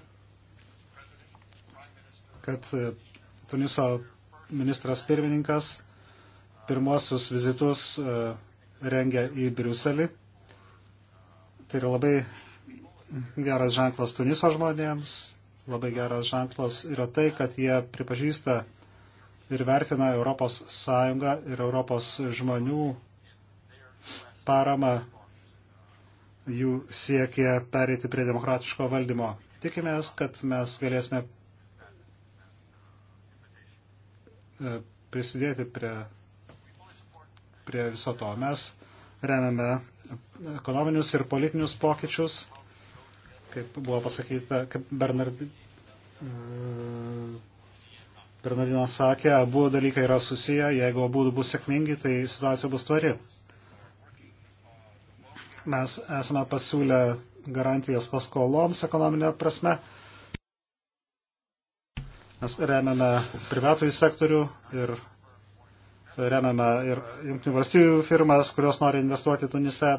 kad Tuniso ministras pirmininkas pirmosius vizitus e, rengia į Briuselį. Tai yra labai geras ženklas Tuniso žmonėms, labai geras ženklas yra tai, kad jie pripažįsta ir vertina Europos Sąjungą ir Europos žmonių paramą jų siekia pereiti prie demokratiško valdymo. Tikimės, kad mes galėsime e, prisidėti prie, prie viso to. Mes remiame ekonominius ir politinius pokyčius, kaip buvo pasakyta, kaip Bernard e, Bernardinas sakė, abu dalykai yra susiję, jeigu abu bus sėkmingi, tai situacija bus tvari. Mes esame pasiūlę garantijas paskoloms ekonominė prasme. Mes remiame privatų į sektorių ir remiame ir Junktinių valstybių firmas, kurios nori investuoti Tunise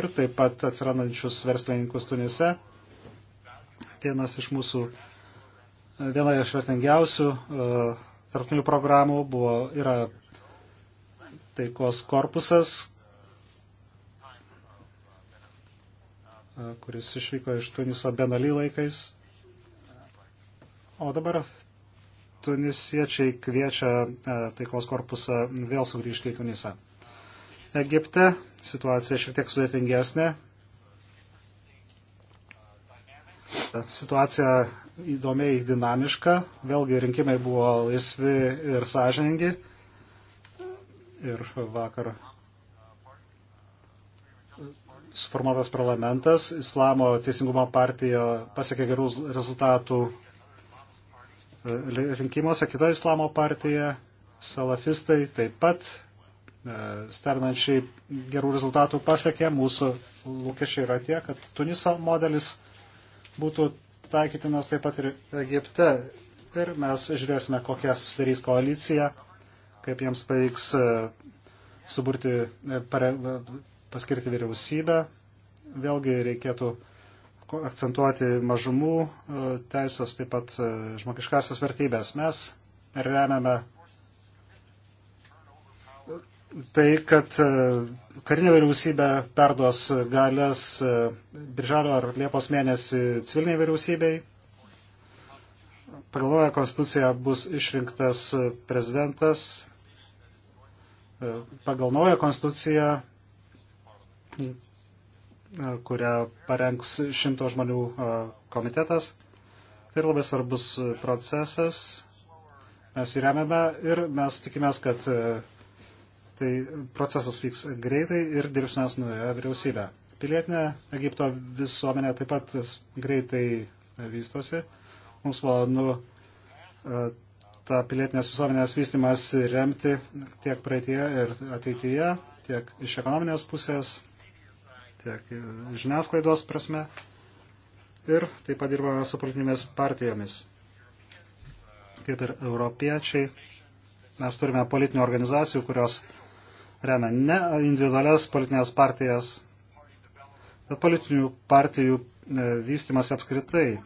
ir taip pat atsirandančius verslininkus Tunise. Vienas iš mūsų viena iš vertingiausių e, tarptautinių programų buvo, yra taikos korpusas, e, kuris išvyko iš Tuniso Benali laikais. O dabar tunisiečiai kviečia e, taikos korpusą vėl sugrįžti į Tunisą. Egipte situacija šiek tiek sudėtingesnė. Situacija įdomiai dinamiška. Vėlgi rinkimai buvo laisvi ir sąžiningi. Ir vakar suformuotas parlamentas, Islamo teisingumo partija pasiekė gerų rezultatų e, rinkimuose, kita Islamo partija, salafistai taip pat e, sternančiai gerų rezultatų pasiekė. Mūsų lūkesčiai yra tie, kad Tuniso modelis būtų taikytinos taip pat ir Egipte. Ir mes žiūrėsime, kokia susidarys koalicija, kaip jiems pavyks e, suburti, e, pare, e, paskirti vyriausybę. Vėlgi reikėtų akcentuoti mažumų teisės, taip pat žmogiškasias vertybės. Mes remiame tai, kad e, karinė vyriausybė perduos galės e, birželio ar liepos mėnesį civiliniai vyriausybei. Pagal naują konstituciją bus išrinktas prezidentas. E, pagal naują konstituciją, kurią parengs šimto žmonių komitetas. Tai labai svarbus procesas. Mes jį remiame ir mes tikimės, kad tai procesas vyks greitai ir dirbsime su nauja vyriausybė. Pilietinė Egipto visuomenė taip pat greitai vystosi. Mums malonu e, tą pilietinės visuomenės vystimas remti tiek praeitie ir ateityje, tiek iš ekonominės pusės, tiek žiniasklaidos prasme. Ir taip pat dirbame su politinėmis partijomis. Kaip ir europiečiai, mes turime politinių organizacijų, kurios remia ne individualias politinės partijas, bet politinių partijų e, vystimas apskritai.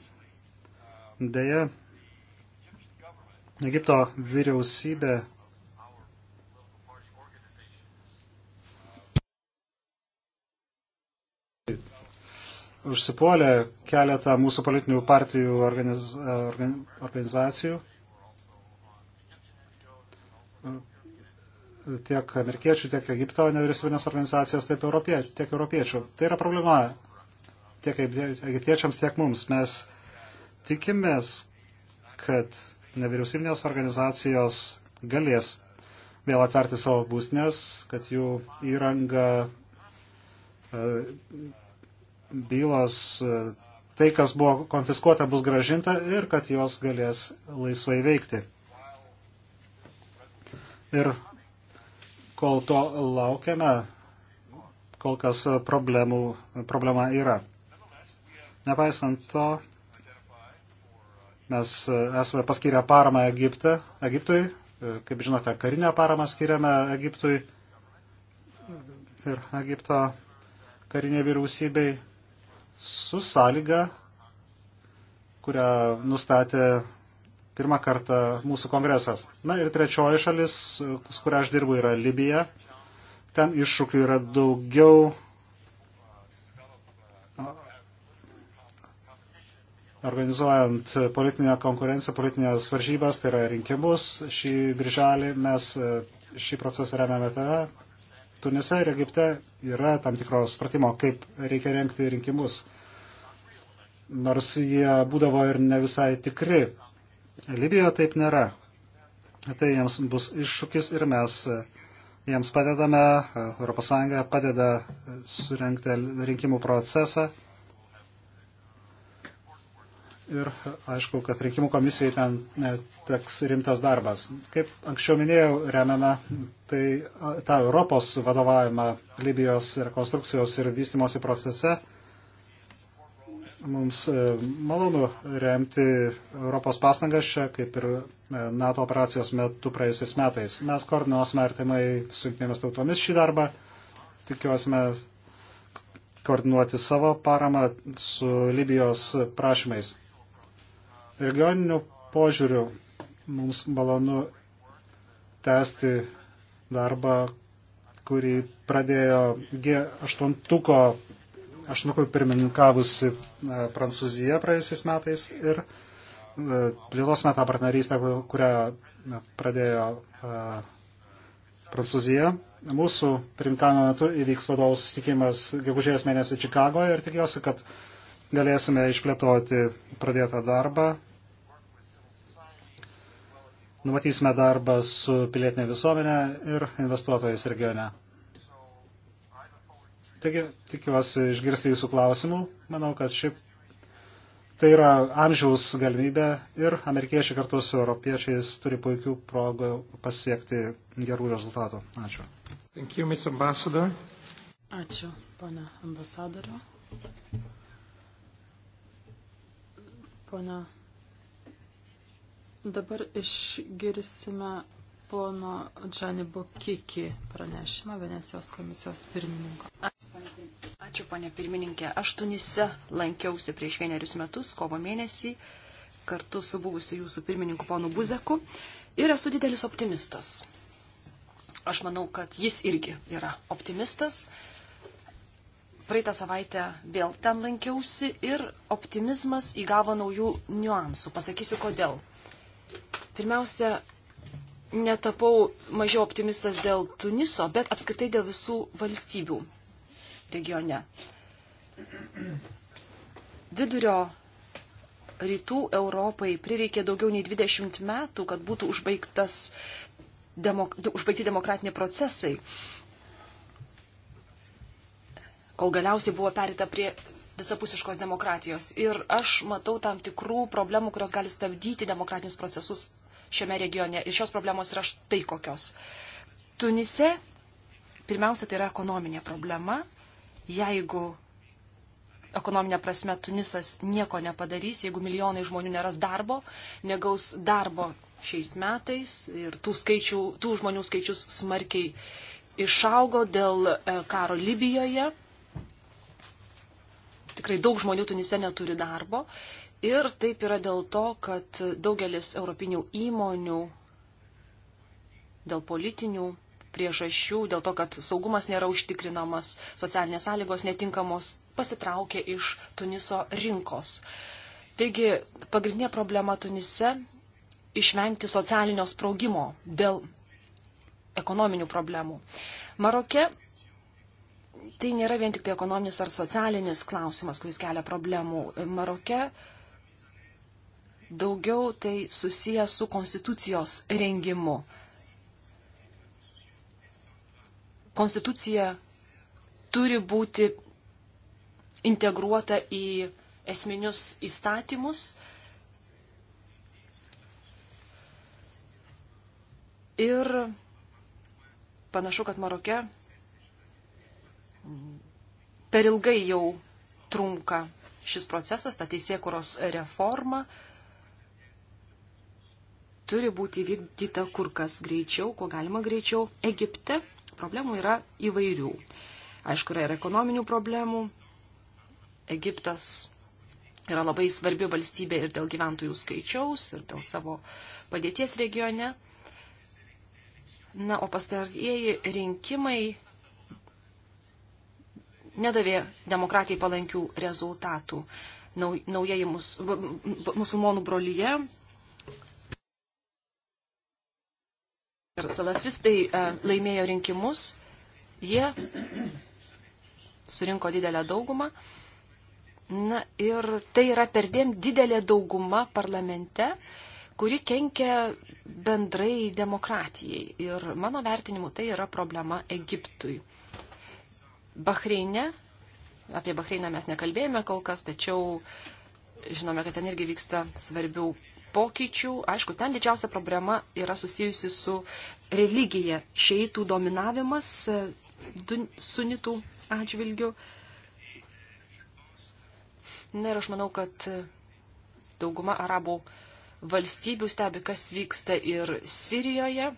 Deja, Egipto vyriausybė užsipuolė keletą mūsų politinių partijų organiz, organizacijų tiek amerikiečių, tiek Egipto nevyriausybinės organizacijas, taip europie, tiek europiečių. Tai yra problema tiek egiptiečiams, tiek mums. Mes tikimės, kad nevyriausybinės organizacijos galės vėl atverti savo būsnės, kad jų įranga, e, bylos, e, tai, kas buvo konfiskuota, bus gražinta ir kad jos galės laisvai veikti. Ir kol to laukiame, kol kas problemų, problema yra. Nepaisant to, mes esame paskyrę paramą Egipte, Egiptui, kaip žinote, karinę paramą skiriame Egiptui ir Egipto karinė vyriausybei su sąlyga, kurią nustatė pirmą kartą mūsų kongresas. Na ir trečioji šalis, su kuria aš dirbu, yra Libija. Ten iššūkių yra daugiau. Organizuojant politinę konkurenciją, politinės varžybas, tai yra rinkimus, šį birželį mes e, šį procesą remiame tave. Tunise ir Egipte yra tam tikros supratimo, kaip reikia renkti rinkimus nors jie būdavo ir ne visai tikri. Libijoje taip nėra. Tai jiems bus iššūkis ir mes e, jiems padedame, ES padeda e, surenkti rinkimų procesą. Ir e, aišku, kad rinkimų komisijai ten teks rimtas darbas. Kaip anksčiau minėjau, remiame tai, tą Europos vadovavimą Libijos rekonstrukcijos ir vystimosi procese mums e, malonu remti Europos pastangas čia, kaip ir e, NATO operacijos metu praėjusiais metais. Mes koordinuosime artimai su jungtinėmis tautomis šį darbą, tikiuosime koordinuoti savo paramą su Libijos prašymais. Regioninių požiūrių mums malonu tęsti darbą, kurį pradėjo G8 aštunukui pirmininkavusi e, Prancūzija praėjusiais metais ir e, plėtos metą partnerystę, kurią pradėjo e, Prancūzija. Mūsų pirmininkavimo metu įvyks vadovų susitikimas gegužės mėnesį Čikagoje ir tikiuosi, kad galėsime išplėtoti pradėtą darbą. Numatysime darbą su pilietinė visuomenė ir investuotojais regione. Taigi, tikiuosi išgirsti jūsų klausimų. Manau, kad šiaip tai yra amžiaus galimybė ir amerikiečiai kartu su europiečiais turi puikių progų pasiekti gerų rezultatų. Ačiū. Thank you, Mr. Ambassador. Ačiū, pana ambasadoriu. Pana. Dabar išgirsime pono Džanibo Kiki pranešimą Venecijos komisijos pirmininko. Ačiū, ponė pirmininkė. Aš Tunise lankiausi prieš vienerius metus, kovo mėnesį, kartu su buvusiu jūsų pirmininku ponu Buzeku. Ir esu didelis optimistas. Aš manau, kad jis irgi yra optimistas. Praeitą savaitę vėl ten lankiausi ir optimizmas įgavo naujų niuansų. Pasakysiu kodėl. Pirmiausia, netapau mažiau optimistas dėl Tuniso, bet apskritai dėl visų valstybių regione. Vidurio rytų Europai prireikė daugiau nei 20 metų, kad būtų užbaigtas, demok, užbaigti demokratiniai procesai, kol galiausiai buvo perita prie visapusiškos demokratijos. Ir aš matau tam tikrų problemų, kurios gali stabdyti demokratinius procesus šiame regione. Ir šios problemos yra štai kokios. Tunise pirmiausia tai yra ekonominė problema jeigu ekonominė prasme Tunisas nieko nepadarys, jeigu milijonai žmonių neras darbo, negaus darbo šiais metais ir tų, skaičių, tų žmonių skaičius smarkiai išaugo dėl e, karo Libijoje. Tikrai daug žmonių Tunise neturi darbo ir taip yra dėl to, kad daugelis europinių įmonių dėl politinių priežasčių, dėl to, kad saugumas nėra užtikrinamas, socialinės sąlygos netinkamos, pasitraukė iš Tuniso rinkos. Taigi pagrindinė problema Tunise - išvengti socialinio spraugimo dėl ekonominių problemų. Maroke tai nėra vien tik tai ekonominis ar socialinis klausimas, kuris kelia problemų. Maroke daugiau tai susijęs su konstitucijos rengimu. konstitucija turi būti integruota į esminius įstatymus. Ir panašu, kad Maroke per ilgai jau trunka šis procesas, ta teisėkuros reforma turi būti vykdyta kur kas greičiau, kuo galima greičiau Egipte. Problemų yra įvairių. Aišku, yra ir ekonominių problemų. Egiptas yra labai svarbi valstybė ir dėl gyventojų skaičiaus, ir dėl savo padėties regione. Na, o pastarieji rinkimai nedavė demokratijai palankių rezultatų. Naujieji mus, musulmonų brolyje ir salafistai e, laimėjo rinkimus, jie surinko didelę daugumą. Na ir tai yra perdėm didelė dauguma parlamente, kuri kenkia bendrai demokratijai. Ir mano vertinimu tai yra problema Egiptui. Bahreine, apie Bahreiną mes nekalbėjome kol kas, tačiau žinome, kad ten irgi vyksta svarbių pokyčių. Aišku, ten didžiausia problema yra susijusi su religija, šeitų dominavimas e, sunitų atžvilgių. Na ir aš manau, kad e, dauguma arabų valstybių stebi, kas vyksta ir Sirijoje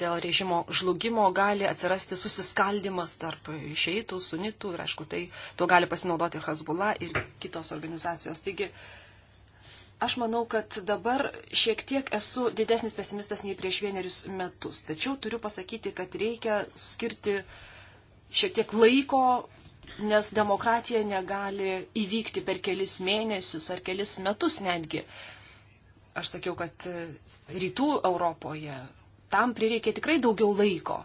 dėl režimo žlugimo gali atsirasti susiskaldimas tarp šeitų, sunitų ir, aišku, tai tuo gali pasinaudoti Hezbollah ir kitos organizacijos. Taigi, aš manau, kad dabar šiek tiek esu didesnis pesimistas nei prieš vienerius metus. Tačiau turiu pasakyti, kad reikia skirti šiek tiek laiko, nes demokratija negali įvykti per kelis mėnesius ar kelis metus netgi. Aš sakiau, kad rytų Europoje tam prireikė tikrai daugiau laiko.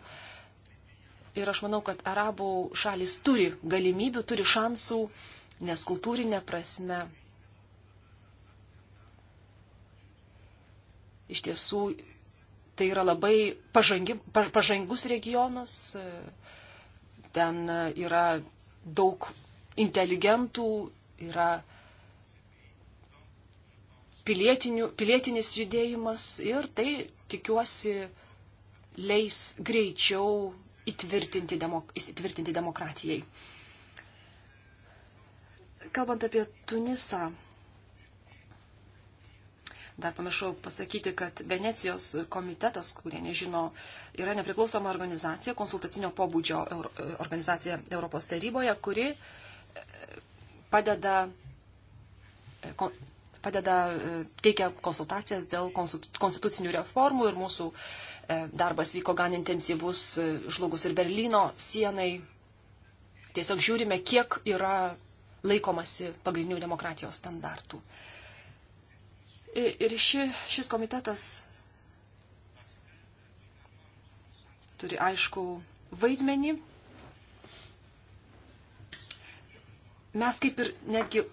Ir aš manau, kad arabų šalis turi galimybių, turi šansų, nes kultūrinė prasme iš tiesų tai yra labai pažangi, pažangus regionas. Ten yra daug inteligentų, yra pilietinis judėjimas ir tai tikiuosi, leis greičiau įtvirtinti, demok įtvirtinti demokratijai. Kalbant apie Tunisą, dar pamiršau pasakyti, kad Venecijos komitetas, kurie nežino, yra nepriklausoma organizacija, konsultacinio pobūdžio organizacija Europos taryboje, kuri e, padeda e, padeda, e, teikia konsultacijas dėl konstitucinių reformų ir mūsų e, darbas vyko gan intensyvus e, žlugus ir Berlyno sienai. Tiesiog žiūrime, kiek yra laikomasi pagrindinių demokratijos standartų. Ir ši, šis komitetas turi aišku vaidmenį. Mes kaip ir netgi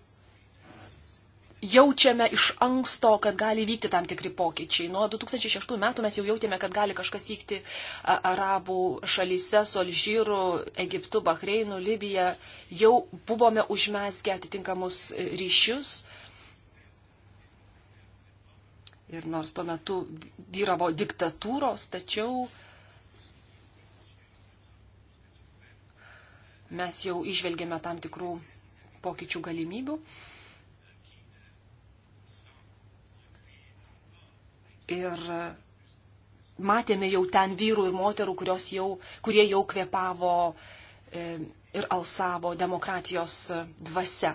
jaučiame iš anksto, kad gali vykti tam tikri pokyčiai. Nuo 2006 metų mes jau jautėme, kad gali kažkas vykti Arabų šalyse, Solžyru, Egiptu, Bahreinu, Libija. Jau buvome užmesgę atitinkamus e, ryšius. Ir nors tuo metu vyravo diktatūros, tačiau mes jau išvelgėme tam tikrų pokyčių galimybių. Ir matėme jau ten vyrų ir moterų, jau, kurie jau kvepavo e, ir alsavo demokratijos dvasia.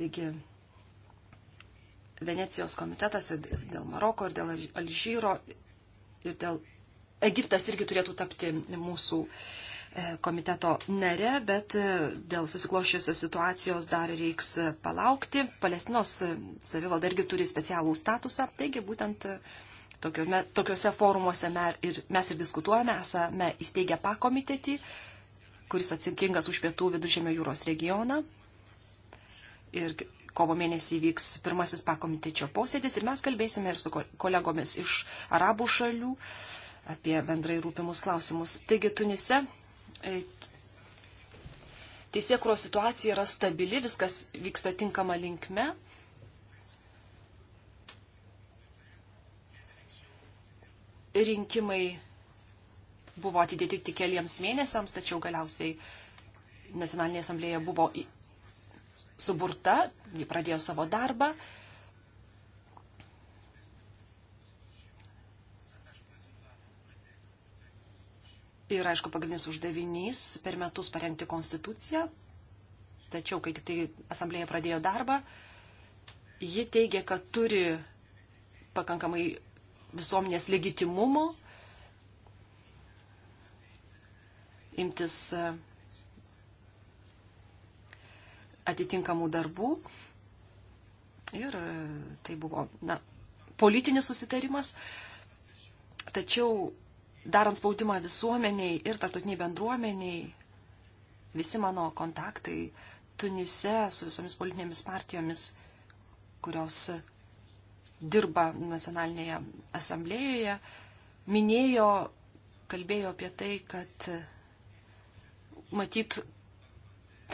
Taigi Venecijos komitetas ir dėl Maroko, ir dėl Alžyro, ir dėl Egiptas irgi turėtų tapti mūsų uh, E, komiteto nare, bet e, dėl susiklošiusios situacijos dar reiks e, palaukti. Palestinos savivalda irgi turi specialų statusą, taigi būtent tokiuose, tokiuose forumuose mes ir diskutuojame, esame įsteigę pakomitetį, kuris atsakingas už pietų viduržėmio jūros regioną. Ir kovo mėnesį vyks pirmasis pakomitečio posėdis ir mes kalbėsime ir su kolegomis iš arabų šalių apie bendrai rūpimus klausimus. Taigi Tunise E, teisėkuro situacija yra stabili, viskas vyksta tinkama linkme. Rinkimai buvo atidėti tik keliems mėnesiams, tačiau galiausiai Nacionalinė asamblėja buvo suburta, ji pradėjo savo darbą Ir aišku, pagrindinis uždavinys per metus parengti konstituciją. Tačiau, kai tik tai asamblėje pradėjo darbą, ji teigia, kad turi pakankamai visuomenės legitimumo imtis e, atitinkamų darbų. Ir e, tai buvo, na, politinis susitarimas. Tačiau darant spaudimą visuomeniai ir tarptautiniai bendruomeniai, visi mano kontaktai Tunise su visomis politinėmis partijomis, kurios dirba nacionalinėje asamblėjoje, minėjo, kalbėjo apie tai, kad matyt,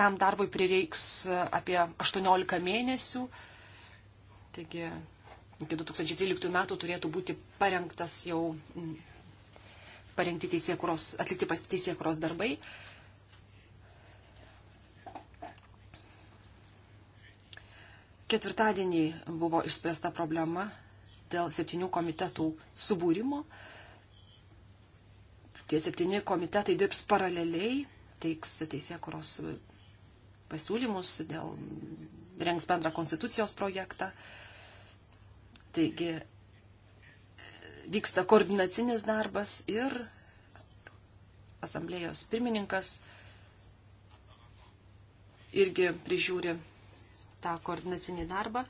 tam darbui prireiks apie 18 mėnesių. Taigi iki 2013 metų turėtų būti parengtas jau parengti teisėkuros, atlikti teisėkuros darbai. Ketvirtadienį buvo išspręsta problema dėl septynių komitetų subūrimo. Tie septyni komitetai dirbs paraleliai, teiks teisėkuros pasiūlymus, dėl, rengs bendrą konstitucijos projektą. Taigi vyksta koordinacinis darbas ir asamblėjos pirmininkas irgi prižiūri tą koordinacinį darbą.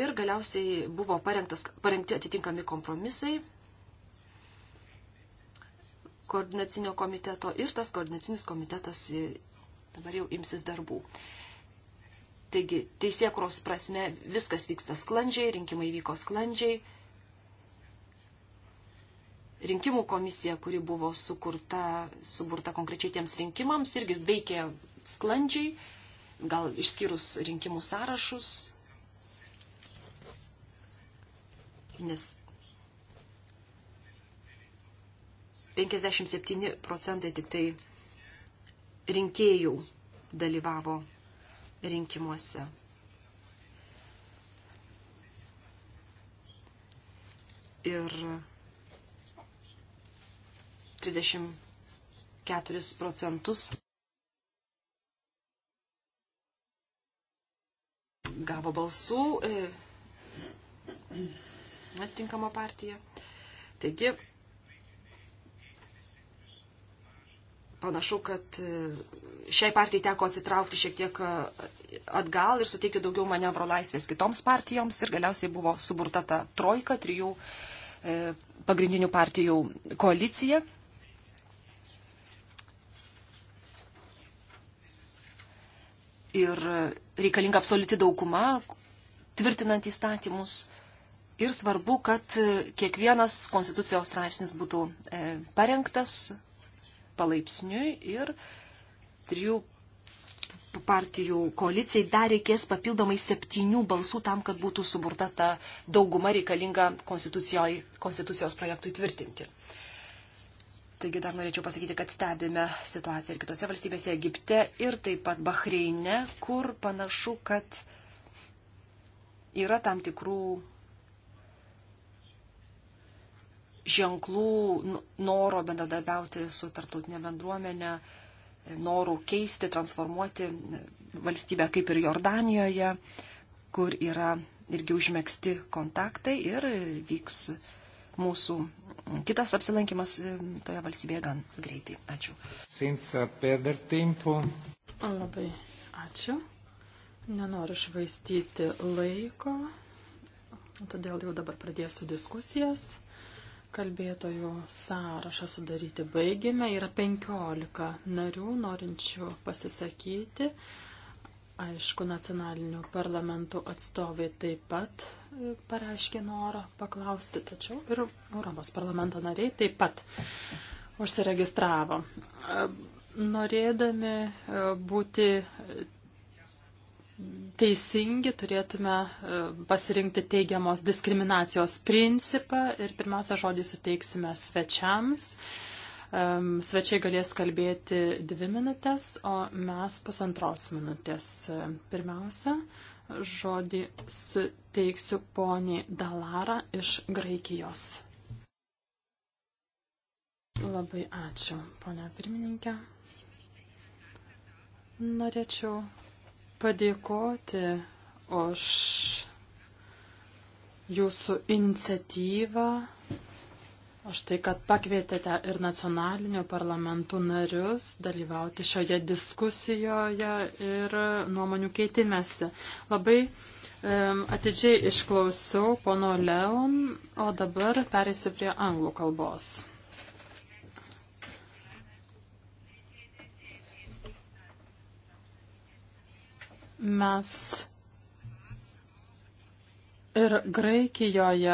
Ir galiausiai buvo parengtas, parengti atitinkami kompromisai koordinacinio komiteto ir tas koordinacinis komitetas dabar jau imsis darbų. Taigi, teisėkros prasme viskas vyksta sklandžiai, rinkimai vyko sklandžiai rinkimų komisija, kuri buvo sukurta, suburta konkrečiai tiems rinkimams, irgi veikė sklandžiai, gal išskyrus rinkimų sąrašus, nes 57 procentai tik tai rinkėjų dalyvavo rinkimuose. Ir 34 procentus. Gavo balsų e, atitinkama partija. Taigi, panašu, kad e, šiai partijai teko atsitraukti šiek tiek e, atgal ir suteikti daugiau manevro laisvės kitoms partijoms ir galiausiai buvo suburta ta trojka, trijų pagrindinių partijų koalicija. ir reikalinga absoliuti dauguma, tvirtinant įstatymus. Ir svarbu, kad kiekvienas konstitucijos straipsnis būtų e, parengtas palaipsniui ir trijų partijų koalicijai dar reikės papildomai septynių balsų tam, kad būtų suburta ta dauguma reikalinga konstitucijos projektui tvirtinti. Taigi dar norėčiau pasakyti, kad stebime situaciją ir kitose valstybėse, Egipte ir taip pat Bahreine, kur panašu, kad yra tam tikrų ženklų noro bendradarbiauti su tarptautinė bendruomenė, norų keisti, transformuoti valstybę kaip ir Jordanijoje, kur yra irgi užmėgsti kontaktai ir vyks mūsų kitas apsilankimas e, toje valstybėje gan greitai. Ačiū. Labai ačiū. Nenoriu švaistyti laiko, todėl jau dabar pradėsiu diskusijas. Kalbėtojų sąrašą sudaryti baigėme. Yra 15 narių norinčių pasisakyti. Aišku, nacionalinių parlamentų atstovai taip pat e, pareiškė norą paklausti, tačiau ir Europos parlamento nariai taip pat užsiregistravo. E, norėdami e, būti teisingi, turėtume pasirinkti teigiamos diskriminacijos principą ir pirmiausia žodį suteiksime svečiams. Svečiai galės kalbėti dvi minutės, o mes pusantros minutės. Pirmiausia, žodį suteiksiu poniai Dalara iš Graikijos. Labai ačiū, ponia pirmininkė. Norėčiau padėkoti už jūsų iniciatyvą už tai, kad pakvietėte ir nacionalinių parlamentų narius dalyvauti šioje diskusijoje ir nuomonių keitimėse. Labai um, atidžiai išklausiau pono Leon, o dabar perėsiu prie anglų kalbos. Mes ir Graikijoje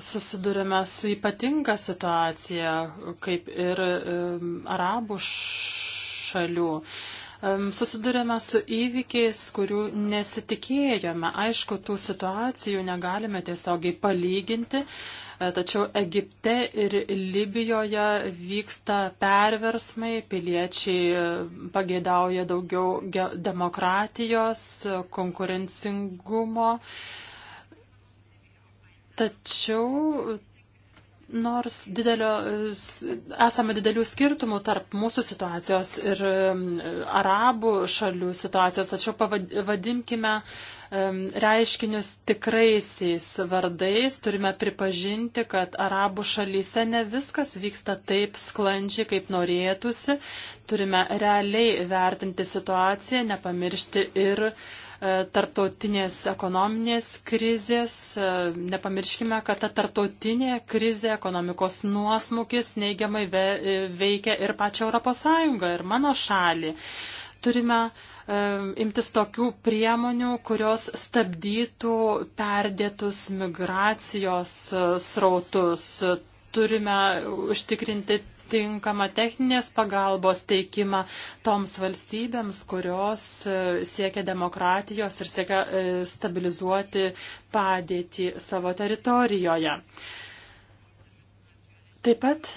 susidurime su ypatinga situacija, kaip ir um, arabų šalių. Um, susidurime su įvykiais, kurių nesitikėjome. Aišku, tų situacijų negalime tiesiogiai palyginti, e, tačiau Egipte ir Libijoje vyksta perversmai, piliečiai e, pageidauja daugiau demokratijos, konkurencingumo. Um, Tačiau nors didelio, esame didelių skirtumų tarp mūsų situacijos ir arabų šalių situacijos, tačiau pavadinkime reiškinius tikraisiais vardais, turime pripažinti, kad arabų šalyse ne viskas vyksta taip sklandžiai, kaip norėtųsi, turime realiai vertinti situaciją, nepamiršti ir uh, E, tarptautinės ekonominės krizės. E, nepamirškime, kad ta tarptautinė krizė, ekonomikos nuosmukis neigiamai e, veikia ir pačią Europos Sąjungą, ir mano šalį. Turime imtis tokių priemonių, kurios stabdytų perdėtus migracijos srautus. Turime užtikrinti tinkamą techninės pagalbos teikimą toms valstybėms, kurios e, siekia demokratijos ir siekia e, stabilizuoti padėtį savo teritorijoje. Taip pat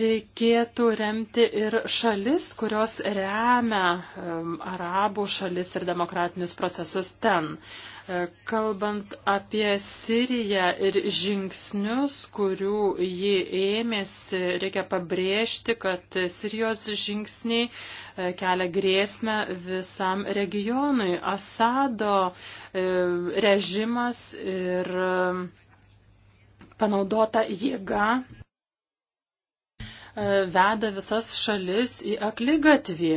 reikėtų remti ir šalis, kurios remia um, arabų šalis ir demokratinius procesus ten. Uh, E, kalbant apie Siriją ir žingsnius, kurių jį ėmėsi, reikia pabrėžti, kad Sirijos žingsniai e, kelia grėsmę visam regionui. Asado e, režimas ir panaudota jėga E, veda visas šalis į aklygatvį.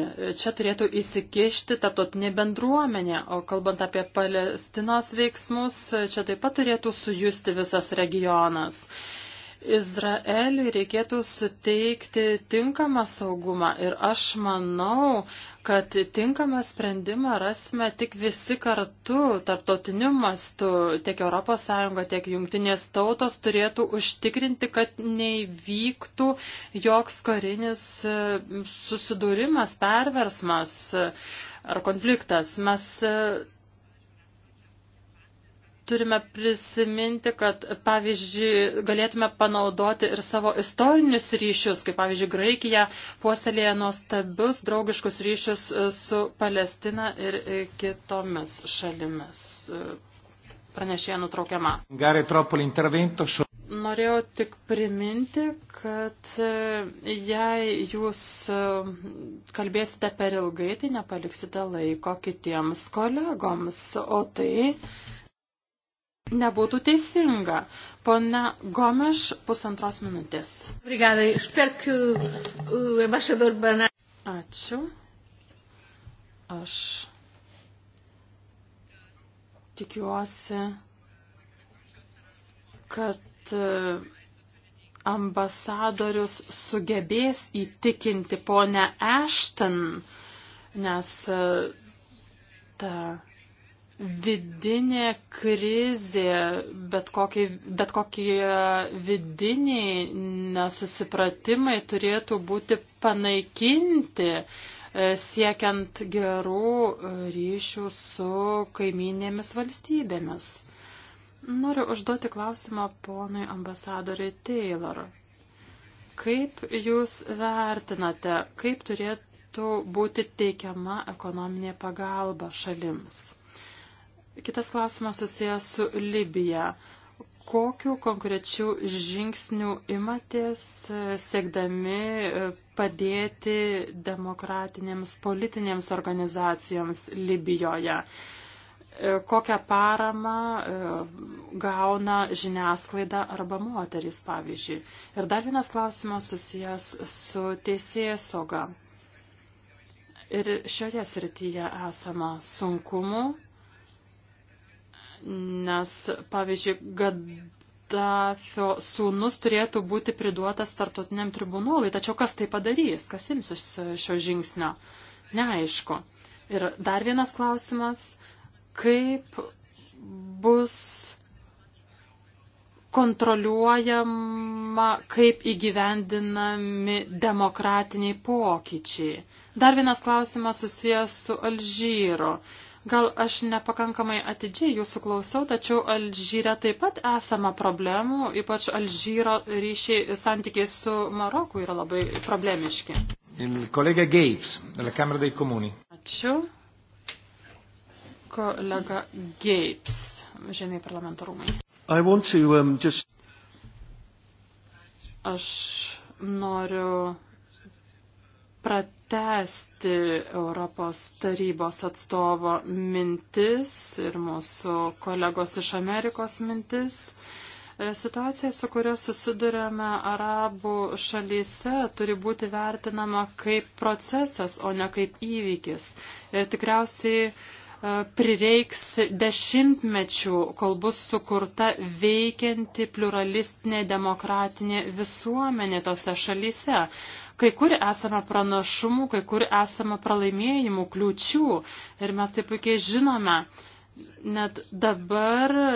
Čia turėtų įsikišti tarptautinė bendruomenė, o kalbant apie Palestinos veiksmus, čia taip pat turėtų sujusti visas regionas. Izraeliui reikėtų suteikti tinkamą saugumą ir aš manau, kad tinkamą sprendimą rasime tik visi kartu, tarptautiniu mastu, tiek ES, tiek jungtinės tautos turėtų užtikrinti, kad neįvyktų joks karinis e, susidūrimas, perversmas e, ar konfliktas. Mes e, turime prisiminti, kad, pavyzdžiui, galėtume panaudoti ir savo istorinius ryšius, kaip, pavyzdžiui, Graikija puoselėja nuostabius draugiškus ryšius e, su Palestina ir e, kitomis šalimis. E, pranešėja nutraukiama. Norėjau tik priminti, kad jei jūs kalbėsite per ilgai, tai nepaliksite laiko kitiems kolegoms, o tai nebūtų teisinga. Pone Gomeš, pusantros minutės. Ačiū. Aš tikiuosi, kad e, ambasadorius sugebės įtikinti ponę Ashton, nes e, ta vidinė krizė, bet kokie, bet kokie vidiniai nesusipratimai turėtų būti panaikinti e, siekiant gerų ryšių su kaiminėmis valstybėmis. Noriu užduoti klausimą ponui ambasadoriui Taylorui. Kaip jūs vertinate, kaip turėtų būti teikiama ekonominė pagalba šalims? Kitas klausimas susijęs su Libija. Kokiu konkrečiu žingsniu imatės, e, siekdami e, padėti demokratinėms politinėms organizacijoms Libijoje? E, kokią paramą gauna žiniasklaida arba moterys, pavyzdžiui? Ir dar vienas klausimas susijęs su teisėjas sauga. Ir šioje srityje esama sunkumų nes, pavyzdžiui, Gaddafio sūnus turėtų būti priduotas tartutiniam tribunolui, tačiau kas tai padarys, kas imsis šio žingsnio, neaišku. Ir dar vienas klausimas, kaip bus kontroliuojama, kaip įgyvendinami demokratiniai pokyčiai. Dar vienas klausimas susijęs su Alžyru. Gal aš nepakankamai atidžiai jūsų klausiau, tačiau Alžyre taip pat esama problemų, ypač Alžyro ryšiai santykiai su Maroku yra labai problemiški. Kolega Geips, della Camera dei Comuni. Ačiū. Kolega Geips, žemė parlamento rūmai. To, um, just... Aš noriu pratesti Europos tarybos atstovo mintis ir mūsų kolegos iš Amerikos mintis. E, situacija, su kuria susidurėme arabų šalyse, turi būti vertinama kaip procesas, o ne kaip įvykis. Ir e, tikriausiai e, prireiks dešimtmečių, kol bus sukurta veikianti pluralistinė demokratinė visuomenė tose šalyse. Kai kur esame pranašumų, kai kur esame pralaimėjimų, kliūčių ir mes tai puikiai žinome. Net dabar e,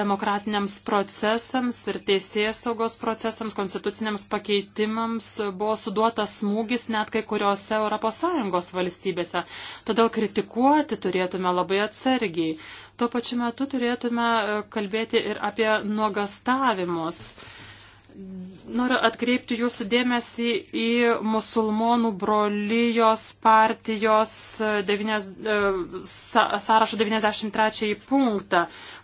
demokratiniams procesams ir teisės saugos procesams, konstituciniams pakeitimams buvo suduotas smūgis net kai kuriuose ES valstybėse. Todėl kritikuoti turėtume labai atsargiai. Tuo pačiu metu turėtume e, kalbėti ir apie nuogastavimus. Uh, Noriu atkreipti jūsų dėmesį į musulmonų brolyjos partijos 9, e, sąrašo 93 punktą,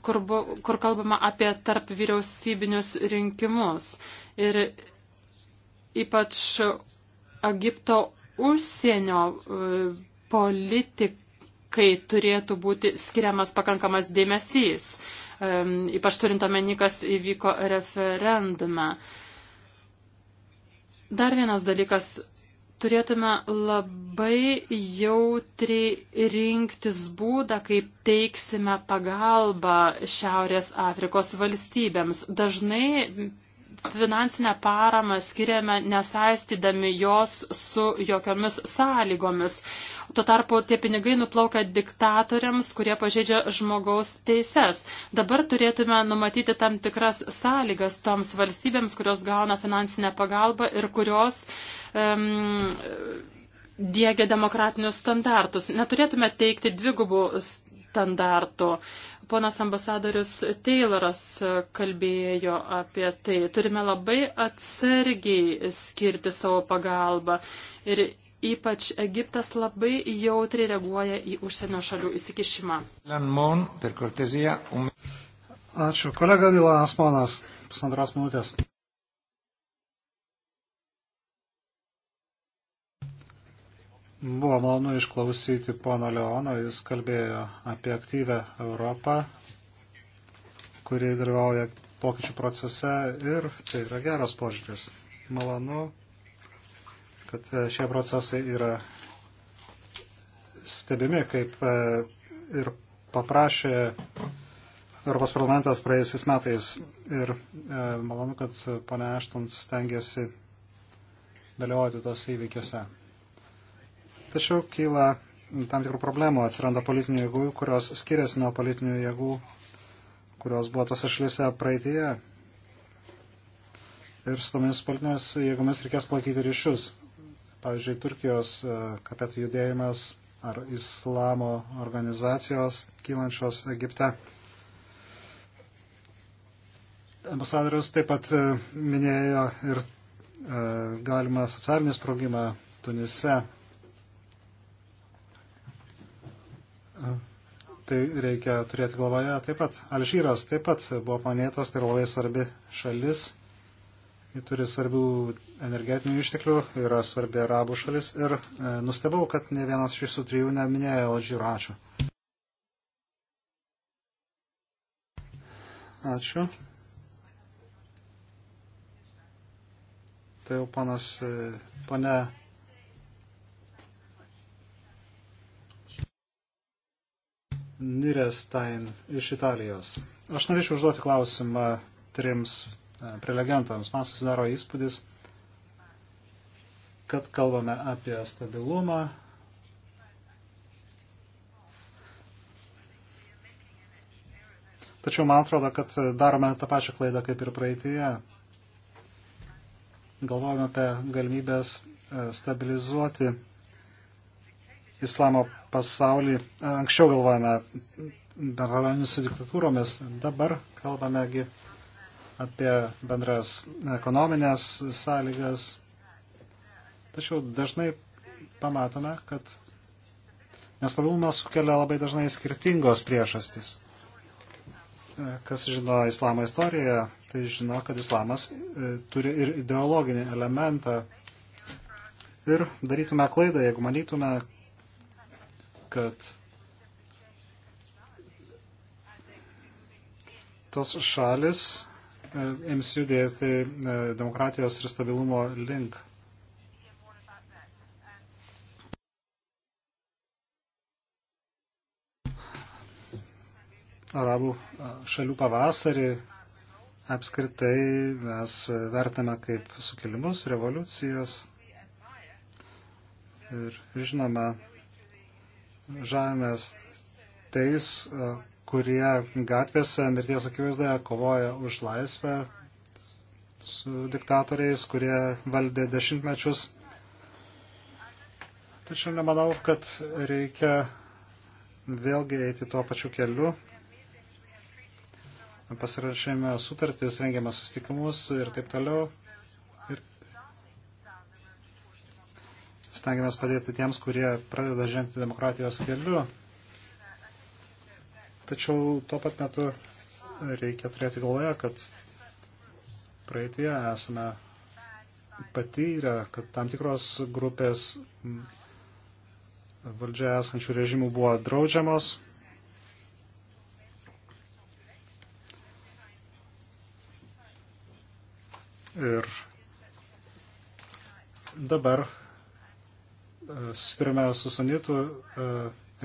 kur, bu, kur kalbama apie tarp vyriausybinius rinkimus. Ir ypač Egipto užsienio e, politikai turėtų būti skiriamas pakankamas dėmesys ypač turint omeny, kas įvyko referendume. Dar vienas dalykas. Turėtume labai jautriai rinktis būdą, kaip teiksime pagalbą Šiaurės Afrikos valstybėms. Dažnai finansinę paramą skiriame nesaistydami jos su jokiomis sąlygomis. Tuo tarpu tie pinigai nuplaukia diktatoriams, kurie pažeidžia žmogaus teises. Dabar turėtume numatyti tam tikras sąlygas toms valstybėms, kurios gauna finansinę pagalbą ir kurios. Um, diegia demokratinius standartus. Neturėtume teikti dvigubų standartų ponas ambasadorius Tayloras kalbėjo apie tai. Turime labai atsargiai skirti savo pagalbą. Ir ypač Egiptas labai jautriai reaguoja į užsienio šalių įsikišimą. Ačiū. Kolega Vilanas Monas, pusantros minutės. Buvo malonu išklausyti pono Leono, jis kalbėjo apie aktyvę Europą, kuri dalyvauja pokyčių procese ir tai yra geras požiūris. Malonu, kad e, šie procesai yra stebimi, kaip e, ir paprašė Europos parlamentas praėjusiais metais. Ir e, malonu, kad ponia Aštons stengiasi dalyvauti tos įvykiuose. Tačiau kyla tam tikrų problemų, atsiranda politinių jėgų, kurios skiriasi nuo politinių jėgų, kurios buvo tose šalise praeitėje. Ir su tomis politinėmis jėgomis reikės palaikyti ryšius. Pavyzdžiui, Turkijos e, kapetų judėjimas ar islamo organizacijos kylančios Egipte. Ambasadorius taip pat e, minėjo ir e, galimą socialinį sprogimą Tunise tai reikia turėti galvoje taip pat. Alžyras taip pat buvo paminėtas, tai labai svarbi šalis. Ji turi svarbių energetinių išteklių, yra svarbi arabų šalis ir e, nustebau, kad ne vienas iš šių trijų neminėjo Alžyro. Ačiū. Ačiū. Tai jau panas, pane Nirestain iš Italijos. Aš norėčiau užduoti klausimą trims e, prelegentams. Man susidaro įspūdis, kad kalbame apie stabilumą. Tačiau man atrodo, kad darome tą pačią klaidą kaip ir praeitėje. Galvojame apie galimybės e, stabilizuoti islamo pasaulį. Anksčiau galvojame dalyvaujame su diktatūromis, dabar kalbamegi apie bendras ekonominės sąlygas. Tačiau dažnai pamatome, kad nestabilumą sukelia labai dažnai skirtingos priežastys. Kas žino islamo istoriją, tai žino, kad islamas e, turi ir ideologinį elementą. Ir darytume klaidą, jeigu manytume, kad tos šalis e, ims judėti e, demokratijos ir stabilumo link. Arabų e, šalių pavasarį apskritai mes vertame kaip sukilimus, revoliucijas ir žinome, žemės tais, e, kurie gatvėse mirties akivaizdoje kovoja už laisvę su diktatoriais, kurie valdė dešimtmečius. Tačiau nemanau, kad reikia vėlgi eiti tuo pačiu keliu. Pasirašėme sutartis, rengėme susitikimus ir taip toliau. stengiamės padėti tiems, kurie pradeda žengti demokratijos keliu. Tačiau tuo pat metu reikia turėti galvoje, kad praeitie esame patyrę, kad tam tikros grupės valdžioje esančių režimų buvo draudžiamos. Ir dabar susidurime su sunitų e,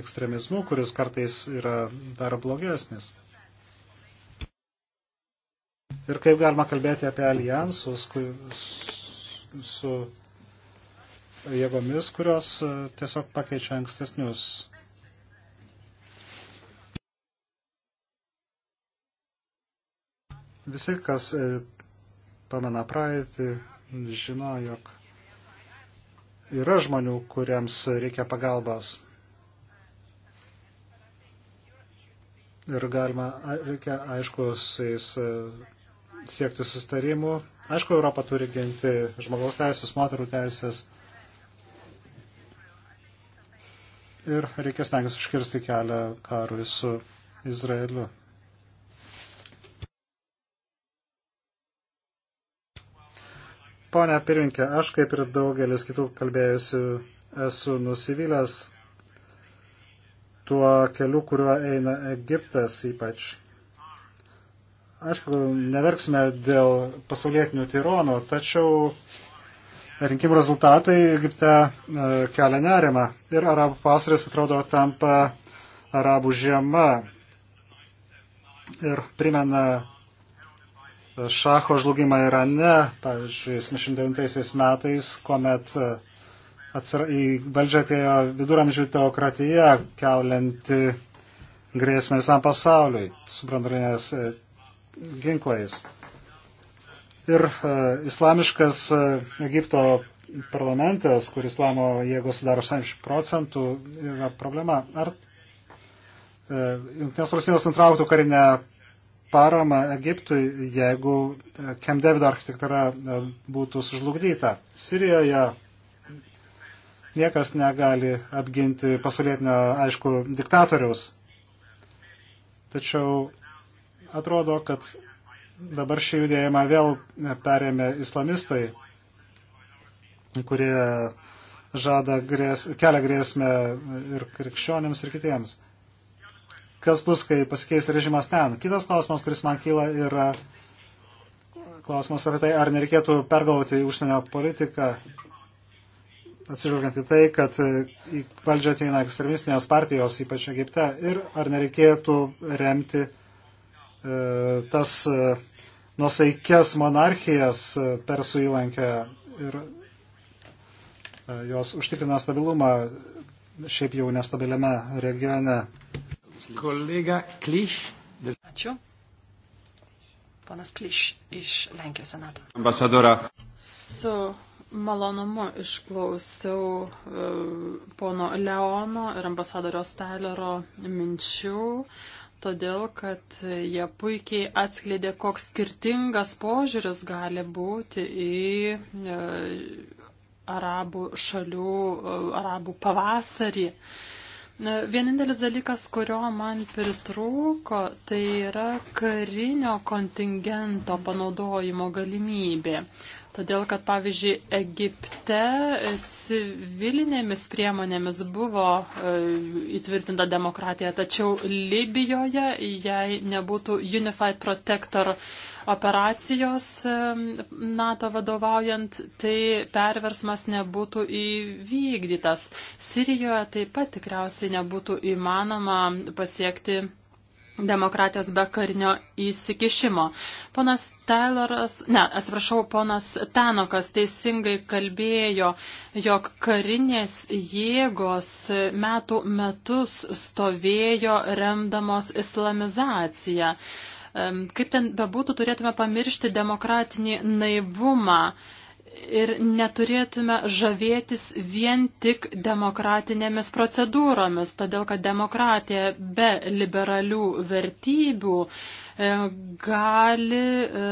ekstremizmu, kuris kartais yra dar blogesnis. Ir kaip galima kalbėti apie alijansus su jėgomis, kurios e, tiesiog pakeičia ankstesnius Visi, kas e, pamena praeitį, žino, jog yra žmonių, kuriems reikia pagalbos. Ir galima, reikia, aišku, su jais e, siekti sustarimų. Aišku, Europa turi ginti žmogaus teisės, moterų teisės. Ir reikia stengtis užkirsti kelią karui su Izraeliu. Pone pirminkė, aš kaip ir daugelis kitų kalbėjusių esu nusivylęs tuo keliu, kuriuo eina Egiptas ypač. Aišku, neverksime dėl pasaulietinių tyronų, tačiau rinkimų rezultatai Egipte e, kelia nerimą. Ir arabų pasaris atrodo tampa arabų žiema ir primena šacho žlugimą Irane, pavyzdžiui, 79 metais, kuomet e, atsir... į valdžią atėjo viduramžių teokratija, kelianti grėsmę visam pasauliui su branduolinės e, ginklais. Ir uh, islamiškas uh, Egipto parlamentas, kur islamo jėgos sudaro 70 procentų, yra problema. Ar uh, Junktinės valstybės nutrauktų karinę paramą Egiptui, jeigu Kem Davido architektūra e, būtų sužlugdyta. Sirijoje niekas negali apginti pasaulietinio, aišku, diktatoriaus. Tačiau atrodo, kad dabar šį judėjimą vėl perėmė islamistai, kurie žada grės, kelia grėsmę ir krikščionėms ir kitiems kas bus, kai pasikeis režimas ten. Kitas klausimas, kuris man kyla, yra klausimas apie tai, ar nereikėtų pergalvoti užsienio politiką, atsižvelgiant į tai, kad į valdžią ateina ekstremistinės partijos, ypač Egipte, ir ar nereikėtų remti e, tas e, nusaikias monarchijas e, persų įlankę ir e, jos užtikrina stabilumą šiaip jau nestabiliame regione. Kolega Klyš. Ačiū. Ponas Klyš iš Lenkijos senato. Ambasadora. Su malonumu išklausiau e, pono Leono ir ambasadoriaus Tailero minčių todėl, kad jie puikiai atskleidė, koks skirtingas požiūris gali būti į e, arabų šalių, e, arabų pavasarį. Vienintelis dalykas, kurio man pritrūko, tai yra karinio kontingento panaudojimo galimybė. Todėl, kad pavyzdžiui, Egipte civilinėmis priemonėmis buvo e, įtvirtinta demokratija, tačiau Libijoje, jei nebūtų Unified Protector uh, operacijos NATO vadovaujant, tai perversmas nebūtų įvykdytas. Sirijoje taip pat tikriausiai nebūtų įmanoma pasiekti demokratijos be karinio įsikišimo. Ponas Tayloras, ne, atsiprašau, ponas Tanokas teisingai kalbėjo, jog karinės jėgos metų metus stovėjo remdamos islamizaciją. Kaip ten bebūtų, turėtume pamiršti demokratinį naivumą ir neturėtume žavėtis vien tik demokratinėmis procedūromis, todėl kad demokratija be liberalių vertybių e, gali e,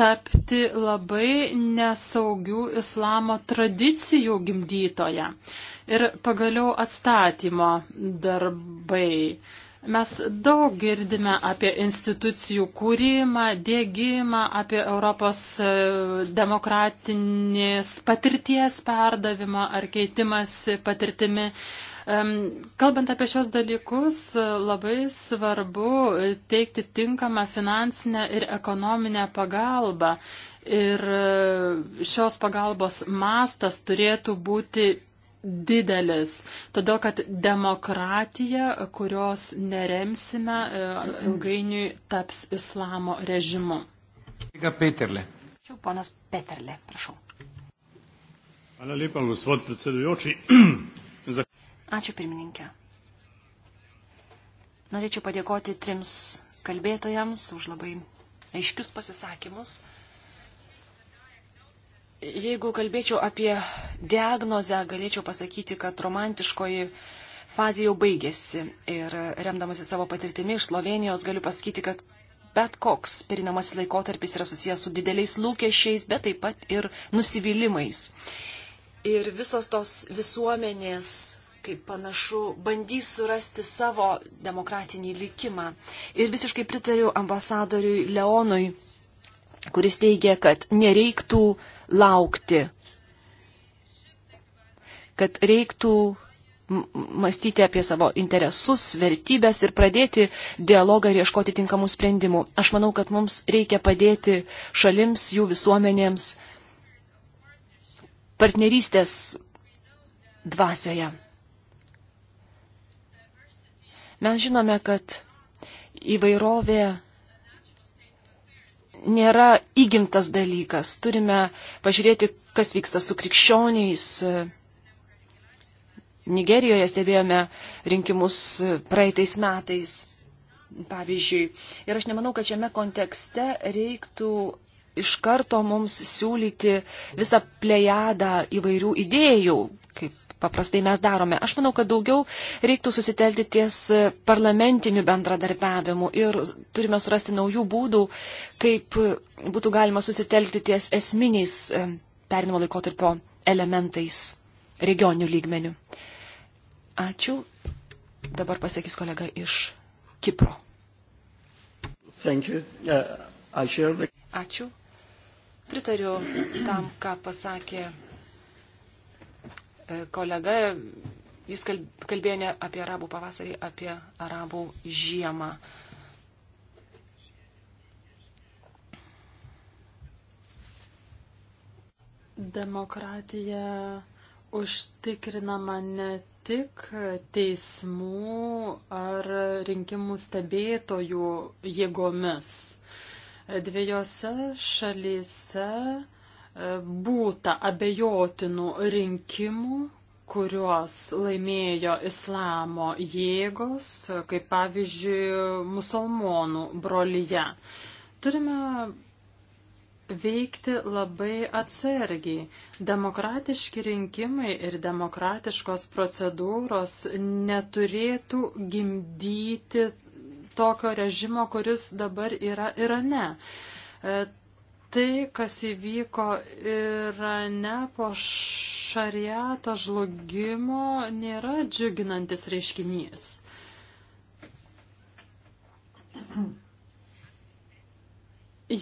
tapti labai nesaugių islamo tradicijų gimdytoje. Ir pagaliau atstatymo darbai. Mes daug girdime apie institucijų kūrimą, dėgymą, apie Europos e, demokratinės patirties perdavimą ar keitimąsi patirtimi. Kalbant apie šios dalykus, labai svarbu teikti tinkamą finansinę ir ekonominę pagalbą. Ir e, šios pagalbos mastas turėtų būti didelis, todėl kad demokratija, kurios neremsime, e, ilgainiui taps islamo režimu. Peterle. Čia ponas Peterle, prašau. Hvala lepa, gospod predsedujoči. Ačiū pirmininkė. Norėčiau padėkoti trims kalbėtojams už labai aiškius pasisakymus jeigu kalbėčiau apie diagnozę, galėčiau pasakyti, kad romantiškoji fazė jau baigėsi. Ir remdamasi savo patirtimi iš Slovenijos galiu pasakyti, kad bet koks perinamasis laikotarpis yra susijęs su dideliais lūkesčiais, bet taip pat ir nusivylimais. Ir visos tos visuomenės, kaip panašu, bandys surasti savo demokratinį likimą. Ir visiškai pritariu ambasadoriui Leonui, kuris teigia, kad nereiktų uh, laukti, kad reiktų mąstyti apie savo interesus, vertybės ir pradėti dialogą ir ieškoti tinkamų sprendimų. Aš manau, kad mums reikia padėti šalims, jų visuomenėms partnerystės dvasioje. Mes žinome, kad įvairovė nėra įgimtas dalykas. Turime pažiūrėti, kas vyksta su krikščioniais. Nigerijoje stebėjome rinkimus praeitais metais, pavyzdžiui. Ir aš nemanau, kad šiame kontekste reiktų iš karto mums siūlyti visą plejadą įvairių idėjų, paprastai mes darome. Aš manau, kad daugiau reiktų susitelti ties parlamentiniu bendradarbiavimu ir turime surasti naujų būdų, kaip būtų galima susitelkti ties esminiais e, perinimo laikotarpio elementais regioninių lygmenių. Ačiū. Dabar pasakys kolega iš Kipro. Uh, Ačiū. Pritariu tam, ką pasakė E, kolega, jis kalbėjo ne apie arabų pavasarį, apie arabų žiemą. Demokratija užtikrinama ne tik teismų ar rinkimų stebėtojų jėgomis. Dviejose šalyse E, būta abejotinų rinkimų, kuriuos laimėjo islamo jėgos, e, kaip pavyzdžiui, musulmonų brolyje. Turime veikti labai atsargiai. Demokratiški rinkimai ir demokratiškos procedūros neturėtų gimdyti tokio režimo, kuris dabar yra Irane. E, tai, kas įvyko Irane po šariato žlugimo, nėra džiuginantis reiškinys.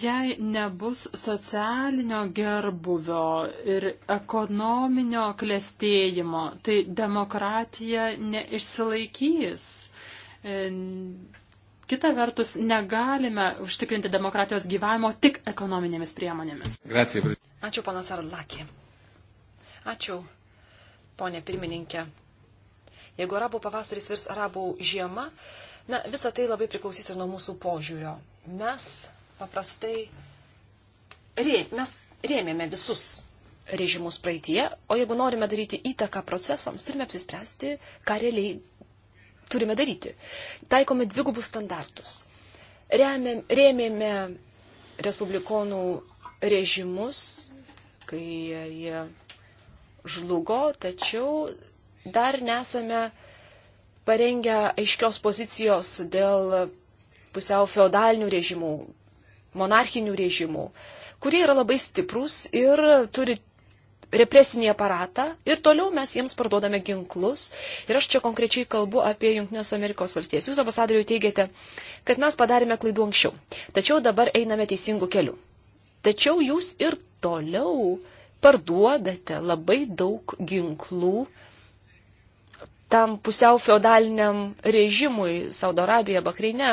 Jei nebus socialinio gerbuvio ir ekonominio klestėjimo, tai demokratija neišsilaikys Kita vertus, negalime užtikrinti demokratijos gyvavimo tik ekonominėmis priemonėmis. Grazie. Ačiū, panas Arlakė. Ačiū, ponė pirmininkė. Jeigu arabų pavasaris virs arabų žiema, na, visa tai labai priklausys ir nuo mūsų požiūrio. Mes paprastai rė, mes rėmėme visus režimus praeitie, o jeigu norime daryti įtaką procesams, turime apsispręsti, ką realiai turime daryti. Taikome dvigubus standartus. Remėm, rėmėme respublikonų režimus, kai jie žlugo, tačiau dar nesame parengę aiškios pozicijos dėl pusiau feodalinių režimų, monarchinių režimų, kurie yra labai stiprus ir turi represinį aparatą ir toliau mes jiems parduodame ginklus. Ir aš čia konkrečiai kalbu apie Junktinės Amerikos valstijas. Jūs ambasadoriu teigiate, kad mes padarėme klaidų anksčiau, tačiau dabar einame teisingų kelių. Tačiau jūs ir toliau parduodate labai daug ginklų tam pusiau feodaliniam režimui Saudo Arabija, Bahreinė,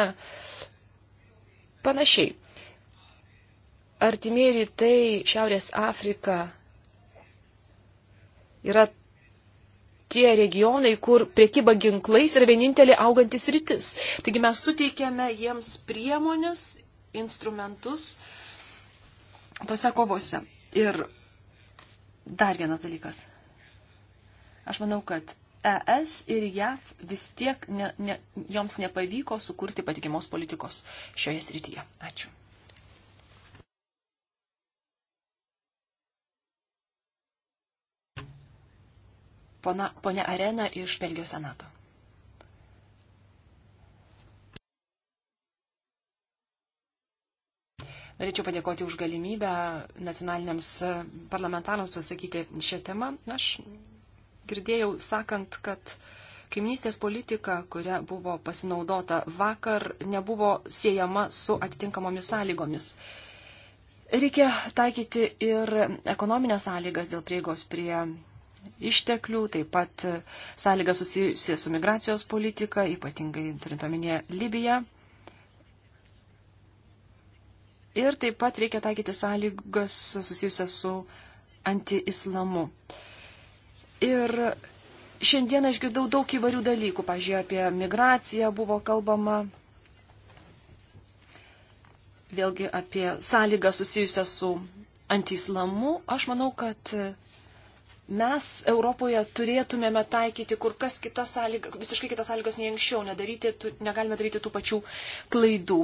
panašiai. Artimieji rytai, Šiaurės Afrika, yra tie regionai, kur priekyba ginklais yra vienintelė augantis rytis. Taigi mes suteikėme jiems priemonės, instrumentus tose kovose. Ir dar vienas dalykas. Aš manau, kad ES ir JAV vis tiek ne, ne, joms nepavyko sukurti patikimos politikos šioje srityje. Ačiū. Pona, ponia Arena iš Belgijos senato. Norėčiau padėkoti už galimybę nacionaliniams parlamentarams pasakyti šią temą. Aš girdėjau sakant, kad kaiminystės politika, kuria buvo pasinaudota vakar, nebuvo siejama su atitinkamomis sąlygomis. Reikia taikyti ir ekonominės sąlygas dėl prieigos prie išteklių, taip pat sąlyga susijusi su migracijos politika, ypatingai turint omenyje Libiją. Ir taip pat reikia taikyti sąlygas susijusias su antiislamu. Ir šiandien išgirdau daug įvairių dalykų, pažiūrėjau, apie migraciją buvo kalbama, vėlgi apie sąlygą susijusią su antiislamu. Aš manau, kad mes Europoje turėtumėme taikyti kur kas kitas sąlygas, visiškai kitas sąlygas nei anksčiau, nedaryti, tu, negalime daryti tų pačių klaidų.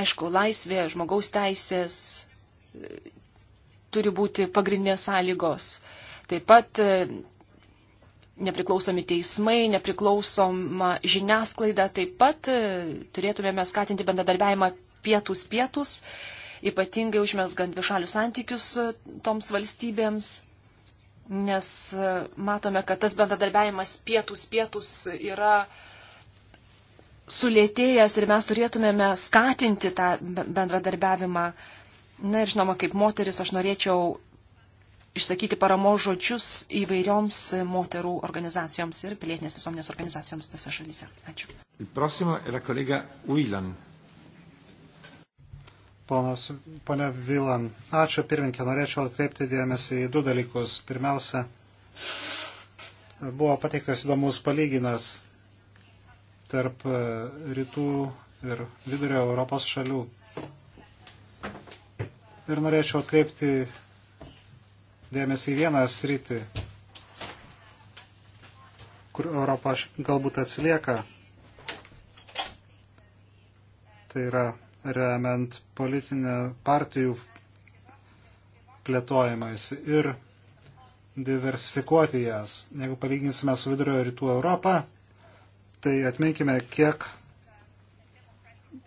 Aišku, laisvė, žmogaus teisės e, turi būti pagrindinės sąlygos. Taip pat e, nepriklausomi teismai, nepriklausoma žiniasklaida, taip pat e, turėtumėme skatinti bendradarbiavimą pietus pietus, ypatingai užmesgant višalius santykius toms valstybėms nes e, matome, kad tas bendradarbiavimas pietus pietus yra sulėtėjęs ir mes turėtumėme skatinti tą bendradarbiavimą. Na ir žinoma, kaip moteris aš norėčiau išsakyti paramos žodžius įvairioms moterų organizacijoms ir pilietinės visuomenės organizacijoms tose šalyse. Ačiū. Prossimo yra kolega Uilan. Ponas, ponia Vilan, ačiū pirminkė, norėčiau atkreipti dėmesį į du dalykus. Pirmiausia, buvo pateiktas įdomus palyginas tarp e, rytų ir vidurio Europos šalių. Ir norėčiau atkreipti dėmesį į vieną sritį, kur Europa galbūt atsilieka. Tai yra remiant politinę partijų plėtojimais ir diversifikuoti jas. Jeigu palyginsime su vidurio rytų Europą, tai atminkime, kiek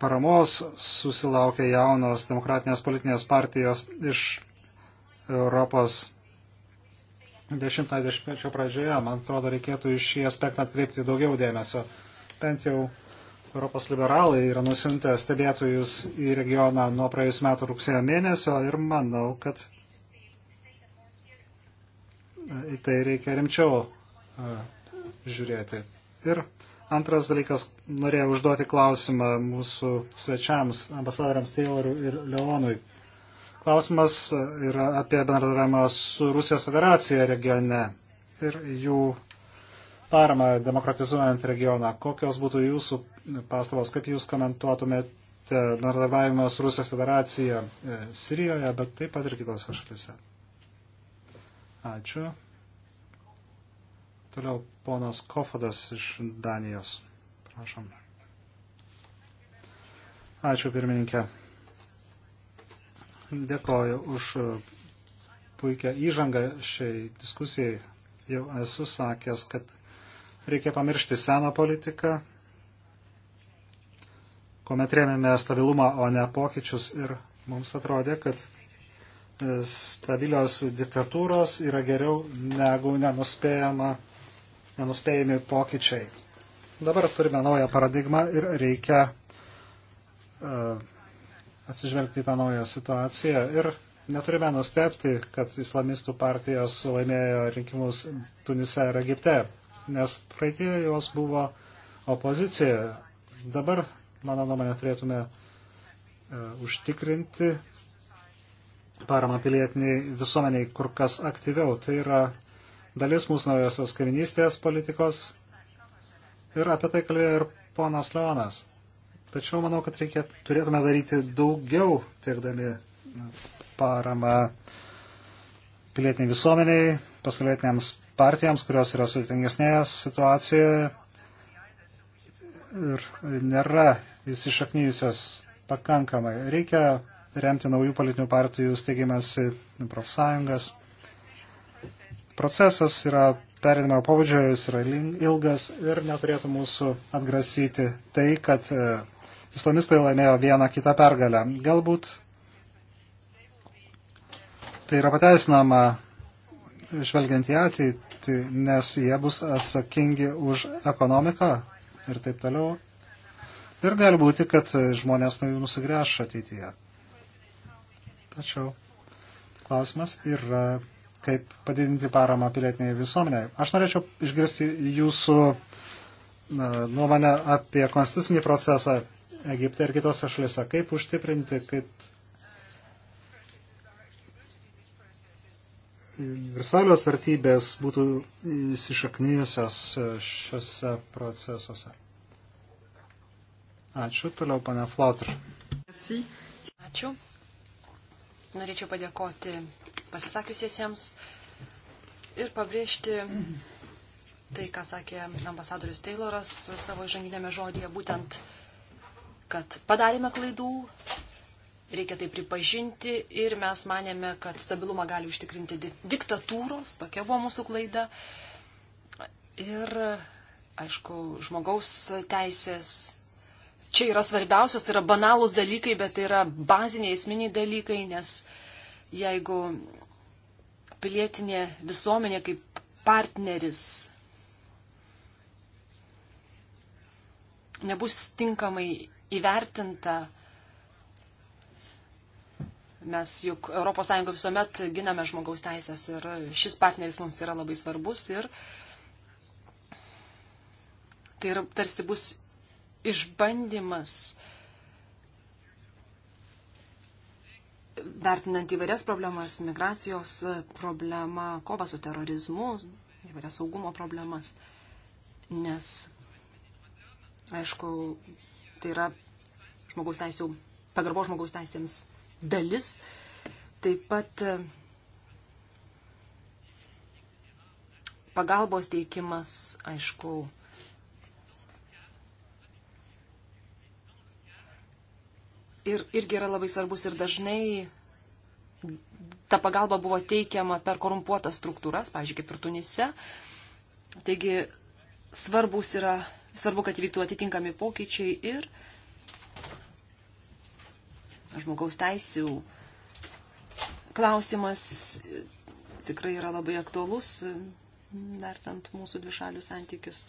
paramos susilaukia jaunos demokratinės politinės partijos iš Europos 10-20 pradžioje. Man atrodo, reikėtų iš šį aspektą atkreipti daugiau dėmesio. Bent jau Europos liberalai yra nusintę stebėtojus į regioną nuo praėjus metų rugsėjo mėnesio ir manau, kad e, į tai reikia rimčiau e, žiūrėti. Ir antras dalykas, norėjau užduoti klausimą mūsų svečiams, ambasadoriams Taylorui ir Leonui. Klausimas e, yra apie bendradarbiavimą su Rusijos federacija regione ir jų paramą demokratizuojant regioną. Kokios būtų jūsų pastabos, kaip jūs komentuotumėte bendradarbiavimą su Rusijos federacija e, Sirijoje, bet taip pat ir kitose šalise? Ačiū. Toliau ponas Kofodas iš Danijos. Prašom. Ačiū pirmininkė. Dėkoju už puikią įžangą šiai diskusijai. Jau esu sakęs, kad Reikia pamiršti seną politiką, kuomet rėmėme stabilumą, o ne pokyčius ir mums atrodė, kad e, stabilios diktatūros yra geriau negu nenuspėjami pokyčiai. Dabar turime naują paradigmą ir reikia uh, atsižvelgti į tą naują situaciją. Ir neturime nustepti, kad islamistų partijos laimėjo rinkimus Tunise ir Egipte nes praeitie jos buvo opozicija. Dabar, mano nuomonė, turėtume e, užtikrinti paramą pilietiniai visuomeniai kur kas aktyviau. Tai yra dalis mūsų naujosios kaiminystės politikos ir apie tai kalbėjo ir ponas Leonas. Tačiau manau, kad reikia, turėtume daryti daugiau tiekdami e, paramą pilietiniai visuomeniai, pasaulietiniams partijams, kurios yra sudėtingesnėje situacijoje ir nėra įsišaknyjusios pakankamai. Reikia remti naujų politinių partijų steigimąsi profsąjungas. Procesas yra perinimo pobūdžio, jis yra ilgas ir neturėtų mūsų atgrasyti tai, kad e, islamistai laimėjo vieną kitą pergalę. Galbūt tai yra pateisinama, žvelgiant į ateitį, ateitį, nes jie bus atsakingi už ekonomiką ir taip toliau. Ir gali būti, kad žmonės nuo jų nusigręš ateityje. Tačiau klausimas yra, kaip padidinti paramą pilietiniai visuomeniai. Aš norėčiau išgirsti jūsų nuomonę apie konstitucinį procesą Egipte ir kitose šalise. Kaip užtiprinti, kad universalios vertybės būtų įsišaknyjusios e, šiuose procesuose. Ačiū. Toliau, pane Flotr. Ačiū. Norėčiau padėkoti pasisakiusiesiems ir pabrėžti tai, ką sakė ambasadorius Tayloras savo žanginėme žodėje, būtent, kad padarėme klaidų, reikia tai pripažinti ir mes manėme, kad stabilumą gali užtikrinti diktatūros, tokia buvo mūsų klaida. Ir, aišku, žmogaus teisės. Čia yra svarbiausias, tai yra banalūs dalykai, bet tai yra baziniai esminiai dalykai, nes jeigu pilietinė visuomenė kaip partneris nebus tinkamai įvertinta, Mes juk ES visuomet giname žmogaus teisės ir šis partneris mums yra labai svarbus ir tai yra, tarsi bus išbandymas vertinant įvairias problemas, migracijos problemą, kovą su terorizmu, įvairias saugumo problemas, nes, aišku, tai yra žmogaus teisų, pagarbo žmogaus teisėms dalis. Taip pat e, pagalbos teikimas, aišku, ir, irgi yra labai svarbus ir dažnai ta pagalba buvo teikiama per korumpuotas struktūras, pavyzdžiui, kaip ir Tunise. Taigi svarbus yra, svarbu, kad įvyktų atitinkami pokyčiai ir žmogaus teisių klausimas tikrai yra labai aktuolus, vertant mūsų dvišalių santykius.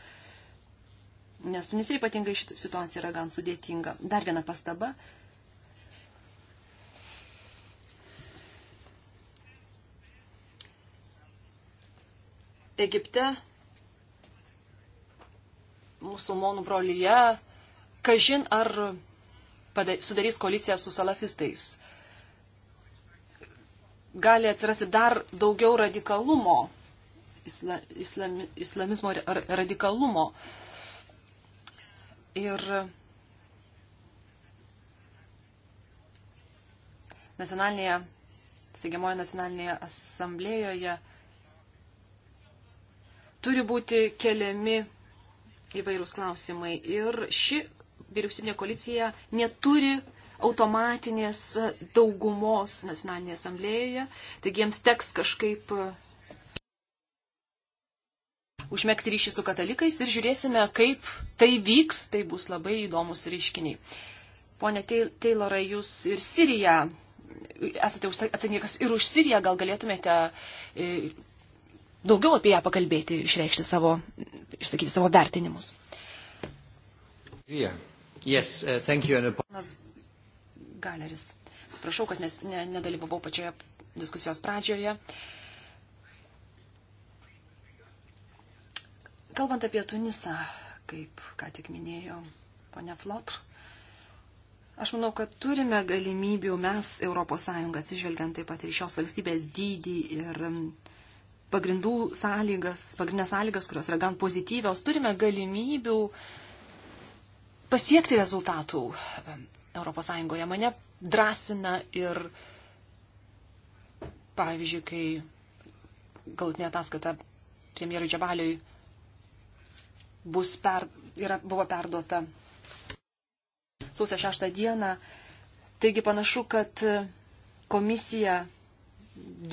Nes Tunisija ypatingai ši situacija yra gan sudėtinga. Dar viena pastaba. Egipte musulmonų brolyje, kažin ar sudarys koaliciją su salafistais. Gali atsirasti dar daugiau radikalumo, isla, islam, islamizmo radikalumo. Ir nacionalinėje, steigiamoje nacionalinėje asamblėjoje turi būti keliami įvairūs klausimai. Ir ši vyriausybinė koalicija neturi automatinės daugumos nacionalinėje asamblėjoje, taigi jiems teks kažkaip uh, užmėgsti ryšį su katalikais ir žiūrėsime, kaip tai vyks, tai bus labai įdomus reiškiniai. Pone Taylorai, jūs ir Siriją, esate atsakingas ir už Siriją, gal galėtumėte uh, daugiau apie ją pakalbėti, išreikšti savo, išsakyti savo vertinimus. Yeah. Yes, uh, thank you. And... Galeris. Atsiprašau, kad nes, ne, nedalyvavau pačioje diskusijos pradžioje. Kalbant apie Tunisą, kaip ką tik minėjo ponia Flotr, aš manau, kad turime galimybių mes, ES, atsižvelgiant taip pat ir šios valstybės dydį ir um, pagrindų sąlygas, pagrindinės sąlygas, kurios yra gan pozityvios, turime galimybių uh, pasiekti rezultatų ES. Mane drąsina ir, pavyzdžiui, kai galutinė ataskaita premjerui Džabaliui bus per, yra, buvo perduota sausio 6 dieną. Taigi panašu, kad komisija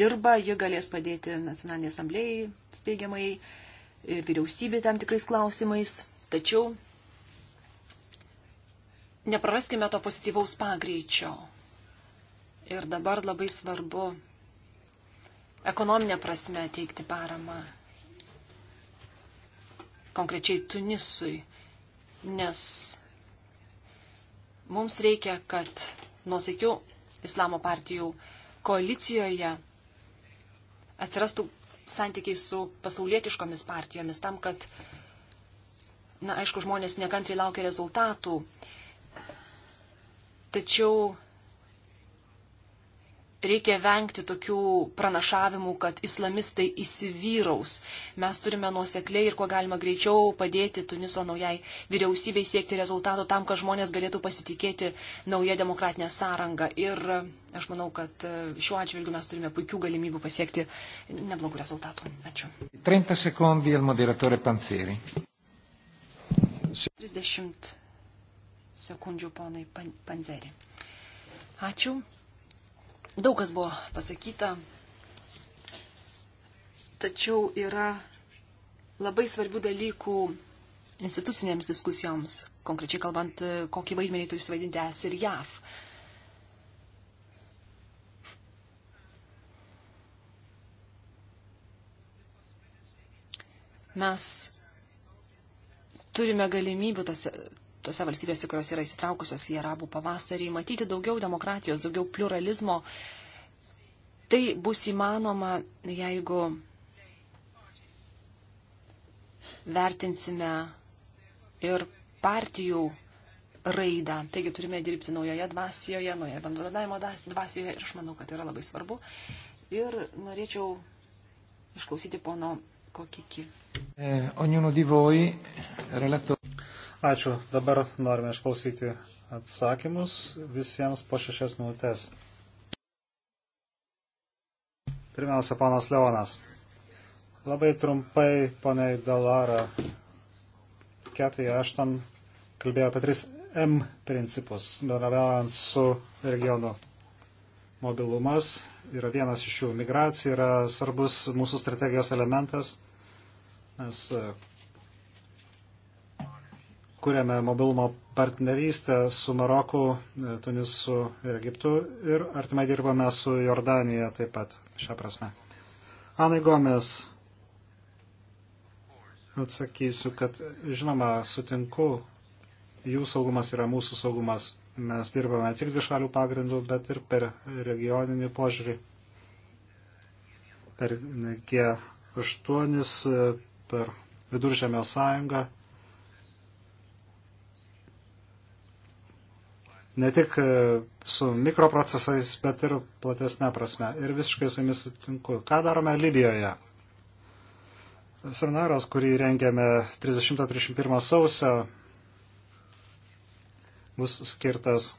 dirba, ji galės padėti Nacionaliniai asamblėjai steigiamai ir vyriausybė tam tikrais klausimais. Tačiau nepraraskime to pozityvaus pagreičio. Ir dabar labai svarbu ekonominė prasme teikti paramą konkrečiai Tunisui, nes mums reikia, kad nuosaikių islamo partijų koalicijoje atsirastų santykiai su pasaulietiškomis partijomis tam, kad, na, aišku, žmonės nekantriai laukia rezultatų. Uh, Tačiau reikia vengti tokių pranašavimų, kad islamistai įsivyraus. Mes turime nuosekliai ir kuo galima greičiau padėti Tuniso naujai vyriausybei siekti rezultato tam, kad žmonės galėtų pasitikėti nauja demokratinė sąranga. Ir aš manau, kad šiuo atžvilgiu mes turime puikių galimybių pasiekti neblogų rezultatų. Ačiū. 30 sekundį, moderatore Panseri. 30 sekundžių ponai Panzerį. Ačiū. Daug kas buvo pasakyta, tačiau yra labai svarbių dalykų institucinėms diskusijoms, konkrečiai kalbant, kokį vaidmenį turi suvaidinti es ir JAV. Mes turime galimybių tose, tose valstybėse, kurios yra įsitraukusios į arabų pavasarį, matyti daugiau demokratijos, daugiau pluralizmo. Tai bus įmanoma, jeigu vertinsime ir partijų raidą. Taigi turime dirbti naujoje dvasijoje, naujoje bendradavimo dvasijoje ir aš manau, kad tai yra labai svarbu. Ir norėčiau išklausyti pono Kokiki. Eh, ognuno di voi, relato... Ačiū. Dabar norime išklausyti atsakymus visiems po šešias minutės. Pirmiausia, panas Leonas. Labai trumpai, ponai Dalara, Ketai Ašton kalbėjo apie 3M principus, bendraviaujant su regionu. Mobilumas yra vienas iš jų. Migracija yra svarbus mūsų strategijos elementas, nes kuriame mobilumo partnerystę su Maroku, e, Tunisu ir Egiptu ir artimai dirbame su Jordanija taip pat šią prasme. Anai Gomes atsakysiu, kad žinoma, sutinku, jų saugumas yra mūsų saugumas. Mes dirbame ne tik dvišalių pagrindų, bet ir per regioninį požiūrį. Per G8, e, per Viduržėmio sąjungą ne tik e, su mikroprocesais, bet ir platesnė prasme. Ir visiškai su jumis sutinku. Ką darome Libijoje? Seminaras, kurį rengėme 30-31 sausio, bus skirtas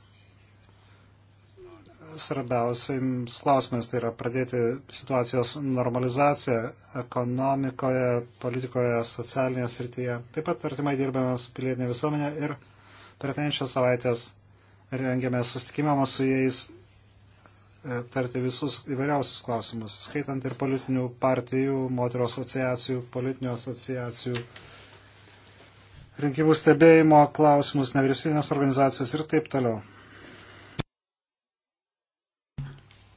svarbiausiams klausimams, tai yra pradėti situacijos normalizaciją ekonomikoje, politikoje, socialinėje srityje. Taip pat artimai dirbame su pilietinė visuomenė ir per ateinančias savaitės rengiame sustikimą su jais e, tarti visus įvairiausius klausimus, skaitant ir politinių partijų, moterų asociacijų, politinių asociacijų, rinkimų stebėjimo klausimus, nevyriausybinės organizacijos ir taip toliau.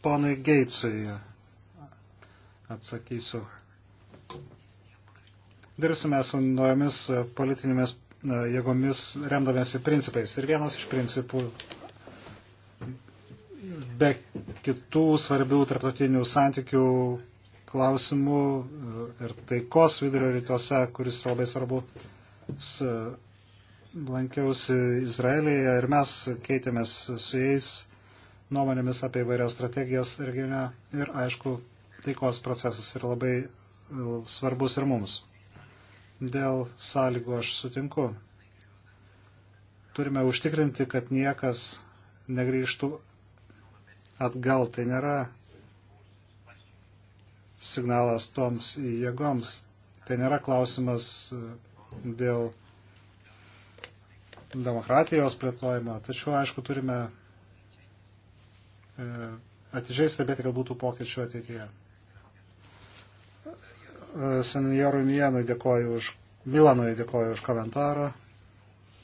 Ponui Geitsui atsakysiu. Dirbsime su naujomis politinėmis jėgomis remdamėsi principais. Ir vienas iš principų be kitų svarbių tarptautinių santykių klausimų e, ir taikos vidurio rytuose, kuris labai svarbu, lankiausi Izraelyje ir mes keitėmės su jais nuomonėmis apie įvairias strategijas regione ir, aišku, taikos procesas yra labai e, svarbus ir mums. Dėl sąlygų aš sutinku. Turime užtikrinti, kad niekas negrįžtų atgal. Tai nėra signalas toms jėgoms. Tai nėra klausimas e, dėl demokratijos plėtojimo. Tačiau, aišku, turime e, atidžiai stebėti, kad būtų pokyčių ateityje senjorui Mienui dėkoju už, Milanui dėkoju už komentarą.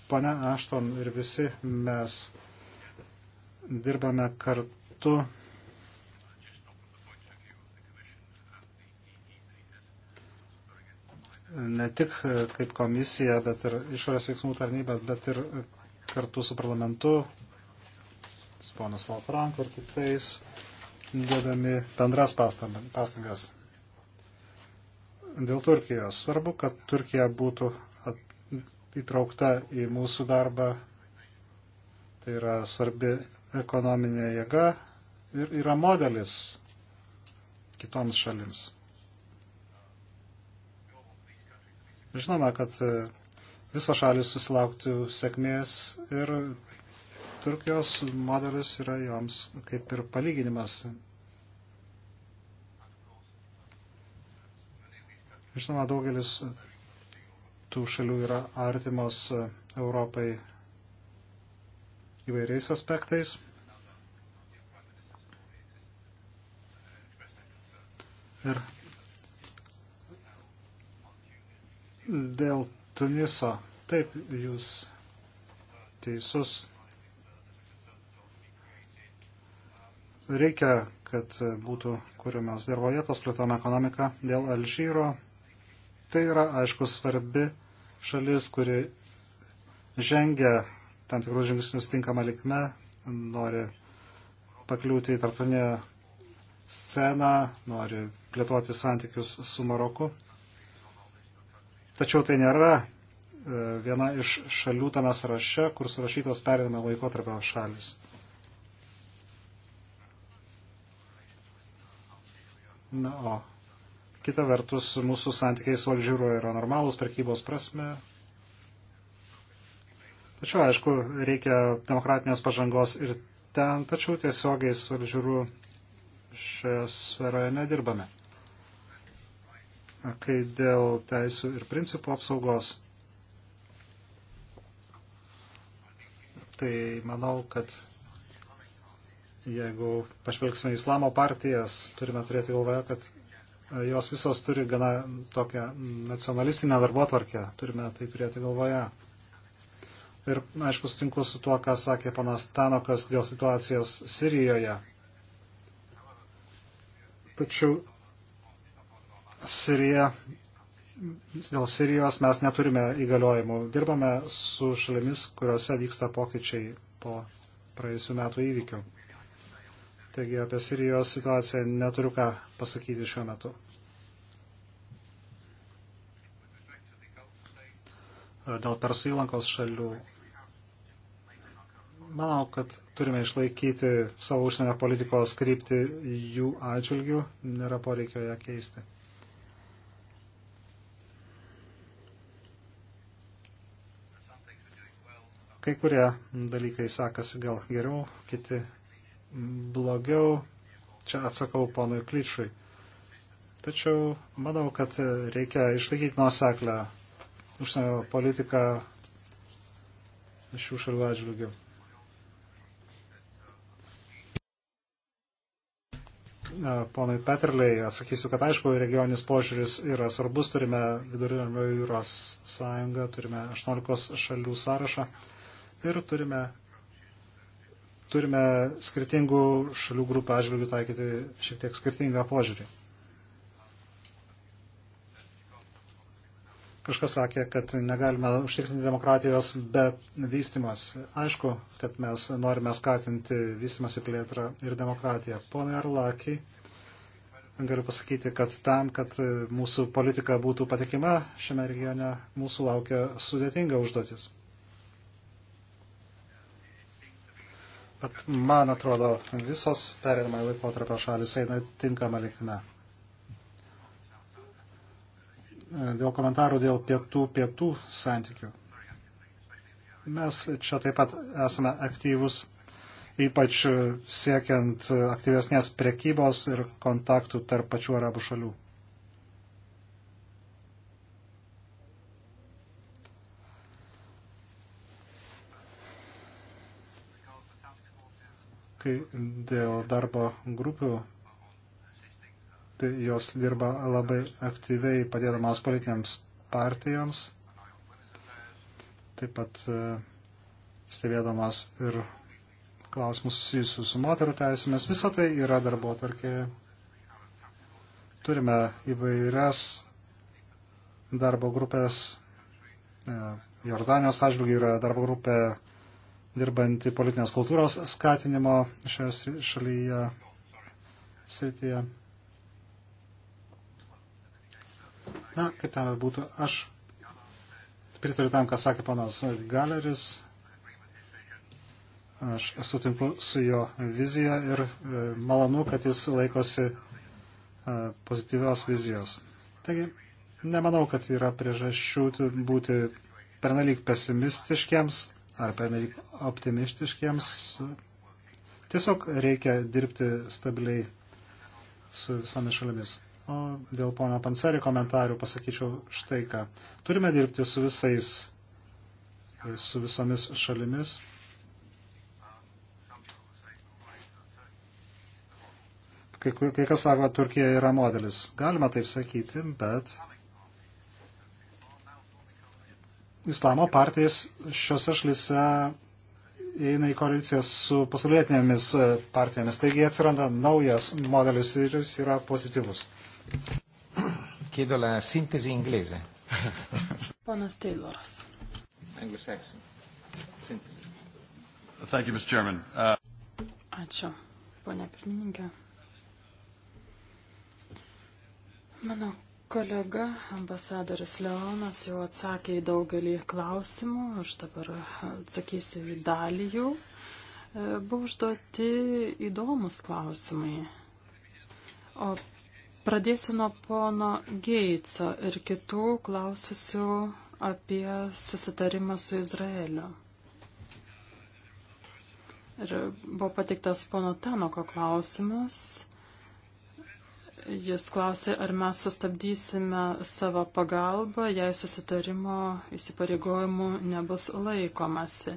Pane Ašton ir visi mes dirbame kartu. Ne tik kaip komisija, bet ir išorės veiksmų tarnybas, bet ir kartu su parlamentu, su ponas Lafranku ir kitais, dėdami bendras pastangas dėl Turkijos. Svarbu, kad Turkija būtų at, įtraukta į mūsų darbą. Tai yra svarbi ekonominė jėga ir yra modelis kitoms šalims. Žinoma, kad e, visos šalis susilauktų sėkmės ir Turkijos modelis yra joms kaip ir palyginimas Žinoma, daugelis tų šalių yra artimos Europai įvairiais aspektais. Ir dėl Tuniso, taip jūs teisus. Reikia, kad būtų kūrimas darbo vietos, plėtojama ekonomika dėl Alžyro Tai yra, aišku, svarbi šalis, kuri žengia tam tikrus žingsnius tinkamą likmę, nori pakliūti į tarptautinę sceną, nori plėtoti santykius su Maroku. Tačiau tai nėra e, viena iš šalių tame sąraše, kur surašytos perėmė laikotarpio šalis. Na, o kita vertus mūsų santykiai su Alžyru yra normalūs prekybos prasme. Tačiau, aišku, reikia demokratinės pažangos ir ten, tačiau tiesiogiai su Alžyru šioje sferoje nedirbame. Kai dėl teisų ir principų apsaugos, tai manau, kad jeigu pažvelgsime islamo partijas, turime turėti galvoje, kad jos visos turi gana tokią nacionalistinę darbo tvarkę, turime tai turėti galvoje. Ir, aišku, sutinku su tuo, ką sakė panas Tanokas dėl situacijos Sirijoje. Tačiau Sirija, dėl Sirijos mes neturime įgaliojimų. Dirbame su šalimis, kuriuose vyksta pokyčiai po praėjusių metų įvykių. Taigi apie Sirijos situaciją neturiu ką pasakyti šiuo metu. Dėl Persų įlankos šalių. Manau, kad turime išlaikyti savo užsienio politikos krypti jų atžvilgių, nėra poreikio ją keisti. kai kurie dalykai sekasi gal geriau, kiti blogiau, čia atsakau ponui Klyčiui. Tačiau manau, kad reikia išlaikyti nuoseklę užsienio politiką šių šalių atžvilgių. Ponai Petrliai, atsakysiu, kad aišku, regioninis požiūris yra svarbus, turime vidurinio jūros sąjungą, turime 18 šalių sąrašą ir turime turime skirtingų šalių grupų atžvilgių taikyti šiek tiek skirtingą požiūrį. Kažkas sakė, kad negalime užtikrinti demokratijos be vystimas. Aišku, kad mes norime skatinti vystimąsi plėtrą ir demokratiją. Pone Arlaki, galiu pasakyti, kad tam, kad mūsų politika būtų patikima šiame regione, mūsų laukia sudėtinga užduotis. Bet man atrodo, visos perinamai laikotarpio šalis eina tinkama linkme. Dėl komentarų dėl pietų-pietų santykių. Mes čia taip pat esame aktyvus, ypač siekiant aktyvesnės prekybos ir kontaktų tarp pačių arabų šalių. Kai dėl darbo grupių, tai jos dirba labai aktyviai padėdamas politiniams partijoms, taip pat e, stebėdamas ir klausimus susijusius su moterų teisėmis. Visą tai yra darbo tvarkėje. Turime įvairias darbo grupės. E, Jordanijos atžvilgių yra darbo grupė dirbanti politinės kultūros skatinimo šioje šalyje srityje. Na, kaip ten būtų, aš pritariu tam, ką sakė panas Galeris. Aš sutinku su jo vizija ir e, malonu, kad jis laikosi e, pozityvios vizijos. Taigi, nemanau, kad yra priežasčių būti pernelyg pesimistiškiams ar pernelyg optimistiškiems. Tiesiog reikia dirbti stabiliai su visomis šalimis. O dėl pono Panseri komentarių pasakyčiau štai ką. Turime dirbti su visais, su visomis šalimis. Kai, kai kas sako, Turkija yra modelis. Galima taip sakyti, bet islamo partijas šiuose šalise eina į koaliciją su pasaulietinėmis e, partijomis. Taigi atsiranda naujas modelis ir jis yra pozityvus. Chiedo la sintesi inglese. Ponas Tayloras. Anglo-Saxon. Synthesis. Thank you, Mr. Chairman. Uh... Ačiū, ponia pirmininkė. Mano Kolega ambasadoris Leonas jau atsakė į daugelį klausimų, aš dabar atsakysiu į dalį jų. E, buvo užduoti įdomus klausimai. O pradėsiu nuo pono Geitso ir kitų klaususių apie susitarimą su Izraeliu. Ir buvo pateiktas pono Tanoko klausimas Jis klausė, ar mes sustabdysime savo pagalbą, jei susitarimo įsipareigojimų nebus laikomasi.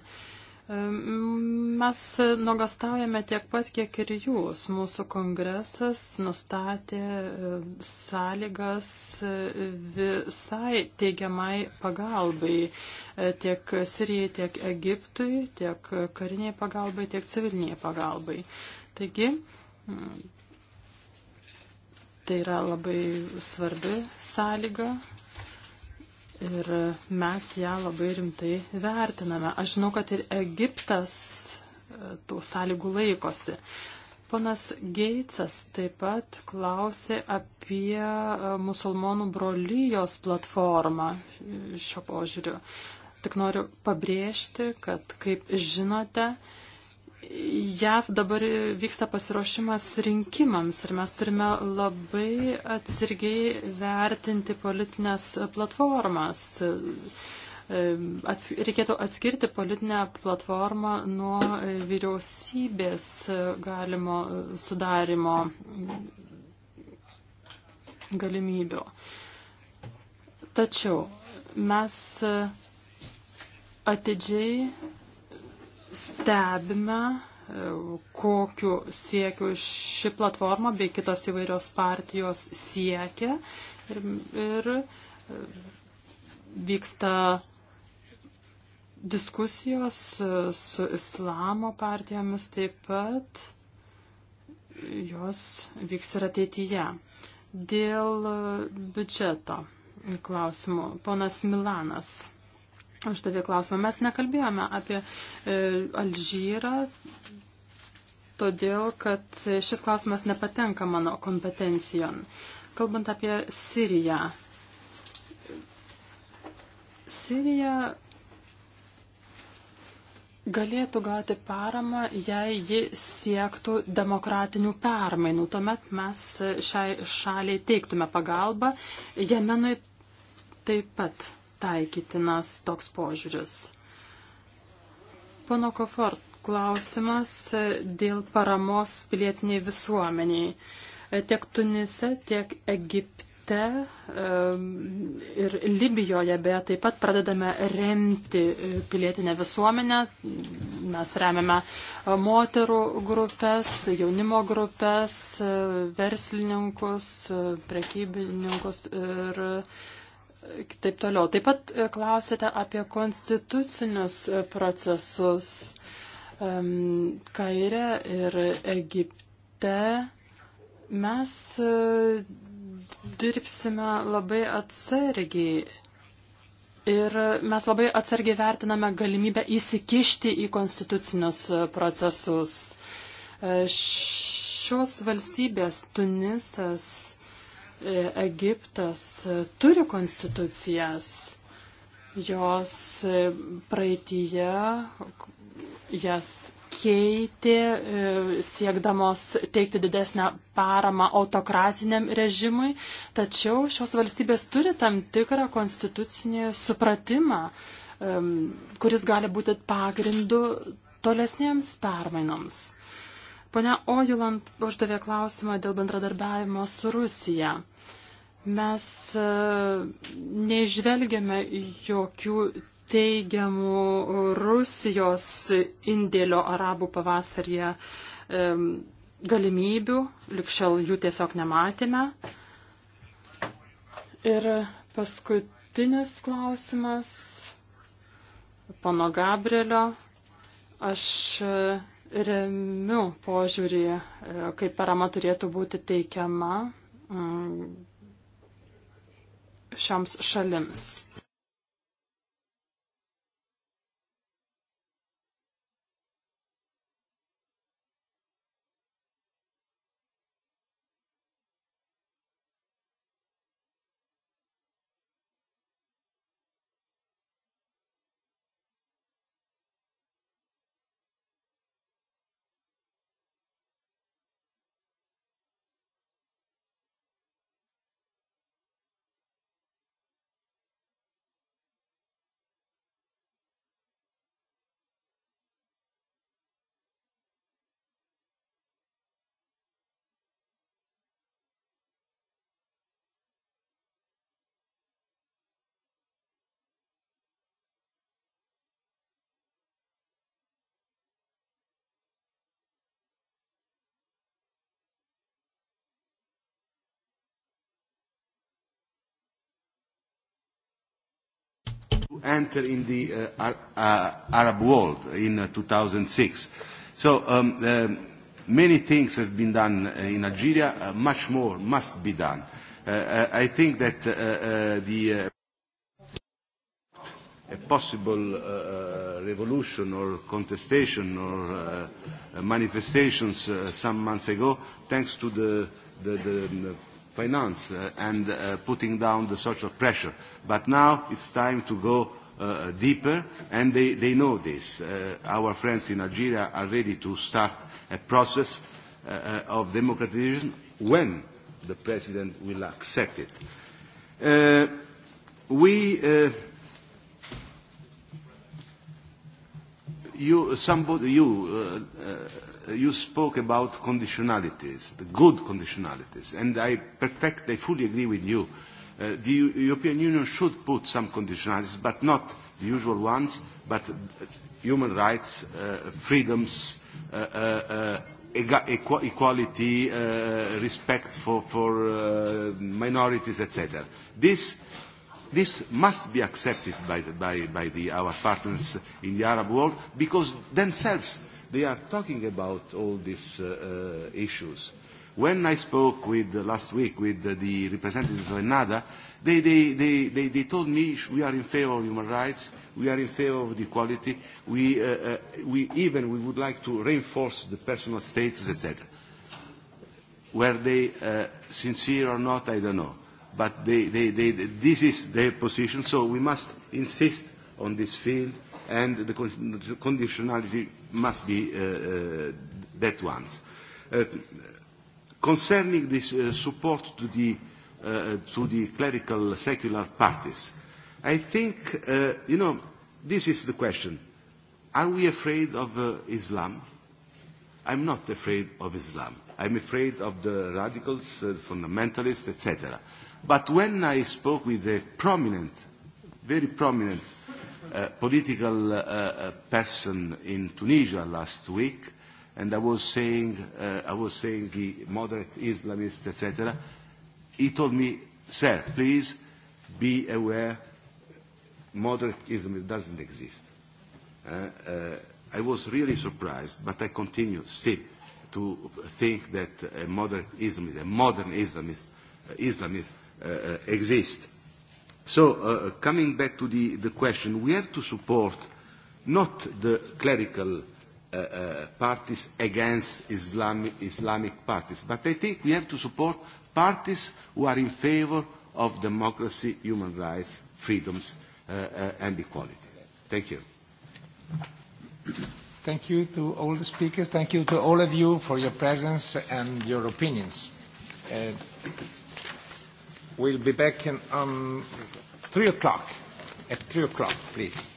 Mes nuogastaujame tiek pat, kiek ir jūs. Mūsų kongresas nustatė e, sąlygas e, visai teigiamai pagalbai e, tiek Sirijai, tiek Egiptui, tiek kariniai pagalbai, tiek civiliniai pagalbai. Taigi, Tai yra labai svarbi sąlyga ir mes ją labai rimtai vertiname. Aš žinau, kad ir Egiptas e, tų sąlygų laikosi. Ponas Geitsas taip pat klausė apie e, musulmonų brolyjos platformą šio požiūriu. Tik noriu pabrėžti, kad, kaip žinote, JAV dabar vyksta pasiruošimas rinkimams ir mes turime labai atsargiai vertinti politinės platformas. Ats, reikėtų atskirti politinę platformą nuo vyriausybės galimo sudarimo galimybių. Tačiau mes atidžiai stebime, e, kokiu siekiu ši platforma bei kitos įvairios partijos siekia ir, ir e, vyksta diskusijos e, su islamo partijomis taip pat jos vyks ir ateityje. Dėl biudžeto klausimų. Ponas Milanas. Aš tavį klausimą. Mes nekalbėjome apie e, Alžyrą, todėl kad šis klausimas nepatenka mano kompetencijon. Kalbant apie Siriją. Sirija galėtų gauti paramą, jei ji siektų demokratinių permainų. Tuomet mes šiai šaliai teiktume pagalbą. Jemenui taip pat taikytinas toks požiūris. Pono Kofort klausimas dėl paramos pilietiniai visuomeniai. Tiek Tunise, tiek Egipte ir Libijoje beje taip pat pradedame remti e, pilietinę visuomenę. Mes remiame e, moterų grupės, jaunimo grupės, e, verslininkus, prekybininkus ir taip toliau. Taip pat e, klausėte apie konstitucinius e, procesus Kaire ir Egipte. Mes e, dirbsime labai atsargiai. Ir mes labai atsargiai vertiname galimybę įsikišti į konstitucinius procesus. Šios valstybės Tunisas E, Egiptas turi konstitucijas, jos e, praeitįje jas keitė, e, siekdamos teikti didesnę paramą autokratiniam režimui, tačiau šios valstybės turi tam tikrą konstitucinį supratimą, kuris gali būti pagrindu tolesniems permainoms. Pone Ojuland uždavė klausimą dėl bendradarbiavimo su Rusija. Mes e, neižvelgiame jokių teigiamų Rusijos indėlio arabų pavasarėje e, galimybių, likščiau jų tiesiog nematėme. Ir paskutinis klausimas, pono Gabrielio, aš e, remiu požiūrį, e, kaip parama turėtų būti teikiama mm, šioms šalims. enter in the uh, Ar uh, Arab world in uh, 2006. So um, um, many things have been done uh, in Algeria, uh, much more must be done. Uh, uh I think that uh, uh, the uh, a possible uh, uh revolution or contestation or uh, uh, manifestations uh, some months ago, thanks to the, the, the, the finance uh, and uh, putting down the social pressure. But now it's time to go uh, deeper, and they, they know this. Uh, our friends in Algeria are ready to start a process uh, uh of democratization when the president will accept it. Uh, we, uh, you, somebody, you, uh, uh, you spoke about conditionalities, the good conditionalities, and I perfectly, fully agree with you. Uh, the European Union should put some conditionalities, but not the usual ones, but uh, human rights, uh, freedoms, uh, uh, equ equality, uh, respect for, for uh, minorities, etc. This, this must be accepted by, the, by, by the, our partners in the Arab world because themselves they are talking about all these uh, uh, issues. When I spoke with, uh, last week with uh, the representatives of ENADA, they, they, they, they, they told me we are in favor of human rights, we are in favor of equality, we, uh, uh, we even we would like to reinforce the personal status, etc. Were they uh, sincere or not, I don't know. But they, they, they, this is their position, so we must insist on this field and the conditionality must be uh, uh, that ones. Uh, concerning this uh, support to the, uh, to the clerical secular parties, I think, uh, you know, this is the question. Are we afraid of uh, Islam? I'm not afraid of Islam. I'm afraid of the radicals, uh, fundamentalists, etc. But when I spoke with a prominent, very prominent uh, political uh, uh, person in Tunisia last week, and I was saying, uh, I was saying he moderate Islamists, etc. He told me, sir, please be aware, moderate Islam doesn't exist. Uh, uh, I was really surprised, but I continue still to think that uh, moderate Islam, a modern Islamist, uh, Islamist uh, uh, exists. So, uh, uh, coming back to the, the question, we have to support not the clerical uh, uh, parties against Islamic, Islamic parties, but I think we have to support parties who are in favor of democracy, human rights, freedoms, uh, uh, and equality. Thank you. Thank you to all the speakers. Thank you to all of you for your presence and your opinions. Uh, we'll be back in, on um, Three o'clock. At three o'clock, please.